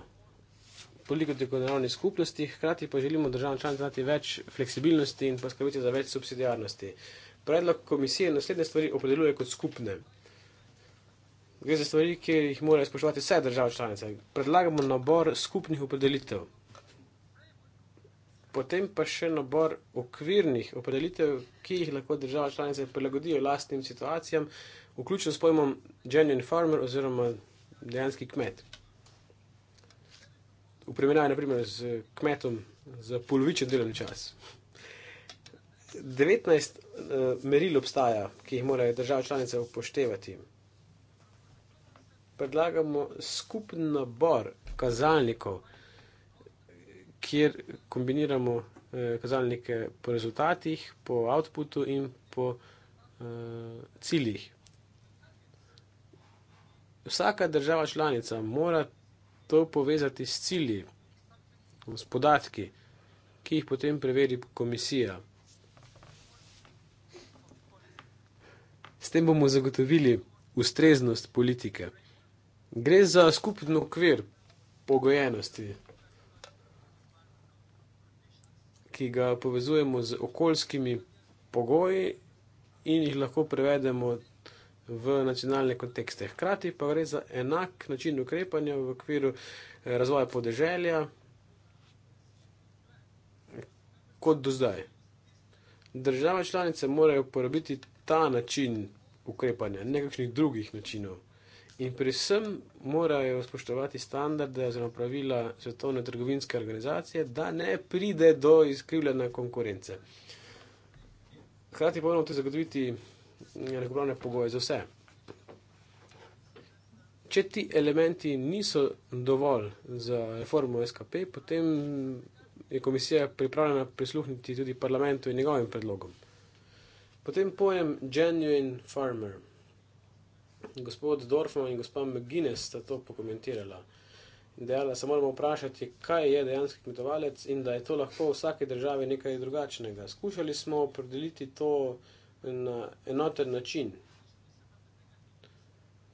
Politiko tako na ravni skupnosti, hkrati pa želimo državam članicam dati več fleksibilnosti in poskrbiti za več subsidijarnosti. Predlog komisije naslednje stvari opredeljuje kot skupne. Gre za stvari, ki jih morajo spoštovati vse države članice. Predlagamo nabor skupnih opredelitev potem pa še nabor okvirnih opredelitev, ki jih lahko države članice prilagodijo lastnim situacijam, vključno s pojmom genuine farmer oziroma dejanski kmet. V primerjavi naprimer z kmetom za polovičen delovni čas. 19 eh, meril obstaja, ki jih morajo države članice upoštevati. Predlagamo skupen nabor kazalnikov, kjer kombiniramo eh, kazalnike po rezultatih, po outputu in po eh, ciljih. Vsaka država članica mora to povezati s cilji, s podatki, ki jih potem preveri komisija. S tem bomo zagotovili ustreznost politike. Gre za skupno okvir pogojenosti. ki ga povezujemo z okoljskimi pogoji in jih lahko prevedemo v nacionalne kontekste. Hkrati pa gre za enak način ukrepanja v okviru eh, razvoja podeželja kot do zdaj. Države članice morajo uporabiti ta način ukrepanja, nekakšnih drugih načinov. In pri vsem morajo spoštovati standarde oziroma pravila Svetovne trgovinske organizacije, da ne pride do izkrivljene konkurence. Hkrati pa moramo tudi zagotoviti eh, regularne pogoje za vse. Če ti elementi niso dovolj za reformo SKP, potem je komisija pripravljena prisluhniti tudi parlamentu in njegovim predlogom. Potem pojem genuine farmer gospod Dorfman in gospa McGuinness sta to pokomentirala. In dejala, da se moramo vprašati, kaj je dejansko kmetovalec in da je to lahko v vsaki državi nekaj drugačnega. Skušali smo opredeliti to na enoten način.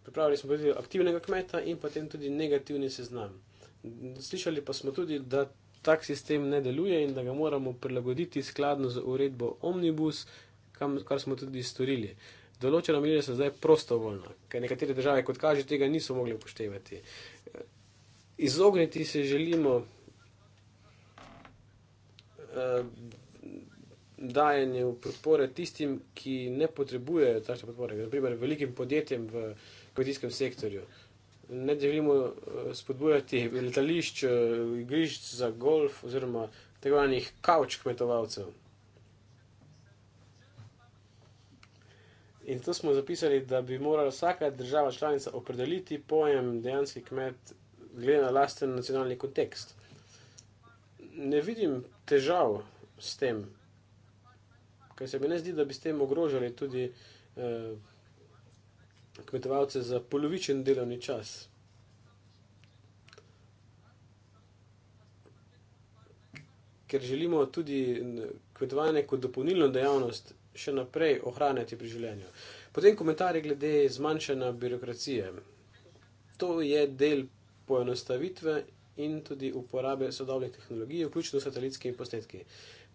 Pripravili smo tudi aktivnega kmeta in potem tudi negativni seznam. Slišali pa smo tudi, da tak sistem ne deluje in da ga moramo prilagoditi skladno z uredbo Omnibus, kam, kar smo tudi storili. Uh, določena merila so zdaj prostovoljna, ker nekatere države, kot kaže, tega niso mogli upoštevati. Izogniti se želimo eh, dajanje podpore tistim, ki ne potrebujejo takšne podpore, naprimer velikim podjetjem v kmetijskem sektorju. Ne želimo eh, spodbujati letališč, eh, igrišč za golf oziroma tako imenovanih kavč kmetovalcev. In tu smo zapisali, da bi morala vsaka država članica opredeliti pojem dejanski kmet, glede na lasten nacionalni kontekst. Ne vidim težav s tem, ker se mi ne zdi, da bi s tem ogrožali tudi eh, kmetovalce za polovičen delovni čas. Ker želimo tudi kmetovanje kot dopolnilno dejavnost še naprej ohranjati pri življenju. Potem komentarje glede zmanjšanja birokracije. To je del poenostavitve in tudi uporabe sodobnih tehnologij, vključno s satelitskimi posnetki.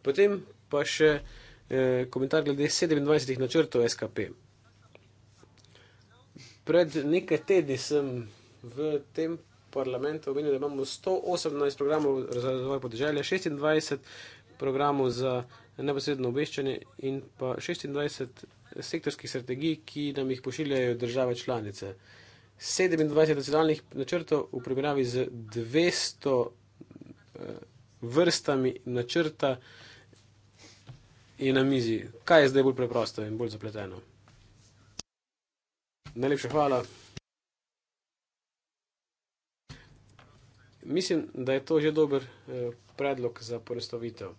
Potem pa še eh, komentar glede 27. načrtov SKP. Pred nekaj tedni sem v tem parlamentu omenil, da imamo 118 programov za razvoj podeželja, 26 programov za neposredno obveščanje in pa 26 sektorskih strategij, ki nam jih pošiljajo države članice. 27 nacionalnih načrtov v primerjavi z 200 eh, vrstami načrta je na mizi. Kaj je zdaj bolj preprosto in bolj zapleteno? Najlepša hvala. Mislim, da je to že dober eh, predlog za porestovitev.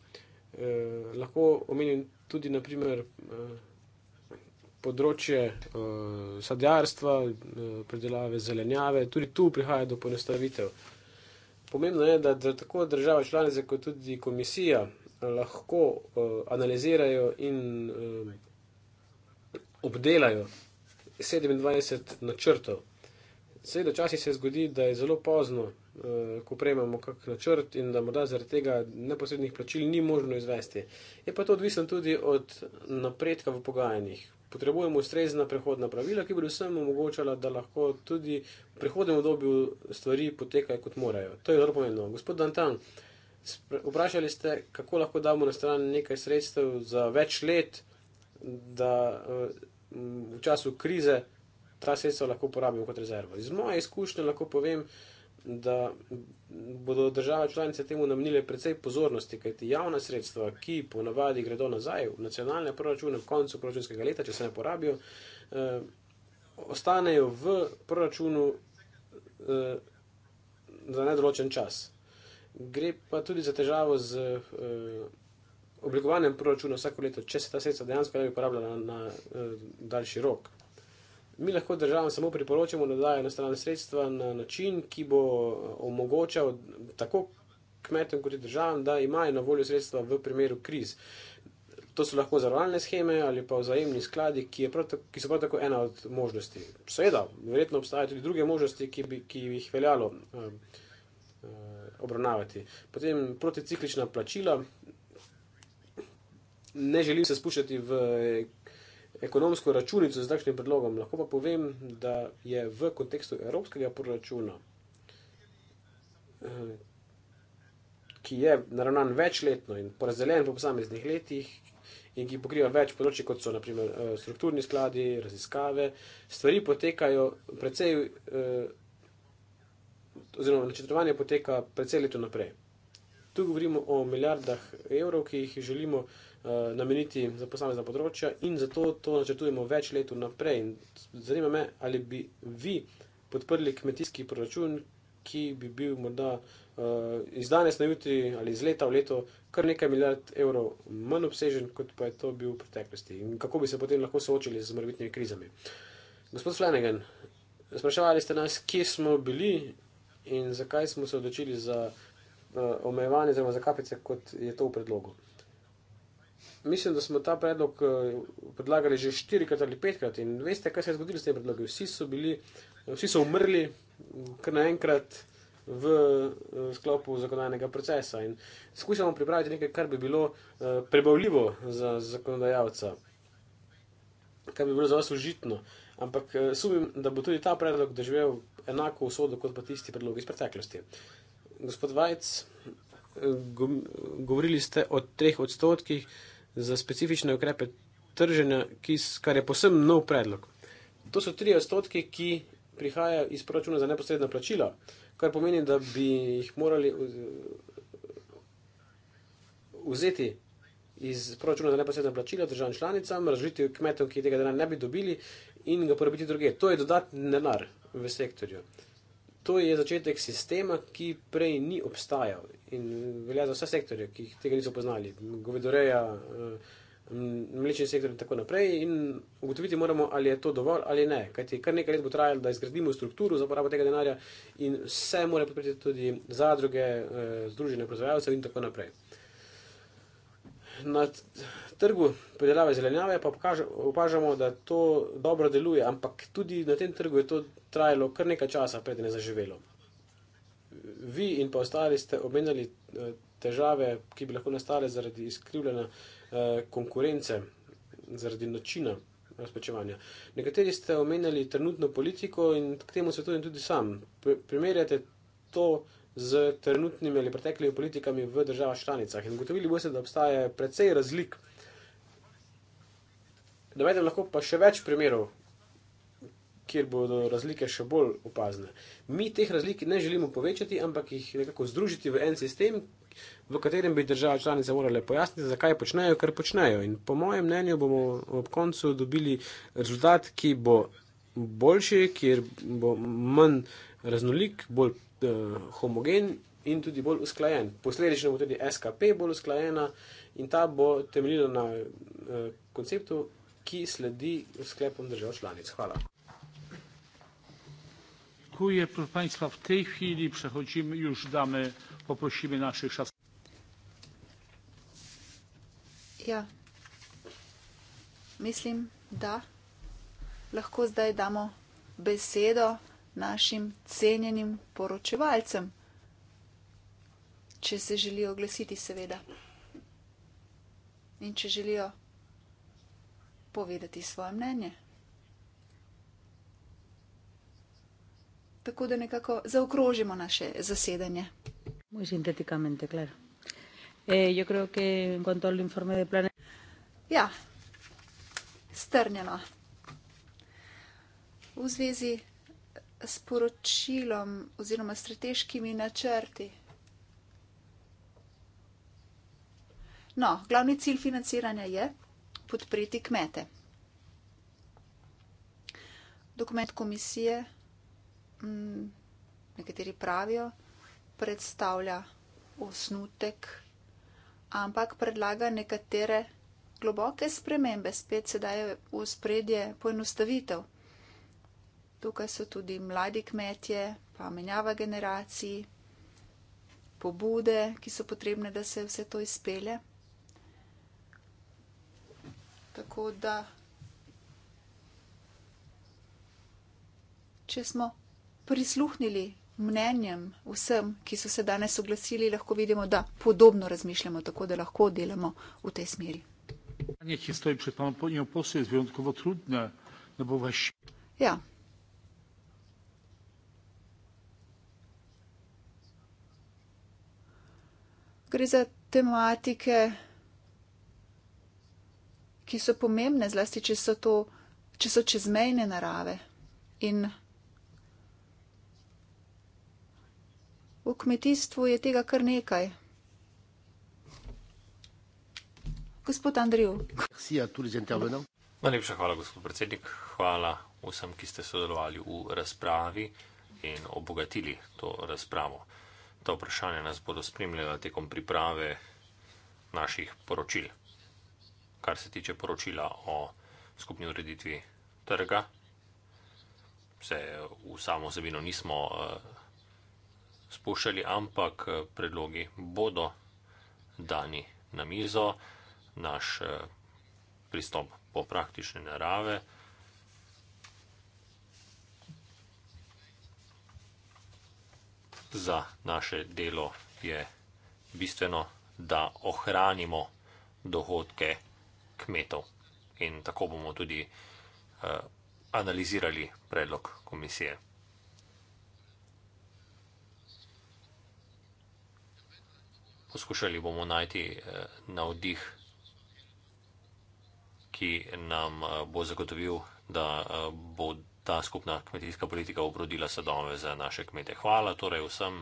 Eh, lahko omenim tudi naprimer, eh, področje eh, sadjarstva, eh, predelave zelenjave, tudi tu prihaja do ponestavitev. Pomembno je, da tako države članice, kot tudi komisija, eh, lahko eh, analizirajo in eh, obdelajo 27 načrtov. Sedaj, včasih se zgodi, da je zelo pozno Eh, ko prejmemo kakšen načrt in da morda zaradi tega neposrednih plačil ni možno izvesti. Je pa to odvisno tudi od napredka v pogajanjih. Potrebujemo ustrezna prehodna pravila, ki bodo vsem omogočala, da lahko tudi v prehodnem obdobju stvari potekajo, kot morajo. To je zelo pomembno. Gospod Dantan, vprašali ste, kako lahko damo na stran nekaj sredstev za več let, da eh, v času krize ta sredstva lahko porabimo kot rezervo. Iz moje izkušnje lahko povem, da bodo države članice temu namenile precej pozornosti, kajti javna sredstva, ki ponavadi gredo nazaj v nacionalne proračune v koncu proračunskega leta, če se ne porabijo, eh, ostanejo v proračunu eh, za nedoločen čas. Gre pa tudi za težavo z eh, oblikovanjem proračuna vsako leto, če se ta sredstva dejansko ne bi porabljala na, na eh, daljši rok. Mi lahko državam samo priporočamo, da dajo enostavna sredstva na način, ki bo eh, omogočal tako kmetom kot državam, da imajo na voljo sredstva v primeru kriz. To so lahko zavarovalne scheme ali pa vzajemni skladi, ki, ki so prav tako ena od možnosti. Seveda, verjetno obstajajo tudi druge možnosti, ki bi ki jih veljalo uh, uh, obravnavati. Potem proticiklična plačila. Ne želim se spuščati v. Uh, ekonomsko računico z takšnim predlogom. Lahko pa povem, da je v kontekstu evropskega proračuna, eh, ki je naravnan večletno in porazdeljen po posameznih letih in ki pokriva več področji, kot so naprimer eh, strukturni skladi, raziskave, stvari potekajo precej, eh, oziroma načrtovanje poteka precej leto naprej. Tu govorimo o milijardah evrov, ki jih želimo. Eh, nameniti za posamezna področja in zato to načrtujemo več let naprej. Zanima me, ali bi vi podprli kmetijski proračun, ki bi bil morda uh, iz danes na jutri ali iz leta v leto kar nekaj milijard evrov manj obsežen, kot pa je to bil v preteklosti in kako bi se potem lahko soočili z morbitnimi krizami. Gospod Slenegan, spraševali ste nas, kje smo bili in zakaj smo se odločili za uh, omejevanje oziroma za kapice, kot je to v predlogu. Mislim, da smo ta predlog eh, predlagali že štirikrat ali petkrat in veste, kaj se je zgodilo s tem predlogom. Vsi so bili, vsi so umrli, kar naenkrat v eh, sklopu zakonodajnega procesa in skušamo pripraviti nekaj, kar bi bilo eh, prebavljivo za zakonodajalca, kar bi bilo za vas užitno. Ampak sumim, da bo tudi ta predlog doživel enako usodo kot pa tisti predlog iz preteklosti. Gospod Vajc, govorili ste o treh odstotkih za specifične ukrepe trženja, ki, kar je posebno nov predlog. To so tri odstotke, ki prihajajo iz proračuna za neposredna plačila, kar pomeni, da bi jih morali vzeti iz proračuna za neposredna plačila državam članicam, razžiti kmetom, ki tega denarja ne bi dobili in ga porabiti druge. To je dodatni denar v sektorju. Uh, to je začetek sistema, ki prej ni obstajal in velja za vse sektorje, ki tega niso poznali. Govedoreja, eh, mlečni sektor in tako naprej. In ugotoviti moramo, ali je to dovolj ali ne. Kajti kar nekaj let bo trajalo, da izgradimo strukturo za porabo tega denarja in vse mora podpreti tudi zadruge, eh, združene proizvajalce in tako naprej na trgu predelave zelenjave pa opažamo, da to dobro deluje, ampak tudi na tem trgu je to trajalo kar nekaj časa, preden je zaživelo. Vi in pa ostali ste omenjali eh, težave, ki bi lahko nastale zaradi izkrivljene eh, konkurence, zaradi načina razpečevanja. Nekateri ste omenjali trenutno politiko in k temu svetujem tudi sam. Primerjate to z trenutnimi ali preteklimi politikami v državah članicah. In ugotovili boste, da obstaja precej razlik. Navedem lahko pa še več primerov, kjer bodo razlike še bolj opazne. Mi teh razlik ne želimo povečati, ampak jih nekako združiti v en sistem, v katerem bi države članice morale pojasniti, zakaj počnejo, kar počnejo. In po mojem mnenju bomo ob koncu dobili rezultat, ki bo boljši, kjer bo manj raznolik, bolj eh, homogen in tudi bolj usklajen. Posledično bo tudi SKP bolj usklajena in ta bo temeljila na eh, konceptu, ki sledi sklepom držav članic. Hvala. Dziękuję proszę Państwa. W tej chwili przechodzimy, już damy, poprosimy naszych szans. Ja. Myślę, da. Lekko zdaj damo besedo našim cenjenim poročevalcem, če se želijo oglasiti, seveda. In če želijo povedati svoje mnenje. Tako da nekako zaokrožimo naše zasedanje. Eh, ja, strnjeno. V zvezi sporočilom oziroma strateškimi načrti? No, glavni cilj financiranja je podpreti kmete. Dokument komisije, m, mm, nekateri pravijo, predstavlja osnutek, ampak predlaga nekatere globoke spremembe. Spet se daje v spredje poenostavitev. Tukaj so tudi mladi kmetje, pa menjava generacij, pobude, ki so potrebne, da se vse to izpele. Tako da, če smo prisluhnili mnenjem vsem, ki so se danes oglasili, lahko vidimo, da podobno razmišljamo, tako da lahko delamo v tej smeri. No ja. gre za tematike, ki so pomembne, zlasti če so, to, če so čezmejne narave. In v kmetijstvu je tega kar nekaj. Gospod Andriu. Najlepša hvala, gospod predsednik. Hvala vsem, ki ste sodelovali v razpravi in obogatili to razpravo. Ta vprašanja nas bodo spremljala tekom priprave naših poročil. Kar se tiče poročila o skupni ureditvi trga, se v samo sebino nismo eh, spuščali, ampak eh, predlogi bodo dani na mizo. Naš eh, pristop bo praktične narave. za naše delo je bistveno, da ohranimo dohodke kmetov. In tako bomo tudi uh, analizirali predlog komisije. Poskušali bomo najti uh, navdih, ki nam uh, bo zagotovil, da uh, bodo ta skupna kmetijska politika obrodila sadove za naše kmete. Hvala torej vsem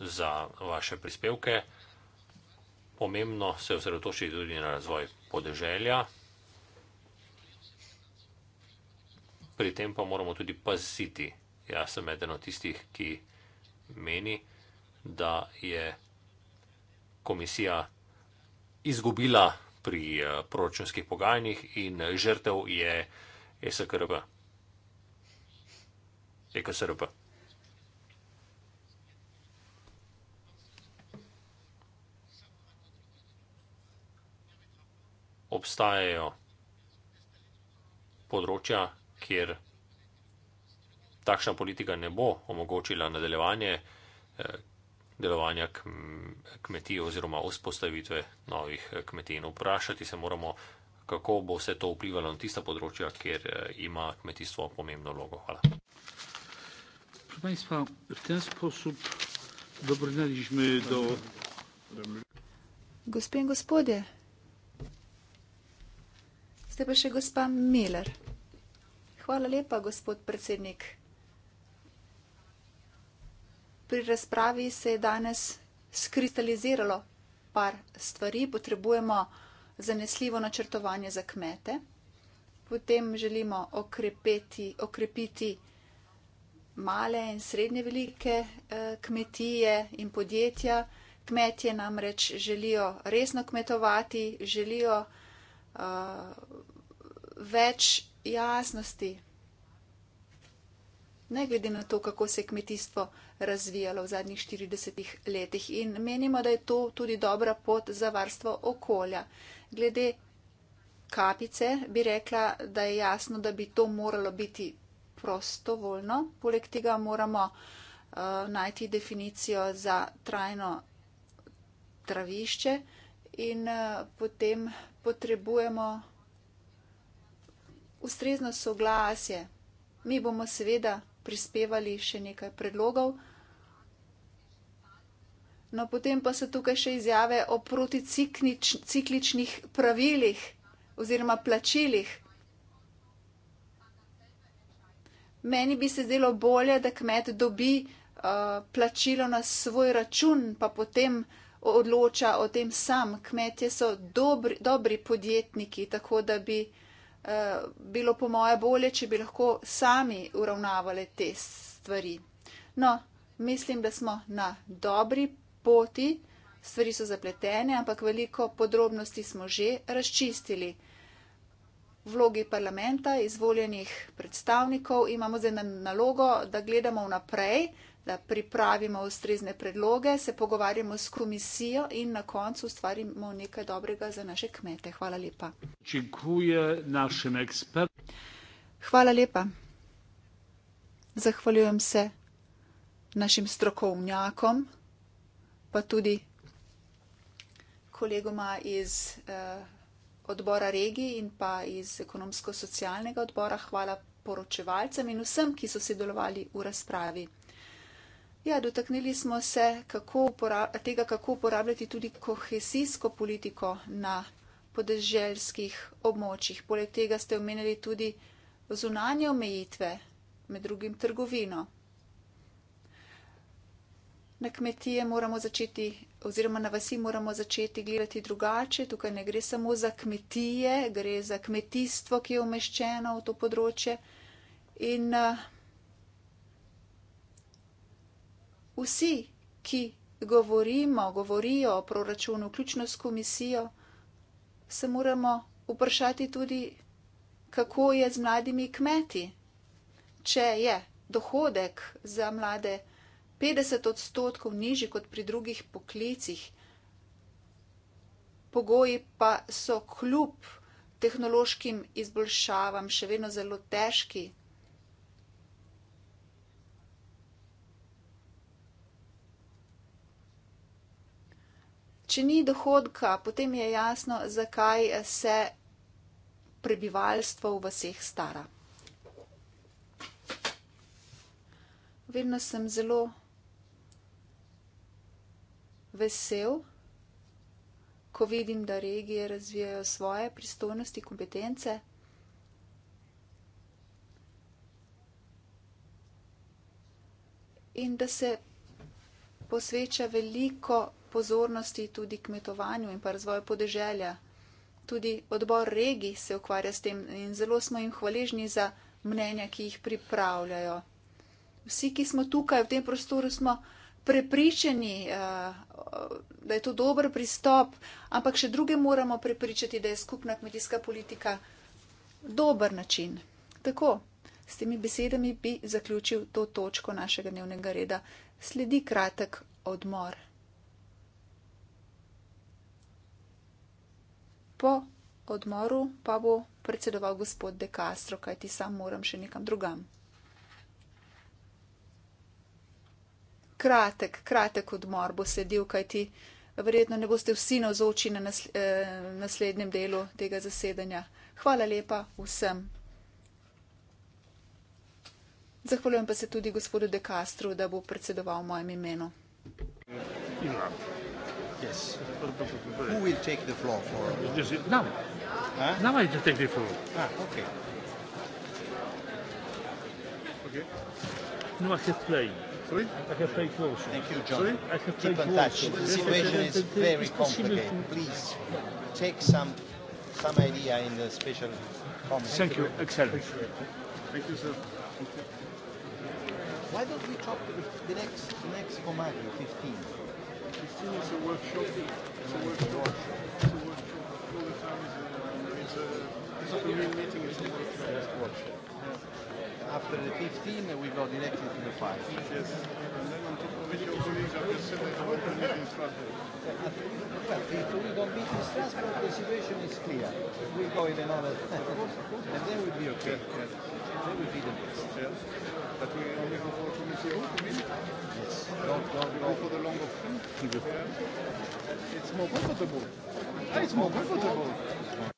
za vaše prispevke. Pomembno se je osredotočiti tudi na razvoj podeželja. Pri tem pa moramo tudi paziti. Jaz sem eden od tistih, ki meni, da je komisija izgubila pri eh, proračunskih pogajanjih in žrtev je SKRB et que ce repas. Obstajajo področja, kjer takšna politika ne bo omogočila nadaljevanje eh, delovanja kmetij oziroma vzpostavitve novih eh, kmetij. In vprašati se moramo, kako bo vse to vplivalo na tista področja, kjer eh, ima kmetijstvo pomembno vlogo. Hvala. Proszę Państwa, w ten sposób dobrnęliśmy do. Господин Господе, сте беше госпа Милер. Хвала лепа, господ председник. Pri razpravi se je danes skristaliziralo par stvari. Potrebujemo zanesljivo načrtovanje za kmete, potem želimo okrepiti, okrepiti male in srednje velike eh, kmetije in podjetja. Kmetje namreč želijo resno kmetovati, želijo uh, več jasnosti, ne glede na to, kako se je kmetijstvo razvijalo v zadnjih 40 letih. In menimo, da je to tudi dobra pot za varstvo okolja. Glede kapice bi rekla, da je jasno, da bi to moralo biti prostovoljno. Poleg tega moramo uh, najti definicijo za trajno travišče in uh, potem potrebujemo ustrezno soglasje. Mi bomo seveda prispevali še nekaj predlogov. No, potem pa so tukaj še izjave o proticikličnih pravilih oziroma plačilih. Meni bi se zdelo bolje, da kmet dobi uh, plačilo na svoj račun, pa potem odloča o tem sam. Kmetje so dobri, dobri podjetniki, tako da bi uh, bilo po moje bolje, če bi lahko sami uravnavali te stvari. No, mislim, da smo na dobri poti, stvari so zapletene, ampak veliko podrobnosti smo že razčistili vlogi parlamenta, izvoljenih predstavnikov, imamo zdaj nalogo, da gledamo naprej, da pripravimo ustrezne predloge, se pogovarjamo s komisijo in na koncu ustvarimo nekaj dobrega za naše kmete. Hvala lepa. Hvala lepa. Zahvaljujem se našim strokovnjakom, pa tudi kolegoma iz. Uh, odbora regiji in pa iz ekonomsko-socialnega odbora. Hvala poročevalcem in vsem, ki so sodelovali v razpravi. Ja, dotaknili smo se kako tega, kako uporabljati tudi kohesijsko politiko na podeželskih območjih. Poleg tega ste omenili tudi zunanje omejitve, med drugim trgovino na kmetije moramo začeti, oziroma na vasi moramo začeti gledati drugače. Tukaj ne gre samo za kmetije, gre za kmetijstvo, ki je umeščeno v to področje. In uh, vsi, ki govorimo, govorijo o proračunu, vključno s komisijo, se moramo vprašati tudi, kako je z mladimi kmeti, če je dohodek za mlade kmetije. 50 odstotkov nižji kot pri drugih poklicih. Pogoji pa so kljub tehnološkim izboljšavam še vedno zelo težki. Če ni dohodka, potem je jasno, zakaj se prebivalstvo v vseh stara. Vedno sem zelo vesel, ko vidim, da regije razvijajo svoje pristojnosti, kompetence. In da se posveča veliko pozornosti tudi kmetovanju in pa razvoju podeželja. Tudi odbor regij se ukvarja s tem in zelo smo jim hvaležni za mnenja, ki jih pripravljajo. Vsi, ki smo tukaj v tem prostoru, smo prepričani, eh, da je to dober pristop, ampak še druge moramo prepričati, da je skupna kmetijska politika dober način. Tako, s temi besedami bi zaključil to točko našega dnevnega reda. Sledi kratek odmor. Po odmoru pa bo predsedoval gospod De Castro, kajti sam moram še nekam drugam. kratek, kratek odmor bo sedel, kajti verjetno ne boste vsi navzoči na eh, naslednjem delu tega zasedanja. Hvala lepa vsem. Zahvaljujem pa se tudi gospodu De Castru, da bo predsedoval v mojem imenu. Ah, no, I can play carefully. I have faith also. Thank you, John. Sorry? I have faith Keep in touch. Also. The situation is very complicated. Please take some some idea in the special comments. Thank you. Excellent. Thank you, sir. Why don't we talk to the next the next comadre, 15? 15 is a workshop. It's a workshop. It's a workshop. It's a workshop. It's a workshop. It's a workshop. It's a workshop after the 15 and we go directly to the 5. Yes. well, if we don't beat in Strasbourg, the situation is clear. We go in another, and then we'll be okay. Yeah, yeah. Then we'll be the best. Yeah. But we only have four to meet here. Yes. Don't, don't, don't. go for the long of them. It's more comfortable. It's more comfortable. It's more comfortable.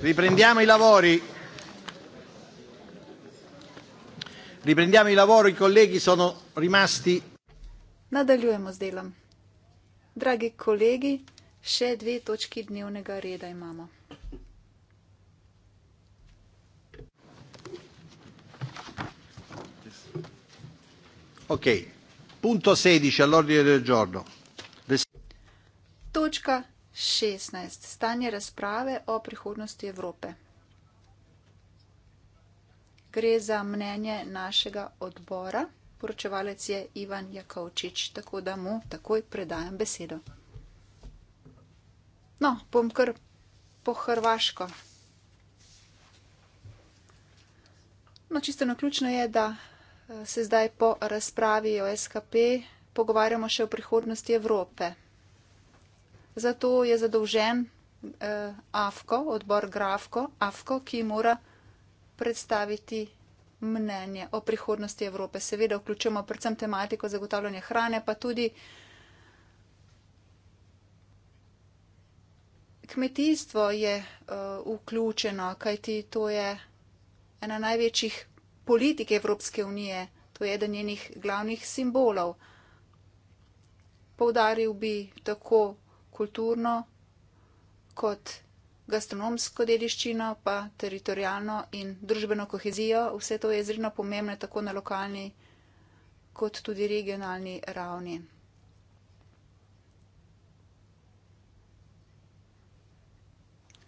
Riprendiamo i lavori. Riprendiamo i lavori, i colleghi sono rimasti. Nadaljujemo z delom. Dragi colleghi, še due točki dnevnega reda imamo. Ok, punto 16 all'ordine del giorno. 16. Stanje razprave o prihodnosti Evrope. Gre za mnenje našega odbora. Poročevalec je Ivan Jakovčič, tako da mu takoj predajam besedo. No, bom kar po Hrvaško. No, čisto naključno je, da eh, se zdaj po razpravi o SKP pogovarjamo še o prihodnosti Evrope. Zato je zadolžen eh, AFKO, odbor Grafko, AFKO, ki mora predstaviti mnenje o prihodnosti Evrope. Seveda vključujemo predvsem tematiko zagotavljanja hrane, pa tudi kmetijstvo je eh, vključeno, kajti to je ena največjih politik Evropske unije, to je eden njenih glavnih simbolov. Poudaril bi tako kulturno, kot gastronomsko dediščino, pa teritorijalno in družbeno kohezijo. Vse to je izredno pomembno tako na lokalni, kot tudi regionalni ravni.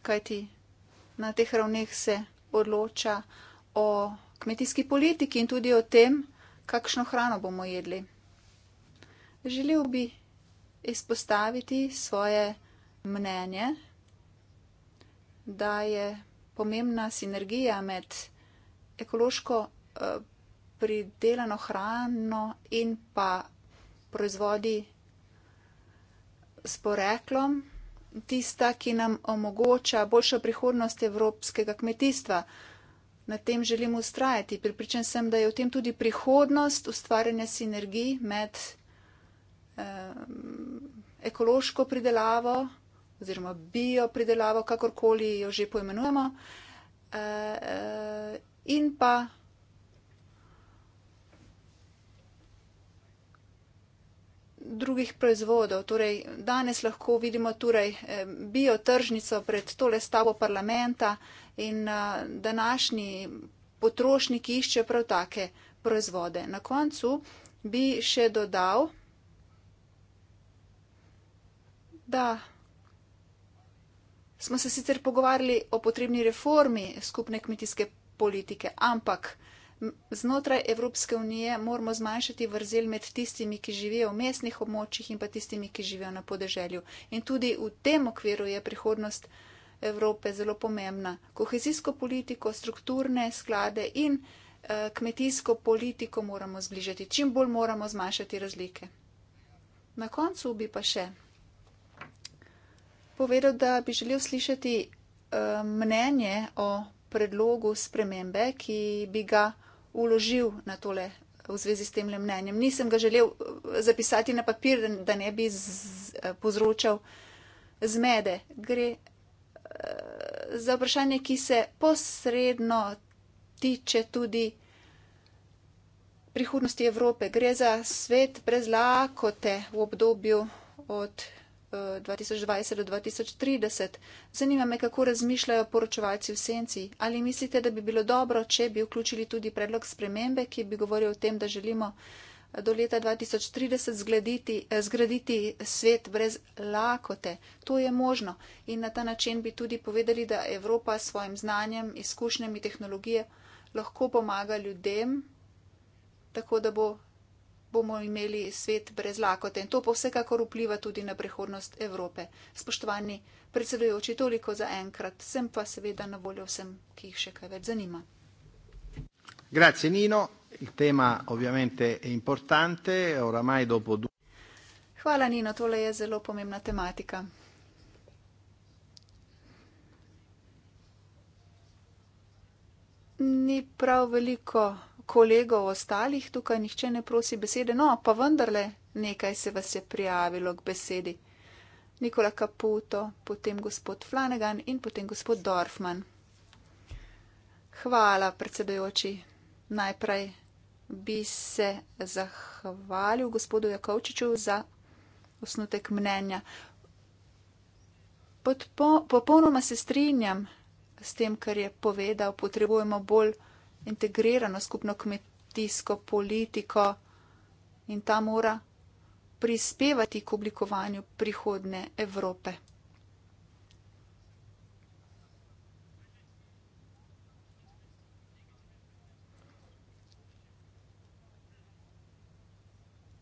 Kajti na teh ravneh se odloča o kmetijski politiki in tudi o tem, kakšno hrano bomo jedli. Želel bi izpostaviti svoje mnenje, da je pomembna sinergija med ekološko eh, pridelano hrano in pa proizvodi s poreklom, tista, ki nam omogoča boljšo prihodnost evropskega kmetijstva. Na tem želim ustrajati. Pripričan sem, da je v tem tudi prihodnost ustvarjanja sinergij med eh, ekološko pridelavo oziroma bio pridelavo, kakorkoli jo že poimenujemo, eh, eh in pa drugih proizvodov. Torej, danes lahko vidimo torej, bio tržnico pred tole stavo parlamenta in eh, današnji potrošniki iščejo prav take proizvode. Na koncu bi še dodal, Da. Smo se sicer pogovarjali o potrebni reformi skupne kmetijske politike, ampak znotraj Evropske unije moramo zmanjšati vrzel med tistimi, ki živijo v mestnih območjih in pa tistimi, ki živijo na podeželju. In tudi v tem okviru je prihodnost Evrope zelo pomembna. Kohezijsko politiko, strukturne sklade in eh, kmetijsko politiko moramo zbližati. Čim bolj moramo zmanjšati razlike. Na koncu bi pa še povedal, da bi želel slišati eh, mnenje o predlogu spremembe, ki bi ga uložil na tole v zvezi s tem mnenjem. Nisem ga želel eh, zapisati na papir, da ne bi z, eh, povzročal zmede. Gre za vprašanje, ki se posredno tiče tudi prihodnosti Evrope. Gre za svet brez lakote v obdobju od 2020 eh, do 2030. Zanima me, kako razmišljajo poročevalci v senci. Ali mislite, da bi bilo dobro, če bi vključili tudi predlog spremembe, ki bi govoril o tem, da želimo eh, do leta 2030 zgraditi, eh, zgraditi svet brez lakote. To je možno. In na ta način bi tudi povedali, da Evropa s svojim znanjem, izkušnjami, tehnologije lahko pomaga ljudem, tako da bo bomo imeli svet brez lakote in to pa vsekakor vpliva tudi na prihodnost Evrope. Spoštovani predsedujoči, toliko za enkrat, sem pa seveda na voljo vsem, ki jih še kaj več zanima. Grazie Nino, tema ovviamente je importante, oramai dopo. Hvala Nino, tole je zelo pomembna tematika. Ni prav veliko kolegov ostalih tukaj nihče ne prosi besede, no pa vendarle nekaj se vas je prijavilo k besedi. Nikola Caputo, potem gospod Flanagan in potem gospod Dorfman. Hvala, predsedojoči. Najprej bi se zahvalil gospodu Jakovčiču za osnutek mnenja. Popolnoma se strinjam s tem, kar je povedal, potrebujemo bolj integrirano skupno kmetijsko politiko in ta mora prispevati k oblikovanju prihodne Evrope.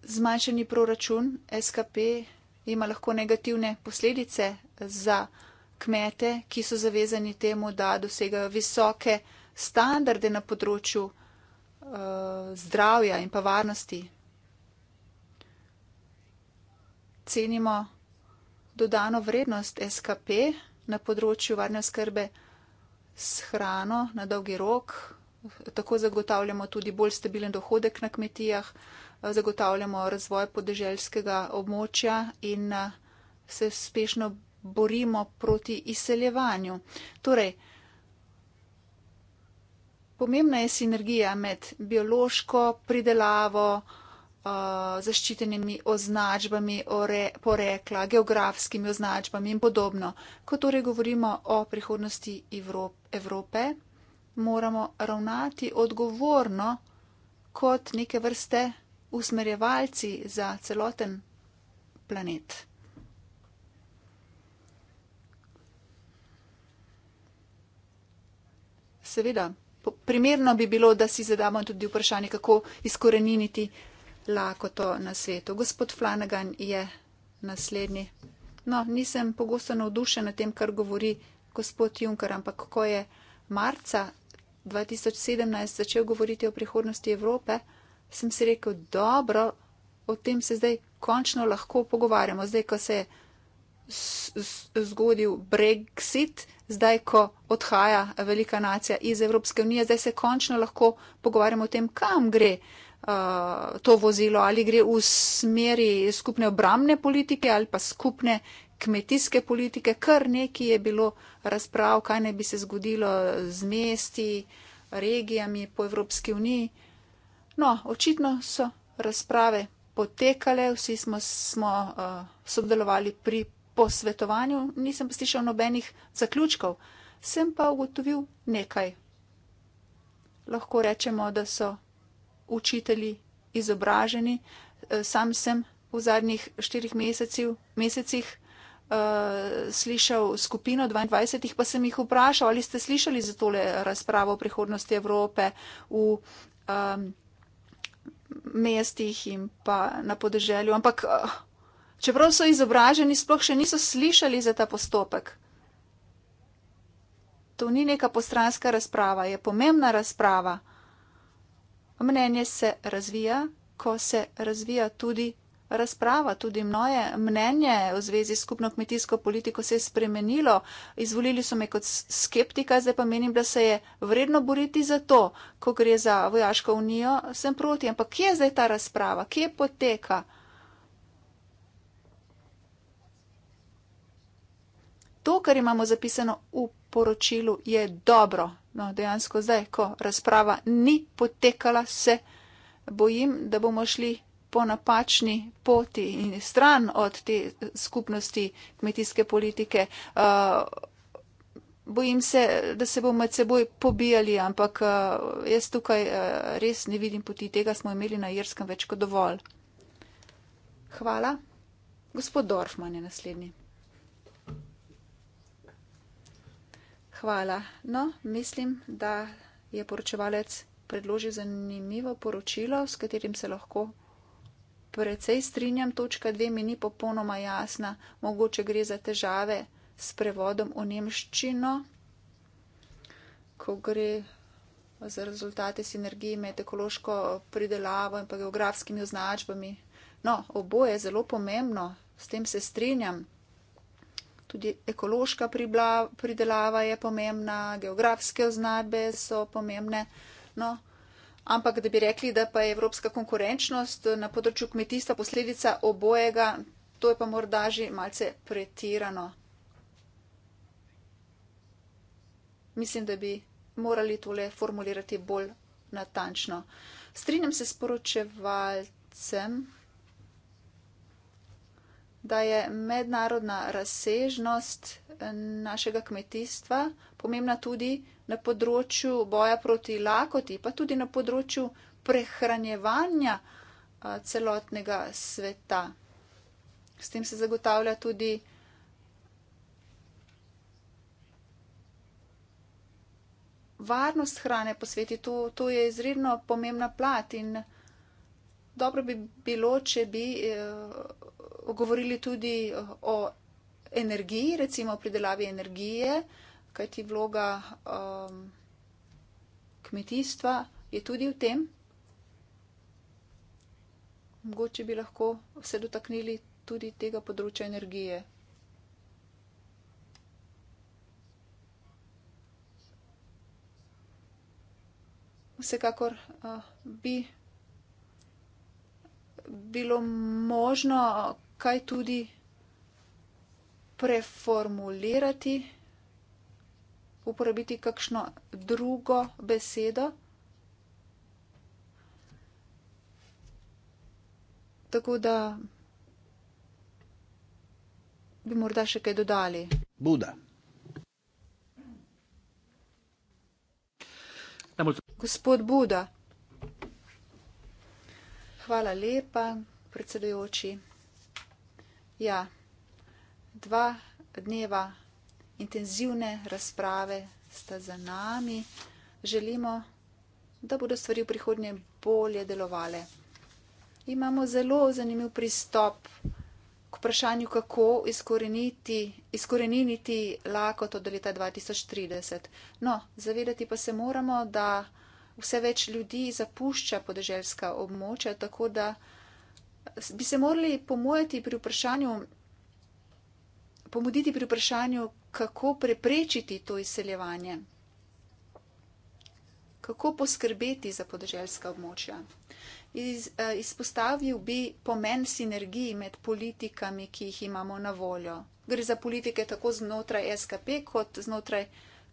Zmanjšani proračun SKP ima lahko negativne posledice za kmete, ki so zavezani temu, da dosegajo visoke standarde na področju uh, zdravja in pa varnosti. Cenimo dodano vrednost SKP na področju varne skrbe s hrano na dolgi rok. Tako zagotavljamo tudi bolj stabilen dohodek na kmetijah, eh, zagotavljamo razvoj podeželjskega območja in eh, se spešno borimo proti izseljevanju. Torej, Pomembna je sinergija med biološko pridelavo, uh, zaščitenimi označbami porekla, geografskimi označbami in podobno. Ko torej govorimo o prihodnosti Evrope, moramo ravnati odgovorno kot neke vrste usmerjevalci za celoten planet. Seveda, primerno bi bilo, da si zadamo tudi vprašanje, kako izkoreniniti lakoto na svetu. Gospod Flanagan je naslednji. No, nisem pogosto navdušen na tem, kar govori gospod Juncker, ampak ko je marca 2017 začel govoriti o prihodnosti Evrope, sem si rekel, dobro, o tem se zdaj končno lahko pogovarjamo. Zdaj, ko se je zgodil Brexit, zdaj, ko odhaja velika nacija iz Evropske unije, zdaj se končno lahko pogovarjamo o tem, kam gre uh, to vozilo, ali gre v smeri skupne obramne politike ali pa skupne kmetijske politike. Kar nekaj je bilo razprav, kaj ne bi se zgodilo z mesti, regijami po Evropski uniji. No, očitno so razprave potekale, vsi smo, smo uh, sodelovali pri po svetovanju nisem slišal nobenih zaključkov, sem pa ugotovil nekaj. Lahko rečemo, da so učitelji izobraženi. Eh, sam sem v zadnjih štirih mesecih, mesecih uh, slišal skupino 22, pa sem jih vprašal, ali ste slišali za tole razpravo o prihodnosti Evrope v um, mestih in pa na podeželju. Ampak uh, čeprav so izobraženi, sploh še niso slišali za ta postopek. To ni neka postranska razprava, je pomembna razprava. Mnenje se razvija, ko se razvija tudi razprava, tudi moje mnenje v zvezi s skupno kmetijsko politiko se je spremenilo. Izvolili so me kot skeptika, zdaj pa menim, da se je vredno boriti za to, ko gre za vojaško unijo, sem proti. Ampak kje je zdaj ta razprava, kje poteka? to, kar imamo zapisano v poročilu, je dobro. No, dejansko zdaj, ko razprava ni potekala, se bojim, da bomo šli po napačni poti in stran od te skupnosti kmetijske politike. Uh, bojim se, da se bomo med seboj pobijali, ampak uh, jaz tukaj uh, res ne vidim poti. Tega smo imeli na Jerskem več kot dovolj. Hvala. Gospod Dorfman je naslednji. Hvala. No, mislim, da je poročevalec predložil zanimivo poročilo, s katerim se lahko precej strinjam. Točka dve mi ni popolnoma jasna. Mogoče gre za težave s prevodom v nemščino, ko gre za rezultate sinergije med ekološko pridelavo in pa geografskimi označbami. No, oboje je zelo pomembno, s tem se strinjam tudi ekološka pridelava je pomembna, geografske oznabe so pomembne. No, ampak da bi rekli, da pa je evropska konkurenčnost eh, na področju kmetijstva posledica obojega, to je pa morda že malce pretirano. Mislim, da bi morali tole formulirati bolj natančno. Strinjam se s poročevalcem da je mednarodna razsežnost eh, našega kmetijstva pomembna tudi na področju boja proti lakoti, pa tudi na področju prehranjevanja eh, celotnega sveta. S tem se zagotavlja tudi varnost hrane po svetu. To, to je izredno pomembna plat in dobro bi bilo, če bi. Eh, govorili tudi eh, o energiji, recimo o pridelavi energije, kajti vloga um, kmetijstva je tudi v tem. Mogoče bi lahko se dotaknili tudi tega področja energije. Vsekakor uh, bi bilo možno kaj tudi preformulirati, uporabiti kakšno drugo besedo. Tako da bi morda še kaj dodali. Buda. Gospod Buda, hvala lepa, predsedujoči. Ja, dva dneva intenzivne razprave sta za nami. Želimo, da bodo stvari v prihodnje bolje delovale. Imamo zelo zanimiv pristop k vprašanju, kako izkoreniti, izkoreniniti lakoto do leta 2030. No, zavedati pa se moramo, da vse več ljudi zapušča podeželska območja, tako da bi se morali pri pomuditi pri vprašanju, kako preprečiti to izseljevanje, kako poskrbeti za podeželska območja. Iz, eh, izpostavil bi pomen sinergiji med politikami, ki jih imamo na voljo. Gre za politike tako znotraj SKP kot znotraj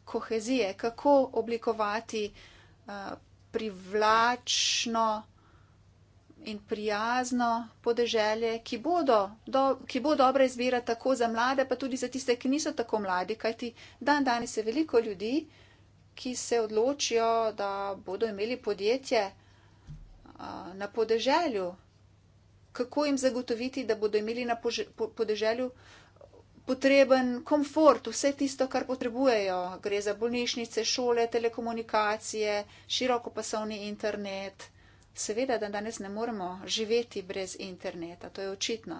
kohezije, kako oblikovati uh, privlačno in prijazno podeželje, ki bo, do, do, ki bo dobra izbira tako za mlade, pa tudi za tiste, ki niso tako mladi, kajti dan danes je veliko ljudi, ki se odločijo, da bodo imeli podjetje na podeželju. Kako jim zagotoviti, da bodo imeli na podeželju potreben komfort, vse tisto, kar potrebujejo. Gre za bolnišnice, šole, telekomunikacije, širokopasovni internet. Seveda, da danes ne moremo živeti brez interneta, to je očitno.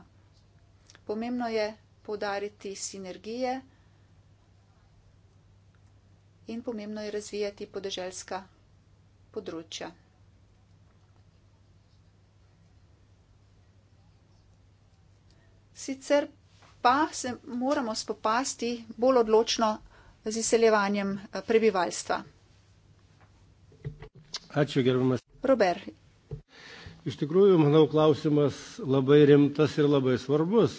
Pomembno je poudariti sinergije in pomembno je razvijati podeželska področja. Sicer pa se moramo spopasti bolj odločno z izseljevanjem eh, prebivalstva. Robert. Iš tikrųjų, manau, klausimas labai rimtas ir labai svarbus.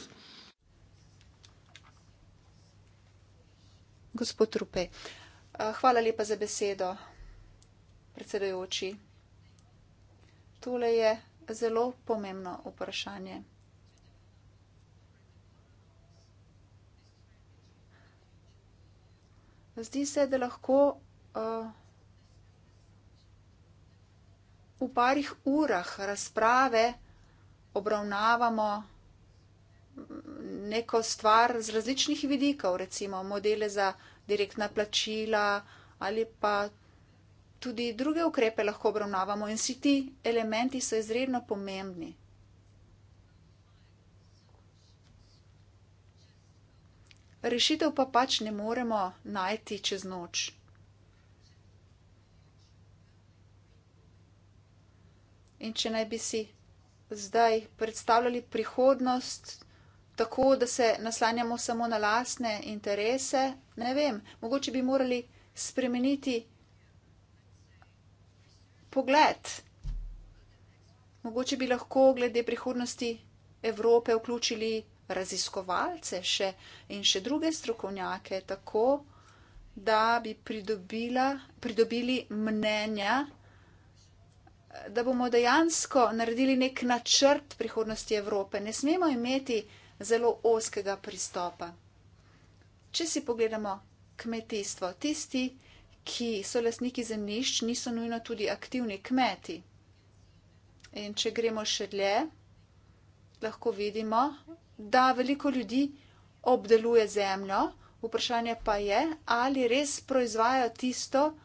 Gospod Rupe, hvala lepa za besedo, predsedajoči. Tole je zelo pomembno vprašanje. Zdi se, da lahko uh, v parih urah razprave obravnavamo neko stvar z različnih vidikov, recimo modele za direktna plačila ali pa tudi druge ukrepe lahko obravnavamo in vsi ti elementi so izredno pomembni. Rešitev pa pač ne moremo najti čez noč. in če naj bi si zdaj predstavljali prihodnost tako, da se naslanjamo samo na lastne interese, ne vem, mogoče bi morali spremeniti pogled. Mogoče bi lahko glede prihodnosti Evrope vključili raziskovalce še in še druge strokovnjake, tako da bi pridobila, pridobili mnenja da bomo dejansko naredili nek načrt prihodnosti Evrope, ne smemo imeti zelo oskega pristopa. Če si pogledamo kmetijstvo, tisti, ki so lasniki zemljišč, niso nujno tudi aktivni kmeti. In če gremo še dlje, lahko vidimo, da veliko ljudi obdeluje zemljo, vprašanje pa je, ali res proizvajajo tisto, kar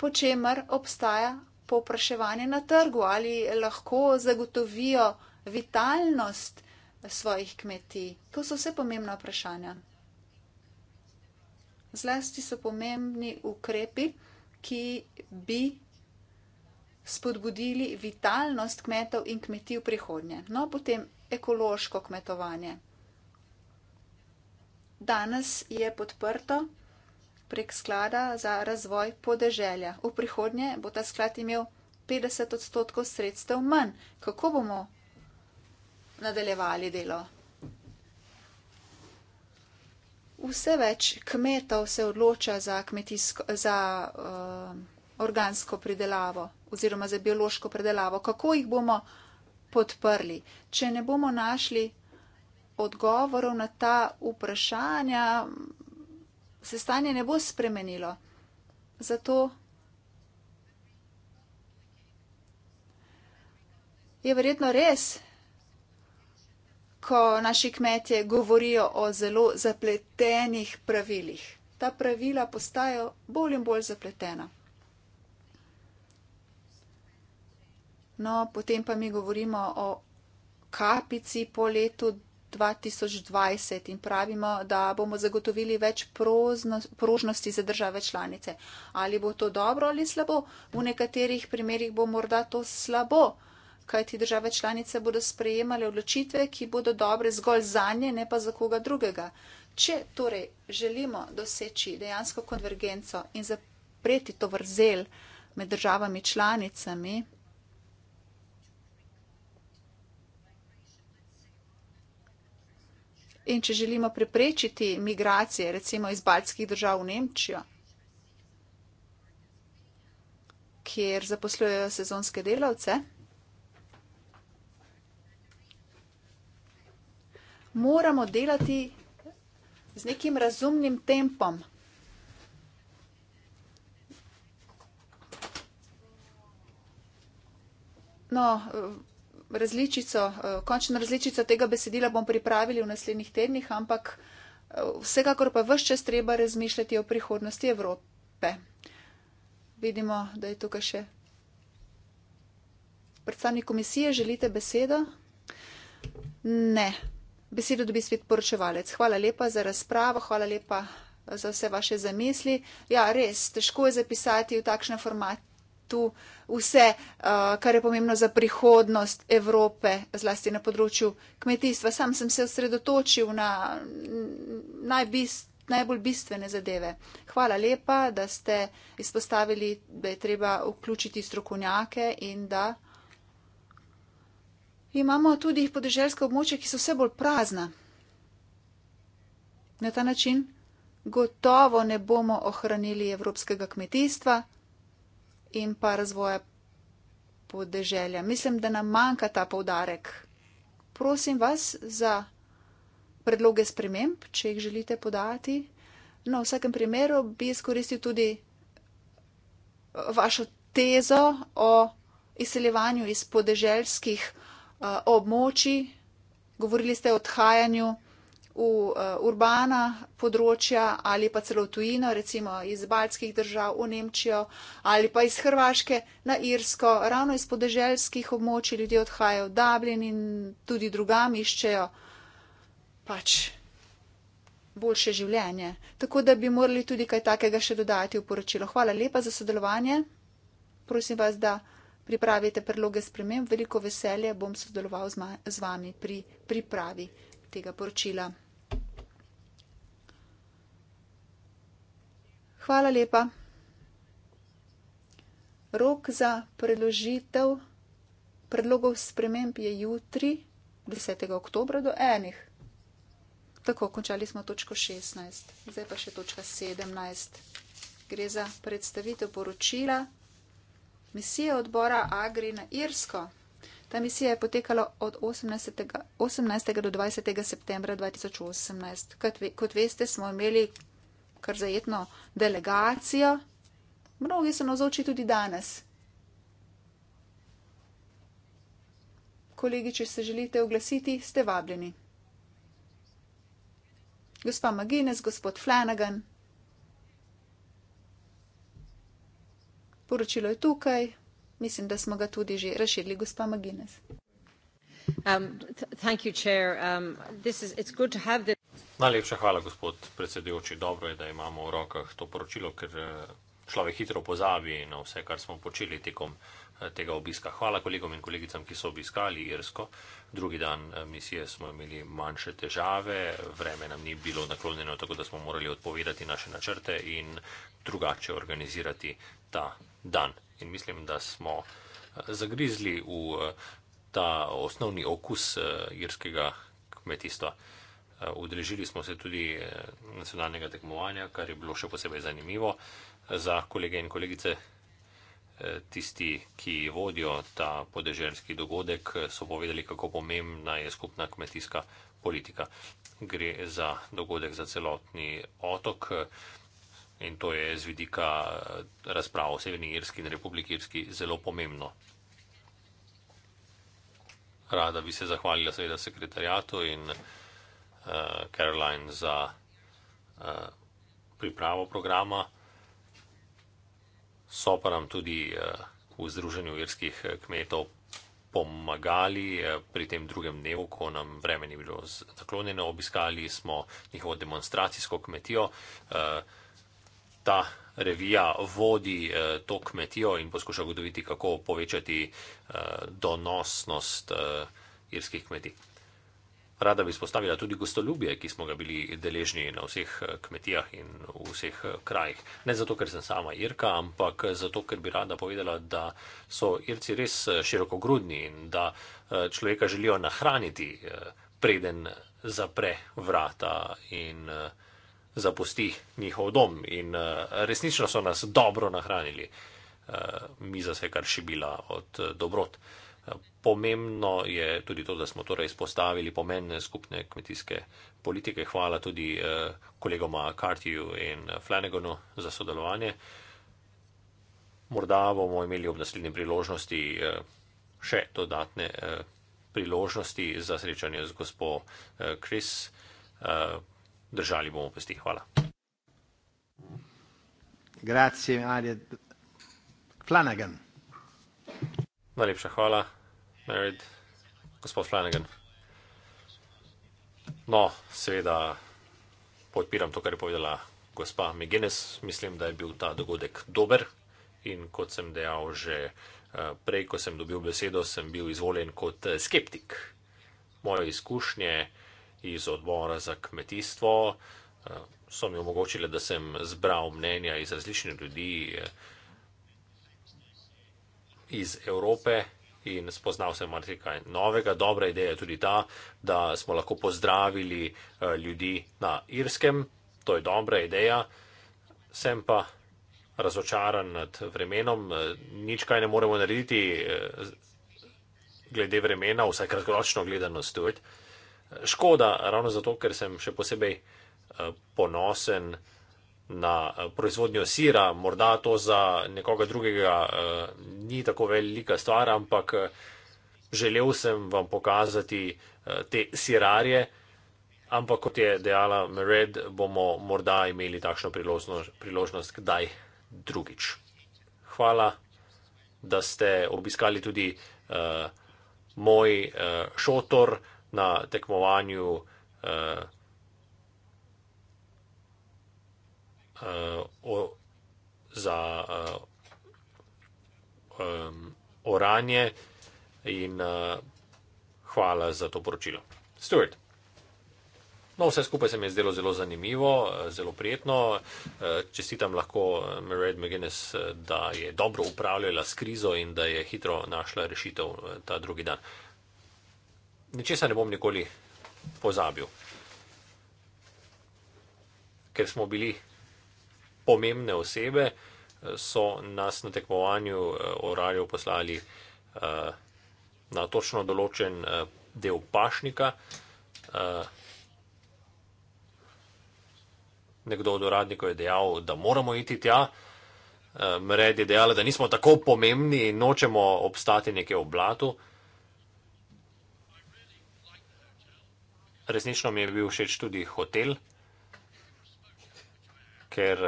po čemer obstaja popraševanje na trgu, ali lahko zagotovijo vitalnost svojih kmetij. To so vse pomembna vprašanja. Zlasti so pomembni ukrepi, ki bi spodbudili vitalnost kmetov in kmetij v prihodnje. No, potem ekološko kmetovanje. Danes je podprto prek sklada za razvoj podeželja. V prihodnje bo ta sklad imel 50 odstotkov sredstev manj. Kako bomo nadaljevali delo? Vse več kmetov se odloča za, za uh, organsko pridelavo oziroma za biološko pridelavo. Kako jih bomo podprli? Če ne bomo našli odgovorov na ta vprašanja, se stanje ne bo spremenilo. Zato je verjetno res, ko naši kmetje govorijo o zelo zapletenih pravilih. Ta pravila postajajo bolj in bolj zapletena. No, potem pa mi govorimo o kapici po letu 2020 in pravimo, da bomo zagotovili več proznost, prožnosti za države članice. Ali bo to dobro ali slabo? V nekaterih primerjih bo morda to slabo, kajti države članice bodo sprejemale odločitve, ki bodo dobre zgolj za nje, ne pa za koga drugega. Če torej želimo doseči dejansko konvergenco in zapreti to vrzel med državami članicami, in če želimo preprečiti migracije, recimo iz baltskih držav v Nemčijo, kjer zaposlujejo sezonske delavce, moramo delati z nekim razumnim tempom. No, različico, eh, končno različico tega besedila bom pripravili v naslednjih tednih, ampak eh, vsekakor pa vse čas treba razmišljati o prihodnosti Evrope. Vidimo, da je tukaj še predstavnik komisije. Želite besedo? Ne. Besedo dobi svet poročevalec. Hvala lepa za razpravo, hvala lepa za vse vaše zamisli. Ja, res, težko je zapisati v takšne formate tu vse, eh, kar je pomembno za prihodnost Evrope, zlasti na področju kmetijstva. Sam sem se osredotočil na najbist, najbolj bistvene zadeve. Hvala lepa, da ste izpostavili, da je treba vključiti strokovnjake in da. Imamo tudi podeželjske območja, ki so vse bolj prazna. Na ta način gotovo ne bomo ohranili evropskega kmetijstva in pa razvoja podeželja. Mislim, da nam manjka ta povdarek. Prosim vas za predloge sprememb, če jih želite podati. No, v vsakem primeru bi izkoristil tudi eh, vašo tezo o izseljevanju iz podeželskih uh, območij. Govorili ste o odhajanju v eh, urbana področja ali pa celo v tujino, recimo iz baltskih držav v Nemčijo ali pa iz Hrvaške na Irsko. Ravno iz podeželskih območij ljudje odhajajo v Dublin in tudi drugam iščejo pač boljše življenje. Tako da bi morali tudi kaj takega še dodati v poročilo. Hvala lepa za sodelovanje. Prosim vas, da pripravite predloge sprememb. Veliko veselje bom sodeloval z vami pri pripravi tega poročila. Hvala lepa. Rok za preložitev predlogov sprememb je jutri, 10. oktober do enih. Tako, končali smo točko 16, zdaj pa še točka 17. Gre za predstavitev poročila misije odbora Agri na Irsko. Ta misija je potekala od 18. 18. do 20. septembra 2018. Kot, ve, kot veste, smo imeli kar zajetno delegacijo. Mnogi so navzoči tudi danes. Kolegi, če se želite oglasiti, ste vabljeni. Gospa Magines, gospod Flanagan. Poročilo je tukaj. Mislim, da smo ga tudi že razširili, gospa Magines. Um, th thank you, Chair. Um, this is it's good to have this. Najlepša hvala, gospod predsedujoči. Dobro je, da imamo v rokah to poročilo, ker eh, človek hitro pozabi na vse, kar smo počeli tekom eh, tega obiska. Hvala kolegom in kolegicam, ki so obiskali Irsko. Drugi dan eh, misije smo imeli manjše težave, vreme nam ni bilo naklonjeno, tako da smo morali odpovedati naše načrte in drugače organizirati ta dan. In mislim, da smo zagrizli v ta osnovni okus irskega kmetijstva. Eh, udeležili smo se tudi eh, nacionalnega tekmovanja, kar je bilo še posebej zanimivo eh, za kolege in kolegice. Tisti, ki vodijo ta podeželjski dogodek, so povedali, kako pomembna je skupna kmetijska politika. Gre za dogodek za celotni otok in to je z vidika razprav o Severni Irski in Republiki Irski zelo pomembno. Rada bi se zahvalila seveda sekretarjatu in uh, Caroline za uh, pripravo programa. So pa nam tudi uh, v Združenju irskih kmetov pomagali uh, pri tem drugem dnevu, ko nam vreme ni bilo zaklonjeno. Obiskali smo njihovo demonstracijsko kmetijo. Uh, ta revija vodi uh, to kmetijo in poskuša ugotoviti, kako povečati uh, donosnost uh, irskih kmetij. Rada bi spostavila tudi gostoljubje, ki smo ga bili deležni na vseh eh, kmetijah in v vseh eh, krajih. Ne zato, ker sem sama Irka, ampak eh, zato, ker bi rada povedala, da so Irci res širokogrudni in da človeka želijo nahraniti, preden zapre vrata in zapusti njihov dom. In resnično so nas dobro nahranili. Miza se je kar šibila od dobrot. Pomembno je tudi to, da smo torej izpostavili pomen skupne kmetijske politike. Hvala tudi eh, kolegoma Kartiju in Flanagonu za sodelovanje. Morda bomo imeli ob naslednji priložnosti eh, še dodatne eh, priložnosti za srečanje z gospo Kris. Držali bomo pesti. Hvala. Grazie, Arjen Flanagan. Najlepša hvala married gospod Flanagan. No, seveda podpiram to, kar je povedala gospa McGuinness. Mislim, da je bil ta dogodek dober in kot sem dejal že eh, prej, ko sem dobil besedo, sem bil izvoljen kot eh, skeptik. Moje izkušnje iz odbora za kmetijstvo eh, so mi omogočile, da sem zbral mnenja iz različnih ljudi iz Evrope in spoznal sem marsikaj novega. Dobra ideja je tudi ta, da smo lahko pozdravili eh, ljudi na Irskem. To je dobra ideja. Sem pa razočaran nad vremenom. Eh, nič kaj ne moremo narediti eh, glede vremena, vsaj kratkoročno gledano stojiti. Škoda, ravno zato, ker sem še posebej ponosen, na eh, proizvodnjo sira, morda to za nekoga drugega eh, ni tako velika stvar, ampak eh, želel sem vam pokazati te sirarje, ampak kot je dejala Mered, bomo morda imeli takšno priložnost, priložnost kdaj drugič. Hvala, da ste obiskali tudi uh, moj uh, šotor na tekmovanju. Uh, uh, o, za uh, um, oranje in uh, hvala za to poročilo. Stuart. No, vse skupaj se mi je zdelo zelo zanimivo, zelo prijetno. Čestitam lahko Mared McGuinness, da je dobro upravljala s krizo in da je hitro našla rešitev ta drugi dan. Ničesa ne bom nikoli pozabil, ker smo bili pomembne osebe eh, so nas na tekmovanju eh, oralju poslali eh, na točno določen del pašnika. Nekdo od uradnikov je dejal, da moramo iti tja. Mred je dejala, da nismo tako pomembni in nočemo obstati nekje v blatu. Resnično mi je bil všeč tudi hotel, ker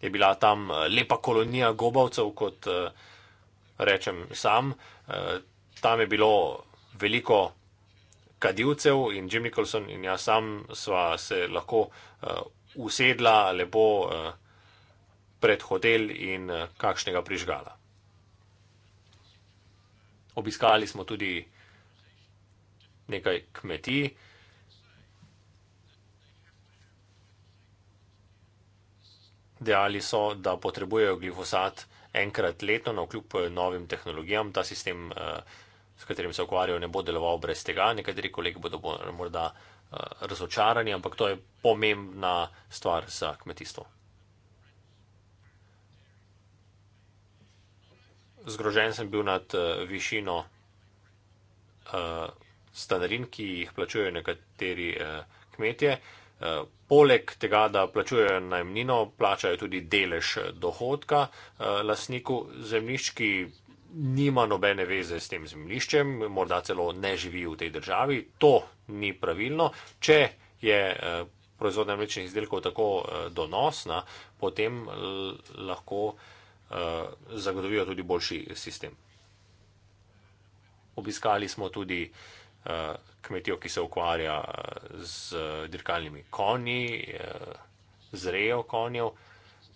je bila tam eh, lepa kolonija gobavcev, kot eh, rečem sam. Eh, tam je bilo veliko kadilcev in Jim Nicholson in jaz sam sva se lahko usedla lepo pred hotel in kakšnega prižgala. Obiskali smo tudi nekaj kmetij. Dejali so, da potrebujejo glifosat enkrat letno, na vkljub eh, novim tehnologijam. Ta sistem, eh, s katerim se ukvarjajo, ne bo deloval brez tega. Nekateri kolegi bodo morda eh, razočarani, ampak to je pomembna stvar za kmetijstvo. Zgrožen sem bil nad višino stanarin, ki jih plačujejo nekateri kmetje. Eh, poleg tega, da plačujejo najmnino, plačajo tudi delež dohodka eh, lasniku zemljišč, ki nima nobene veze s tem zemljiščem, morda celo ne živi v tej državi. To ni pravilno. Če je eh, proizvodnja mlečnih izdelkov tako donosna, potem lahko zagotovijo tudi boljši sistem. Obiskali smo tudi uh, Eh, kmetijo, ki se ukvarja eh, z dirkalnimi konji, eh, zrejo konjev.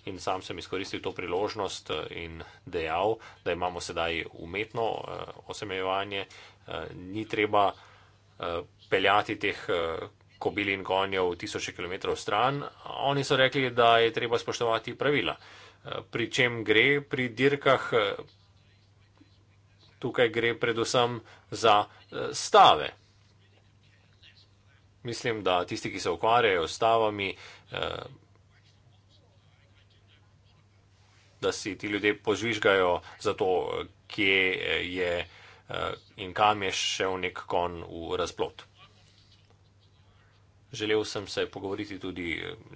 In sam sem izkoristil to priložnost in dejal, da imamo sedaj umetno osemejevanje, ni treba peljati teh kobil in konjev tisoče kilometrov stran. Oni so rekli, da je treba spoštovati pravila. Pri čem gre pri dirkah, tukaj gre predvsem za eh, stave. Mislim, da tisti, ki se ukvarjajo s stavami, eh, da si ti ljudje požvižgajo za to, kje eh, je in kam je šel nek kon v razplot. Želel sem se pogovoriti tudi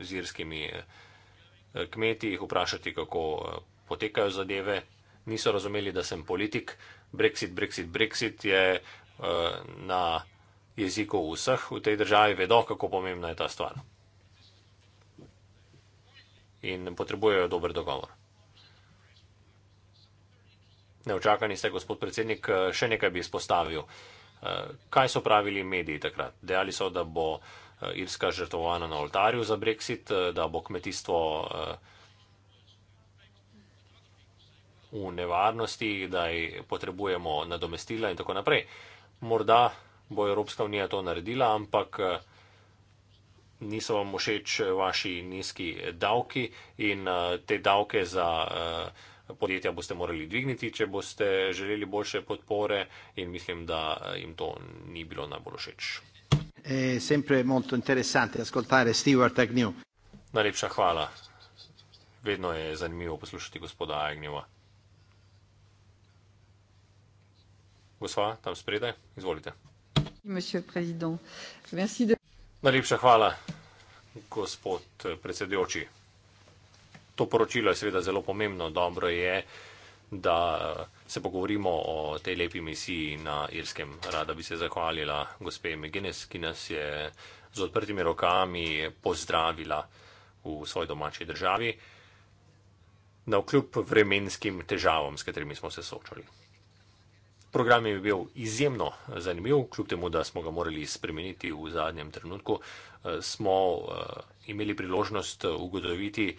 z irskimi kmeti, jih vprašati, kako potekajo zadeve. Niso razumeli, da sem politik, Brexit, Brexit, Brexit je uh, na jeziku vseh v tej državi, vedo, kako pomembna je ta stvar. In potrebujejo dober dogovor. Neočakani ste, gospod predsednik, še nekaj bi izpostavil. Eh, kaj so pravili mediji takrat? Dejali so, da bo eh, Irska žrtvovana na oltarju za brexit, da bo kmetijstvo v nevarnosti, da potrebujemo nadomestila in tako naprej. Morda bo Evropska unija to naredila, ampak eh, niso vam všeč eh, vaši nizki davki in eh, te davke za podjetja boste morali dvigniti, če boste želeli boljše podpore in mislim, da jim to ni bilo najbolj všeč. Najlepša hvala. Vedno je zanimivo poslušati gospoda Agnjeva. Gospa tam spredaj, izvolite. Najlepša hvala, gospod predsedujoči. To poročilo je seveda zelo pomembno. Dobro je, da se pogovorimo o tej lepi misiji na Irskem. Rada bi se zahvalila gospe McGuinness, ki nas je z odprtimi rokami pozdravila v svoji domači državi, na vkljub vremenskim težavam, s katerimi smo se soočali. Program je bil izjemno eh, zanimiv, kljub temu, da smo ga morali spremeniti v zadnjem trenutku. Eh, smo eh, imeli priložnost ugotoviti,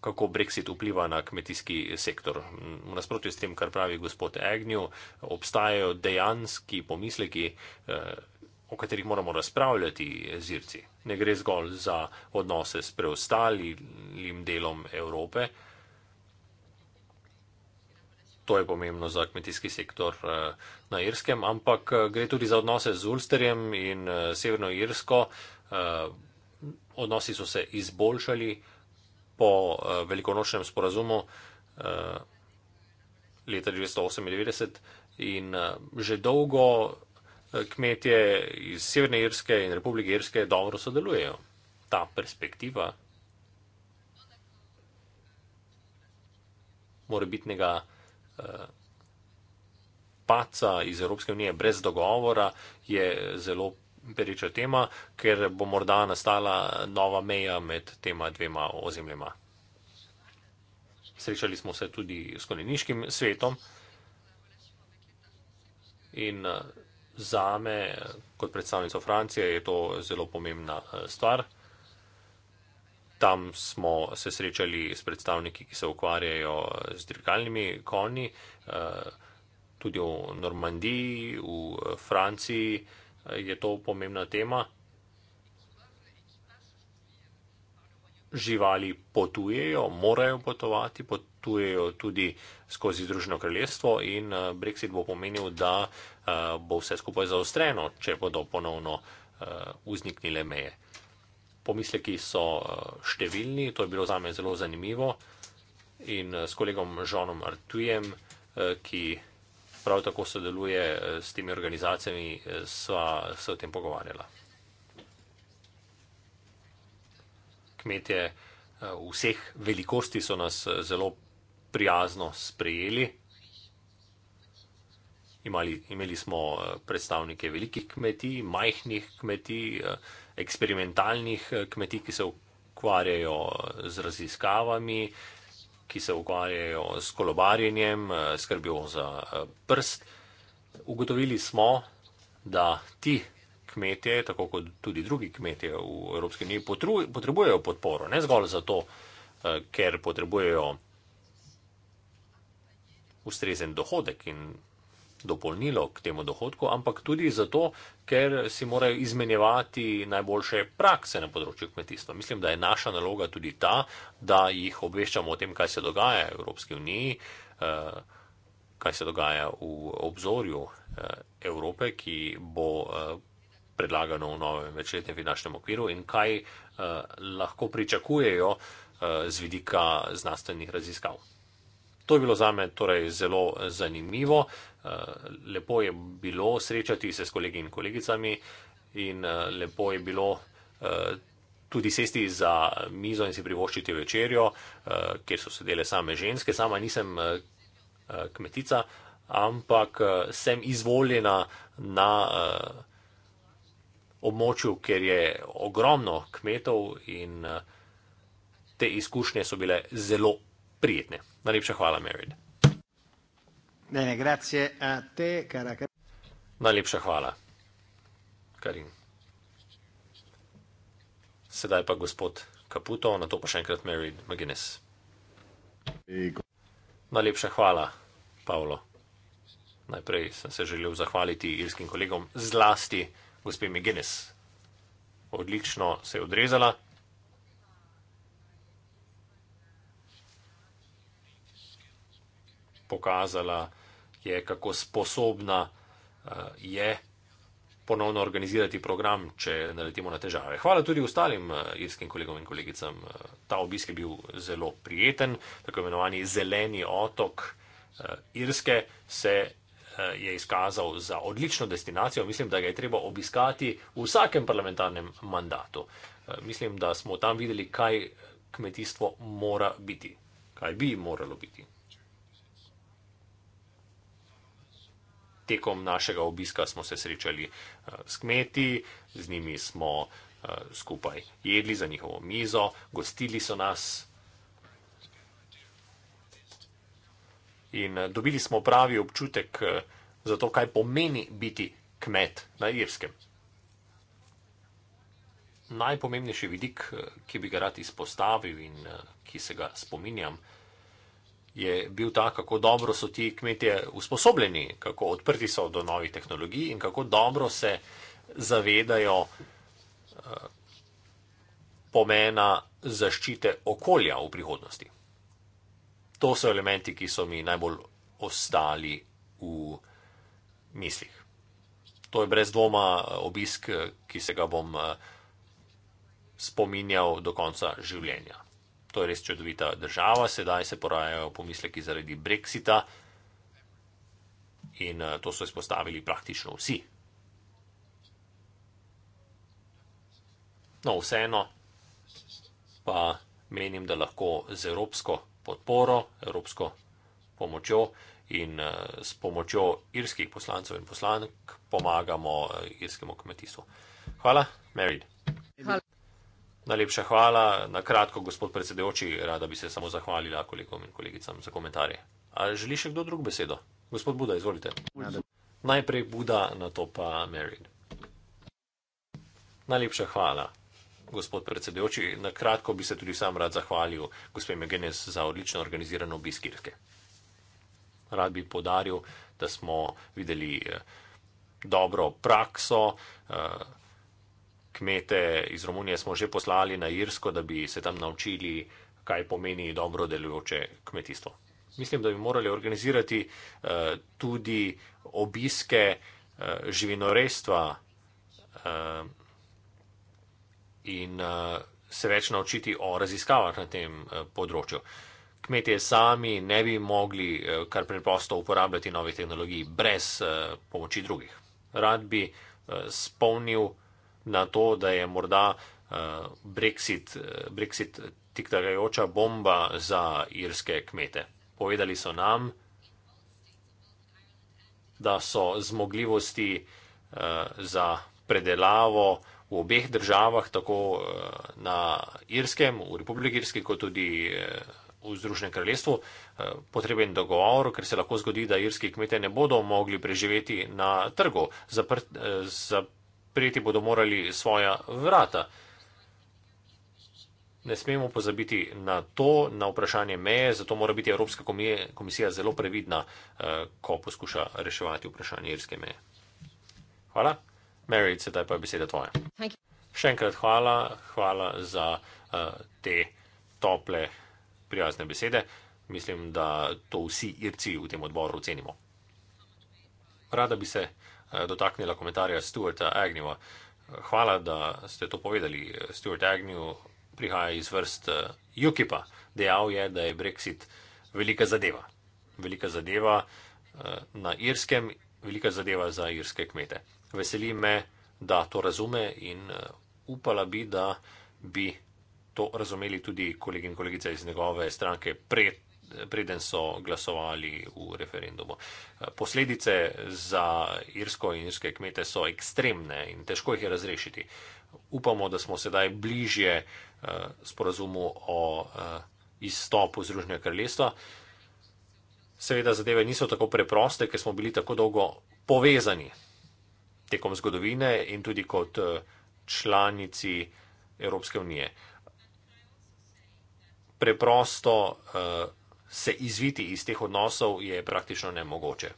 kako Brexit vpliva na kmetijski sektor. V nasprotju s tem, kar pravi gospod Agnew, obstajajo dejanski pomisleki, o katerih moramo razpravljati zirci. Ne gre zgolj za odnose s preostalim delom Evrope to je pomembno za kmetijski sektor eh, na Irskem, ampak eh, gre tudi za odnose z Ulsterjem in eh, Severno Irsko. Odnosi so se izboljšali po velikonočnem sporazumu leta 1998 in že dolgo kmetje iz Severne Irske in Republike Irske dobro sodelujejo. Ta perspektiva morebitnega paca iz Evropske unije brez dogovora je zelo pereča tema, ker bo morda nastala nova meja med tema dvema ozemljema. Srečali smo se tudi s koneniškim svetom in eh, zame kot predstavnico Francije je to zelo pomembna eh, stvar. Tam smo se srečali s predstavniki, ki se ukvarjajo z dirkalnimi konji, eh, tudi v Normandiji, v eh, Franciji eh, je to pomembna tema. Živali potujejo, morajo potovati, potujejo tudi skozi Združeno kraljestvo in Brexit bo pomenil, da bo vse skupaj zaostreno, če bodo ponovno vzniknile meje pomisleki so eh, številni, to je bilo zame zelo zanimivo. In eh, s kolegom Žonom Artujem, eh, ki prav tako sodeluje s temi organizacijami, sva se o tem pogovarjala. Kmetje vseh velikosti so nas zelo prijazno sprejeli. Imali, imeli smo predstavnike velikih kmetij, majhnih kmetij, eksperimentalnih eh, kmetij, ki se ukvarjajo eh, z raziskavami, ki se ukvarjajo s kolobarjenjem, eh, skrbijo za prst. Ugotovili smo, da ti kmetje, tako kot tudi drugi kmetje v Evropski uniji, potrebujejo podporo, ne zgolj zato, ker potrebujejo ustrezen dohodek in dopolnilo k temu dohodku, ampak tudi zato, ker si morajo izmenjevati najboljše prakse na področju kmetijstva. Mislim, da je naša naloga tudi ta, da jih obveščamo o tem, kaj se dogaja v Evropski uniji, eh, kaj se dogaja v obzorju eh, Evrope, ki bo eh, predlagano v novem večletnem finančnem okviru in kaj lahko pričakujejo z vidika znanstvenih raziskav. To je bilo za me torej zelo eh, zanimivo. Eh, lepo je bilo srečati se s kolegi in kolegicami in eh, lepo je bilo tudi sesti za mizo in si privoščiti večerjo, kjer so sedele same ženske. Sama nisem kmetica, ampak sem izvoljena na območju, kjer je ogromno kmetov in te izkušnje so bile zelo prijetne. Najlepša hvala, Merid. Ne, ne, grazie a te, cara Karin. Najlepša hvala, Karin. Sedaj pa gospod Caputo, na to pa še enkrat Merid McGuinness. Najlepša hvala, Paolo. Najprej sem se želel zahvaliti irskim kolegom, zlasti gospe McGuinness. Odlično se je odrezala. pokazala, je, kako sposobna eh, je ponovno organizirati program, če naletimo na težave. Hvala tudi ostalim eh, irskim kolegom in kolegicam. Eh, ta obisk je bil zelo prijeten, tako imenovani zeleni otok Irske se je izkazal za odlično destinacijo. Mislim, da ga je treba obiskati v vsakem parlamentarnem mandatu. Mislim, da smo tam videli, kaj kmetijstvo mora biti, kaj bi moralo biti. tekom našega obiska smo se srečali eh, s kmeti, z njimi smo eh, skupaj jedli za njihovo mizo, gostili so nas in eh, dobili smo pravi občutek za to, kaj pomeni biti kmet na Irskem. Najpomembnejši vidik, ki bi ga rad izpostavil in ki se ga spominjam, je, je bil ta, kako dobro so ti kmetje usposobljeni, kako odprti so do novih tehnologij in kako dobro se zavedajo eh, pomena zaščite okolja v prihodnosti. To so elementi, ki so mi najbolj ostali v mislih. To je brez dvoma eh, obisk, eh, ki se ga bom spominjal do konca življenja to je res čudovita država, sedaj se porajajo pomisleki zaradi Brexita in eh, to so izpostavili praktično vsi. No, vseeno pa menim, da lahko z evropsko podporo, evropsko pomočjo in eh, s pomočjo irskih poslancev in poslank pomagamo eh, irskemu kmetijstvu. Hvala, Merid. Hvala. Najlepša hvala. Na kratko, gospod predsedeoči, rada bi se samo zahvalila kolegom in kolegicam za komentarje. A želi še kdo drug besedo? Gospod Buda, izvolite. Najprej Buda, na to pa Mary. Najlepša hvala, gospod predsedeoči. Na kratko bi se tudi sam rad zahvalil gospe Megenes za odlično organizirano obisk Irske. Rad bi podaril, da smo videli eh, dobro prakso, eh, kmete iz Romunije smo že poslali na Irsko, da bi se tam naučili, kaj pomeni dobro delujoče kmetijstvo. Mislim, da bi morali organizirati eh, tudi obiske eh, živinorejstva eh, in eh, se več naučiti o raziskavah na tem eh, področju. Kmetje sami ne bi mogli eh, kar preprosto uporabljati novih tehnologij brez eh, pomoči drugih. Rad bi eh, spomnil, na to, da je morda eh, Brexit, eh, Brexit tiktakajoča bomba za irske kmete. Povedali so nam, da so zmogljivosti eh, za predelavo v obeh državah, tako na Irskem, v Republiki Irski, kot tudi v Združenem kraljestvu, potreben dogovor, ker se lahko zgodi, da irski kmete ne bodo mogli preživeti na trgu. Zapr, zapr, Prijeti bodo morali svoja vrata. Ne smemo pozabiti na to, na vprašanje meje, zato mora biti Evropska komisija zelo previdna, eh, ko poskuša reševati vprašanje irske meje. Hvala. Mary, sedaj pa je beseda tvoja. Še enkrat hvala, hvala za uh, te tople, prijazne besede. Mislim, da to vsi irci v tem odboru cenimo. Rada bi se Eh, dotaknila komentarja Stuarta Agnewa. Eh, hvala, da ste to povedali. Stuart Agnew prihaja iz vrst eh, UKIP-a. Dejal je, da je Brexit velika zadeva. Velika zadeva na irskem, velika zadeva za irske kmete. Veseli me, da to razume in upala bi, da bi to razumeli tudi kolegi in kolegice iz njegove stranke pred preden so glasovali v referendumu. Posledice za irsko in irske kmete so ekstremne in težko jih je razrešiti. Upamo, da smo sedaj bližje eh, sporazumu o eh, izstopu Združenja kraljestva. Seveda zadeve niso tako preproste, ker smo bili tako dolgo povezani tekom zgodovine in tudi kot eh, članici Evropske unije. Preprosto se izviti iz teh odnosov je praktično nemogoče.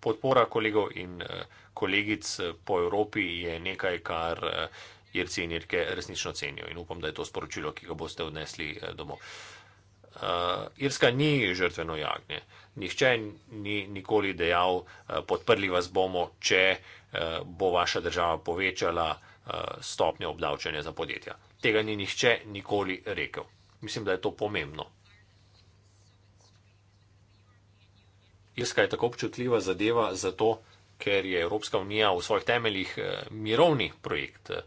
Podpora kolegov in eh, kolegic eh, po Evropi je nekaj, kar Irci eh, in Irke resnično cenijo in upam, da je to sporočilo, ki ga boste odnesli domov. Irska ni žrtveno jagnje. Nihče ni nikoli dejal, podprli vas bomo, če bo vaša država povečala stopnjo obdavčanja za podjetja. Tega ni nihče nikoli rekel. Mislim, da je to pomembno. Irska je tako občutljiva zadeva zato, ker je Evropska unija v svojih temeljih eh, mirovni projekt eh,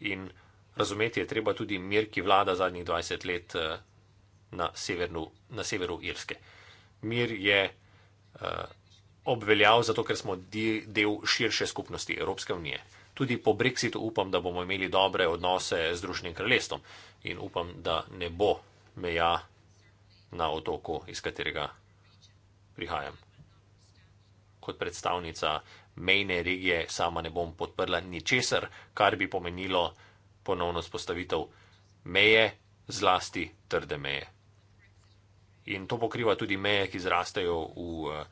in razumeti je treba tudi mir, ki vlada zadnjih 20 let eh, na severu, na severu Irske. Mir je obveljal zato, ker smo del širše skupnosti Evropske unije. Tudi po Brexitu upam, da bomo imeli dobre odnose z Združenim kraljestvom in upam, da ne bo meja na otoku, iz katerega prihajam kot predstavnica mejne regije, sama ne bom podprla ničesar, kar bi pomenilo ponovno spostavitev meje, zlasti trde meje. In to pokriva tudi meje, ki zrastejo v eh,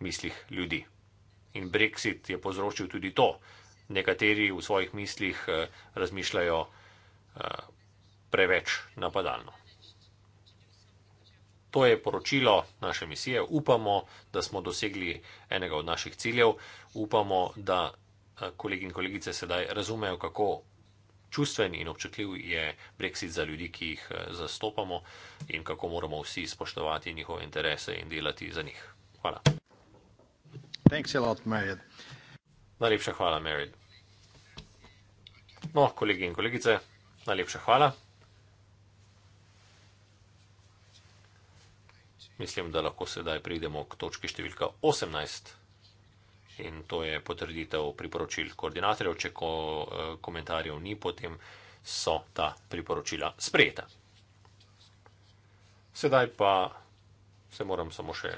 mislih ljudi. In Brexit je povzročil tudi to. Nekateri v svojih mislih eh, razmišljajo eh, preveč napadalno. To je poročilo naše misije. Upamo, da smo dosegli enega od naših ciljev. Upamo, da eh, kolegi in kolegice sedaj razumejo, kako čustven in občutljiv je Brexit za ljudi, ki jih eh, zastopamo in kako moramo vsi spoštovati njihove interese in delati za njih. Hvala. Lot, najlepša hvala, Mary. No, kolegi in kolegice, najlepša hvala. mislim, da lahko sedaj pridemo k točki številka 18. In to je potrditev priporočil koordinatorjev. Če ko, eh, komentarjev ni, potem so ta priporočila sprejeta. Sedaj pa se moram samo še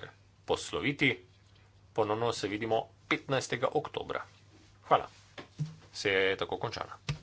posloviti. Ponovno se vidimo 15. oktobra. Hvala. Se je tako končala.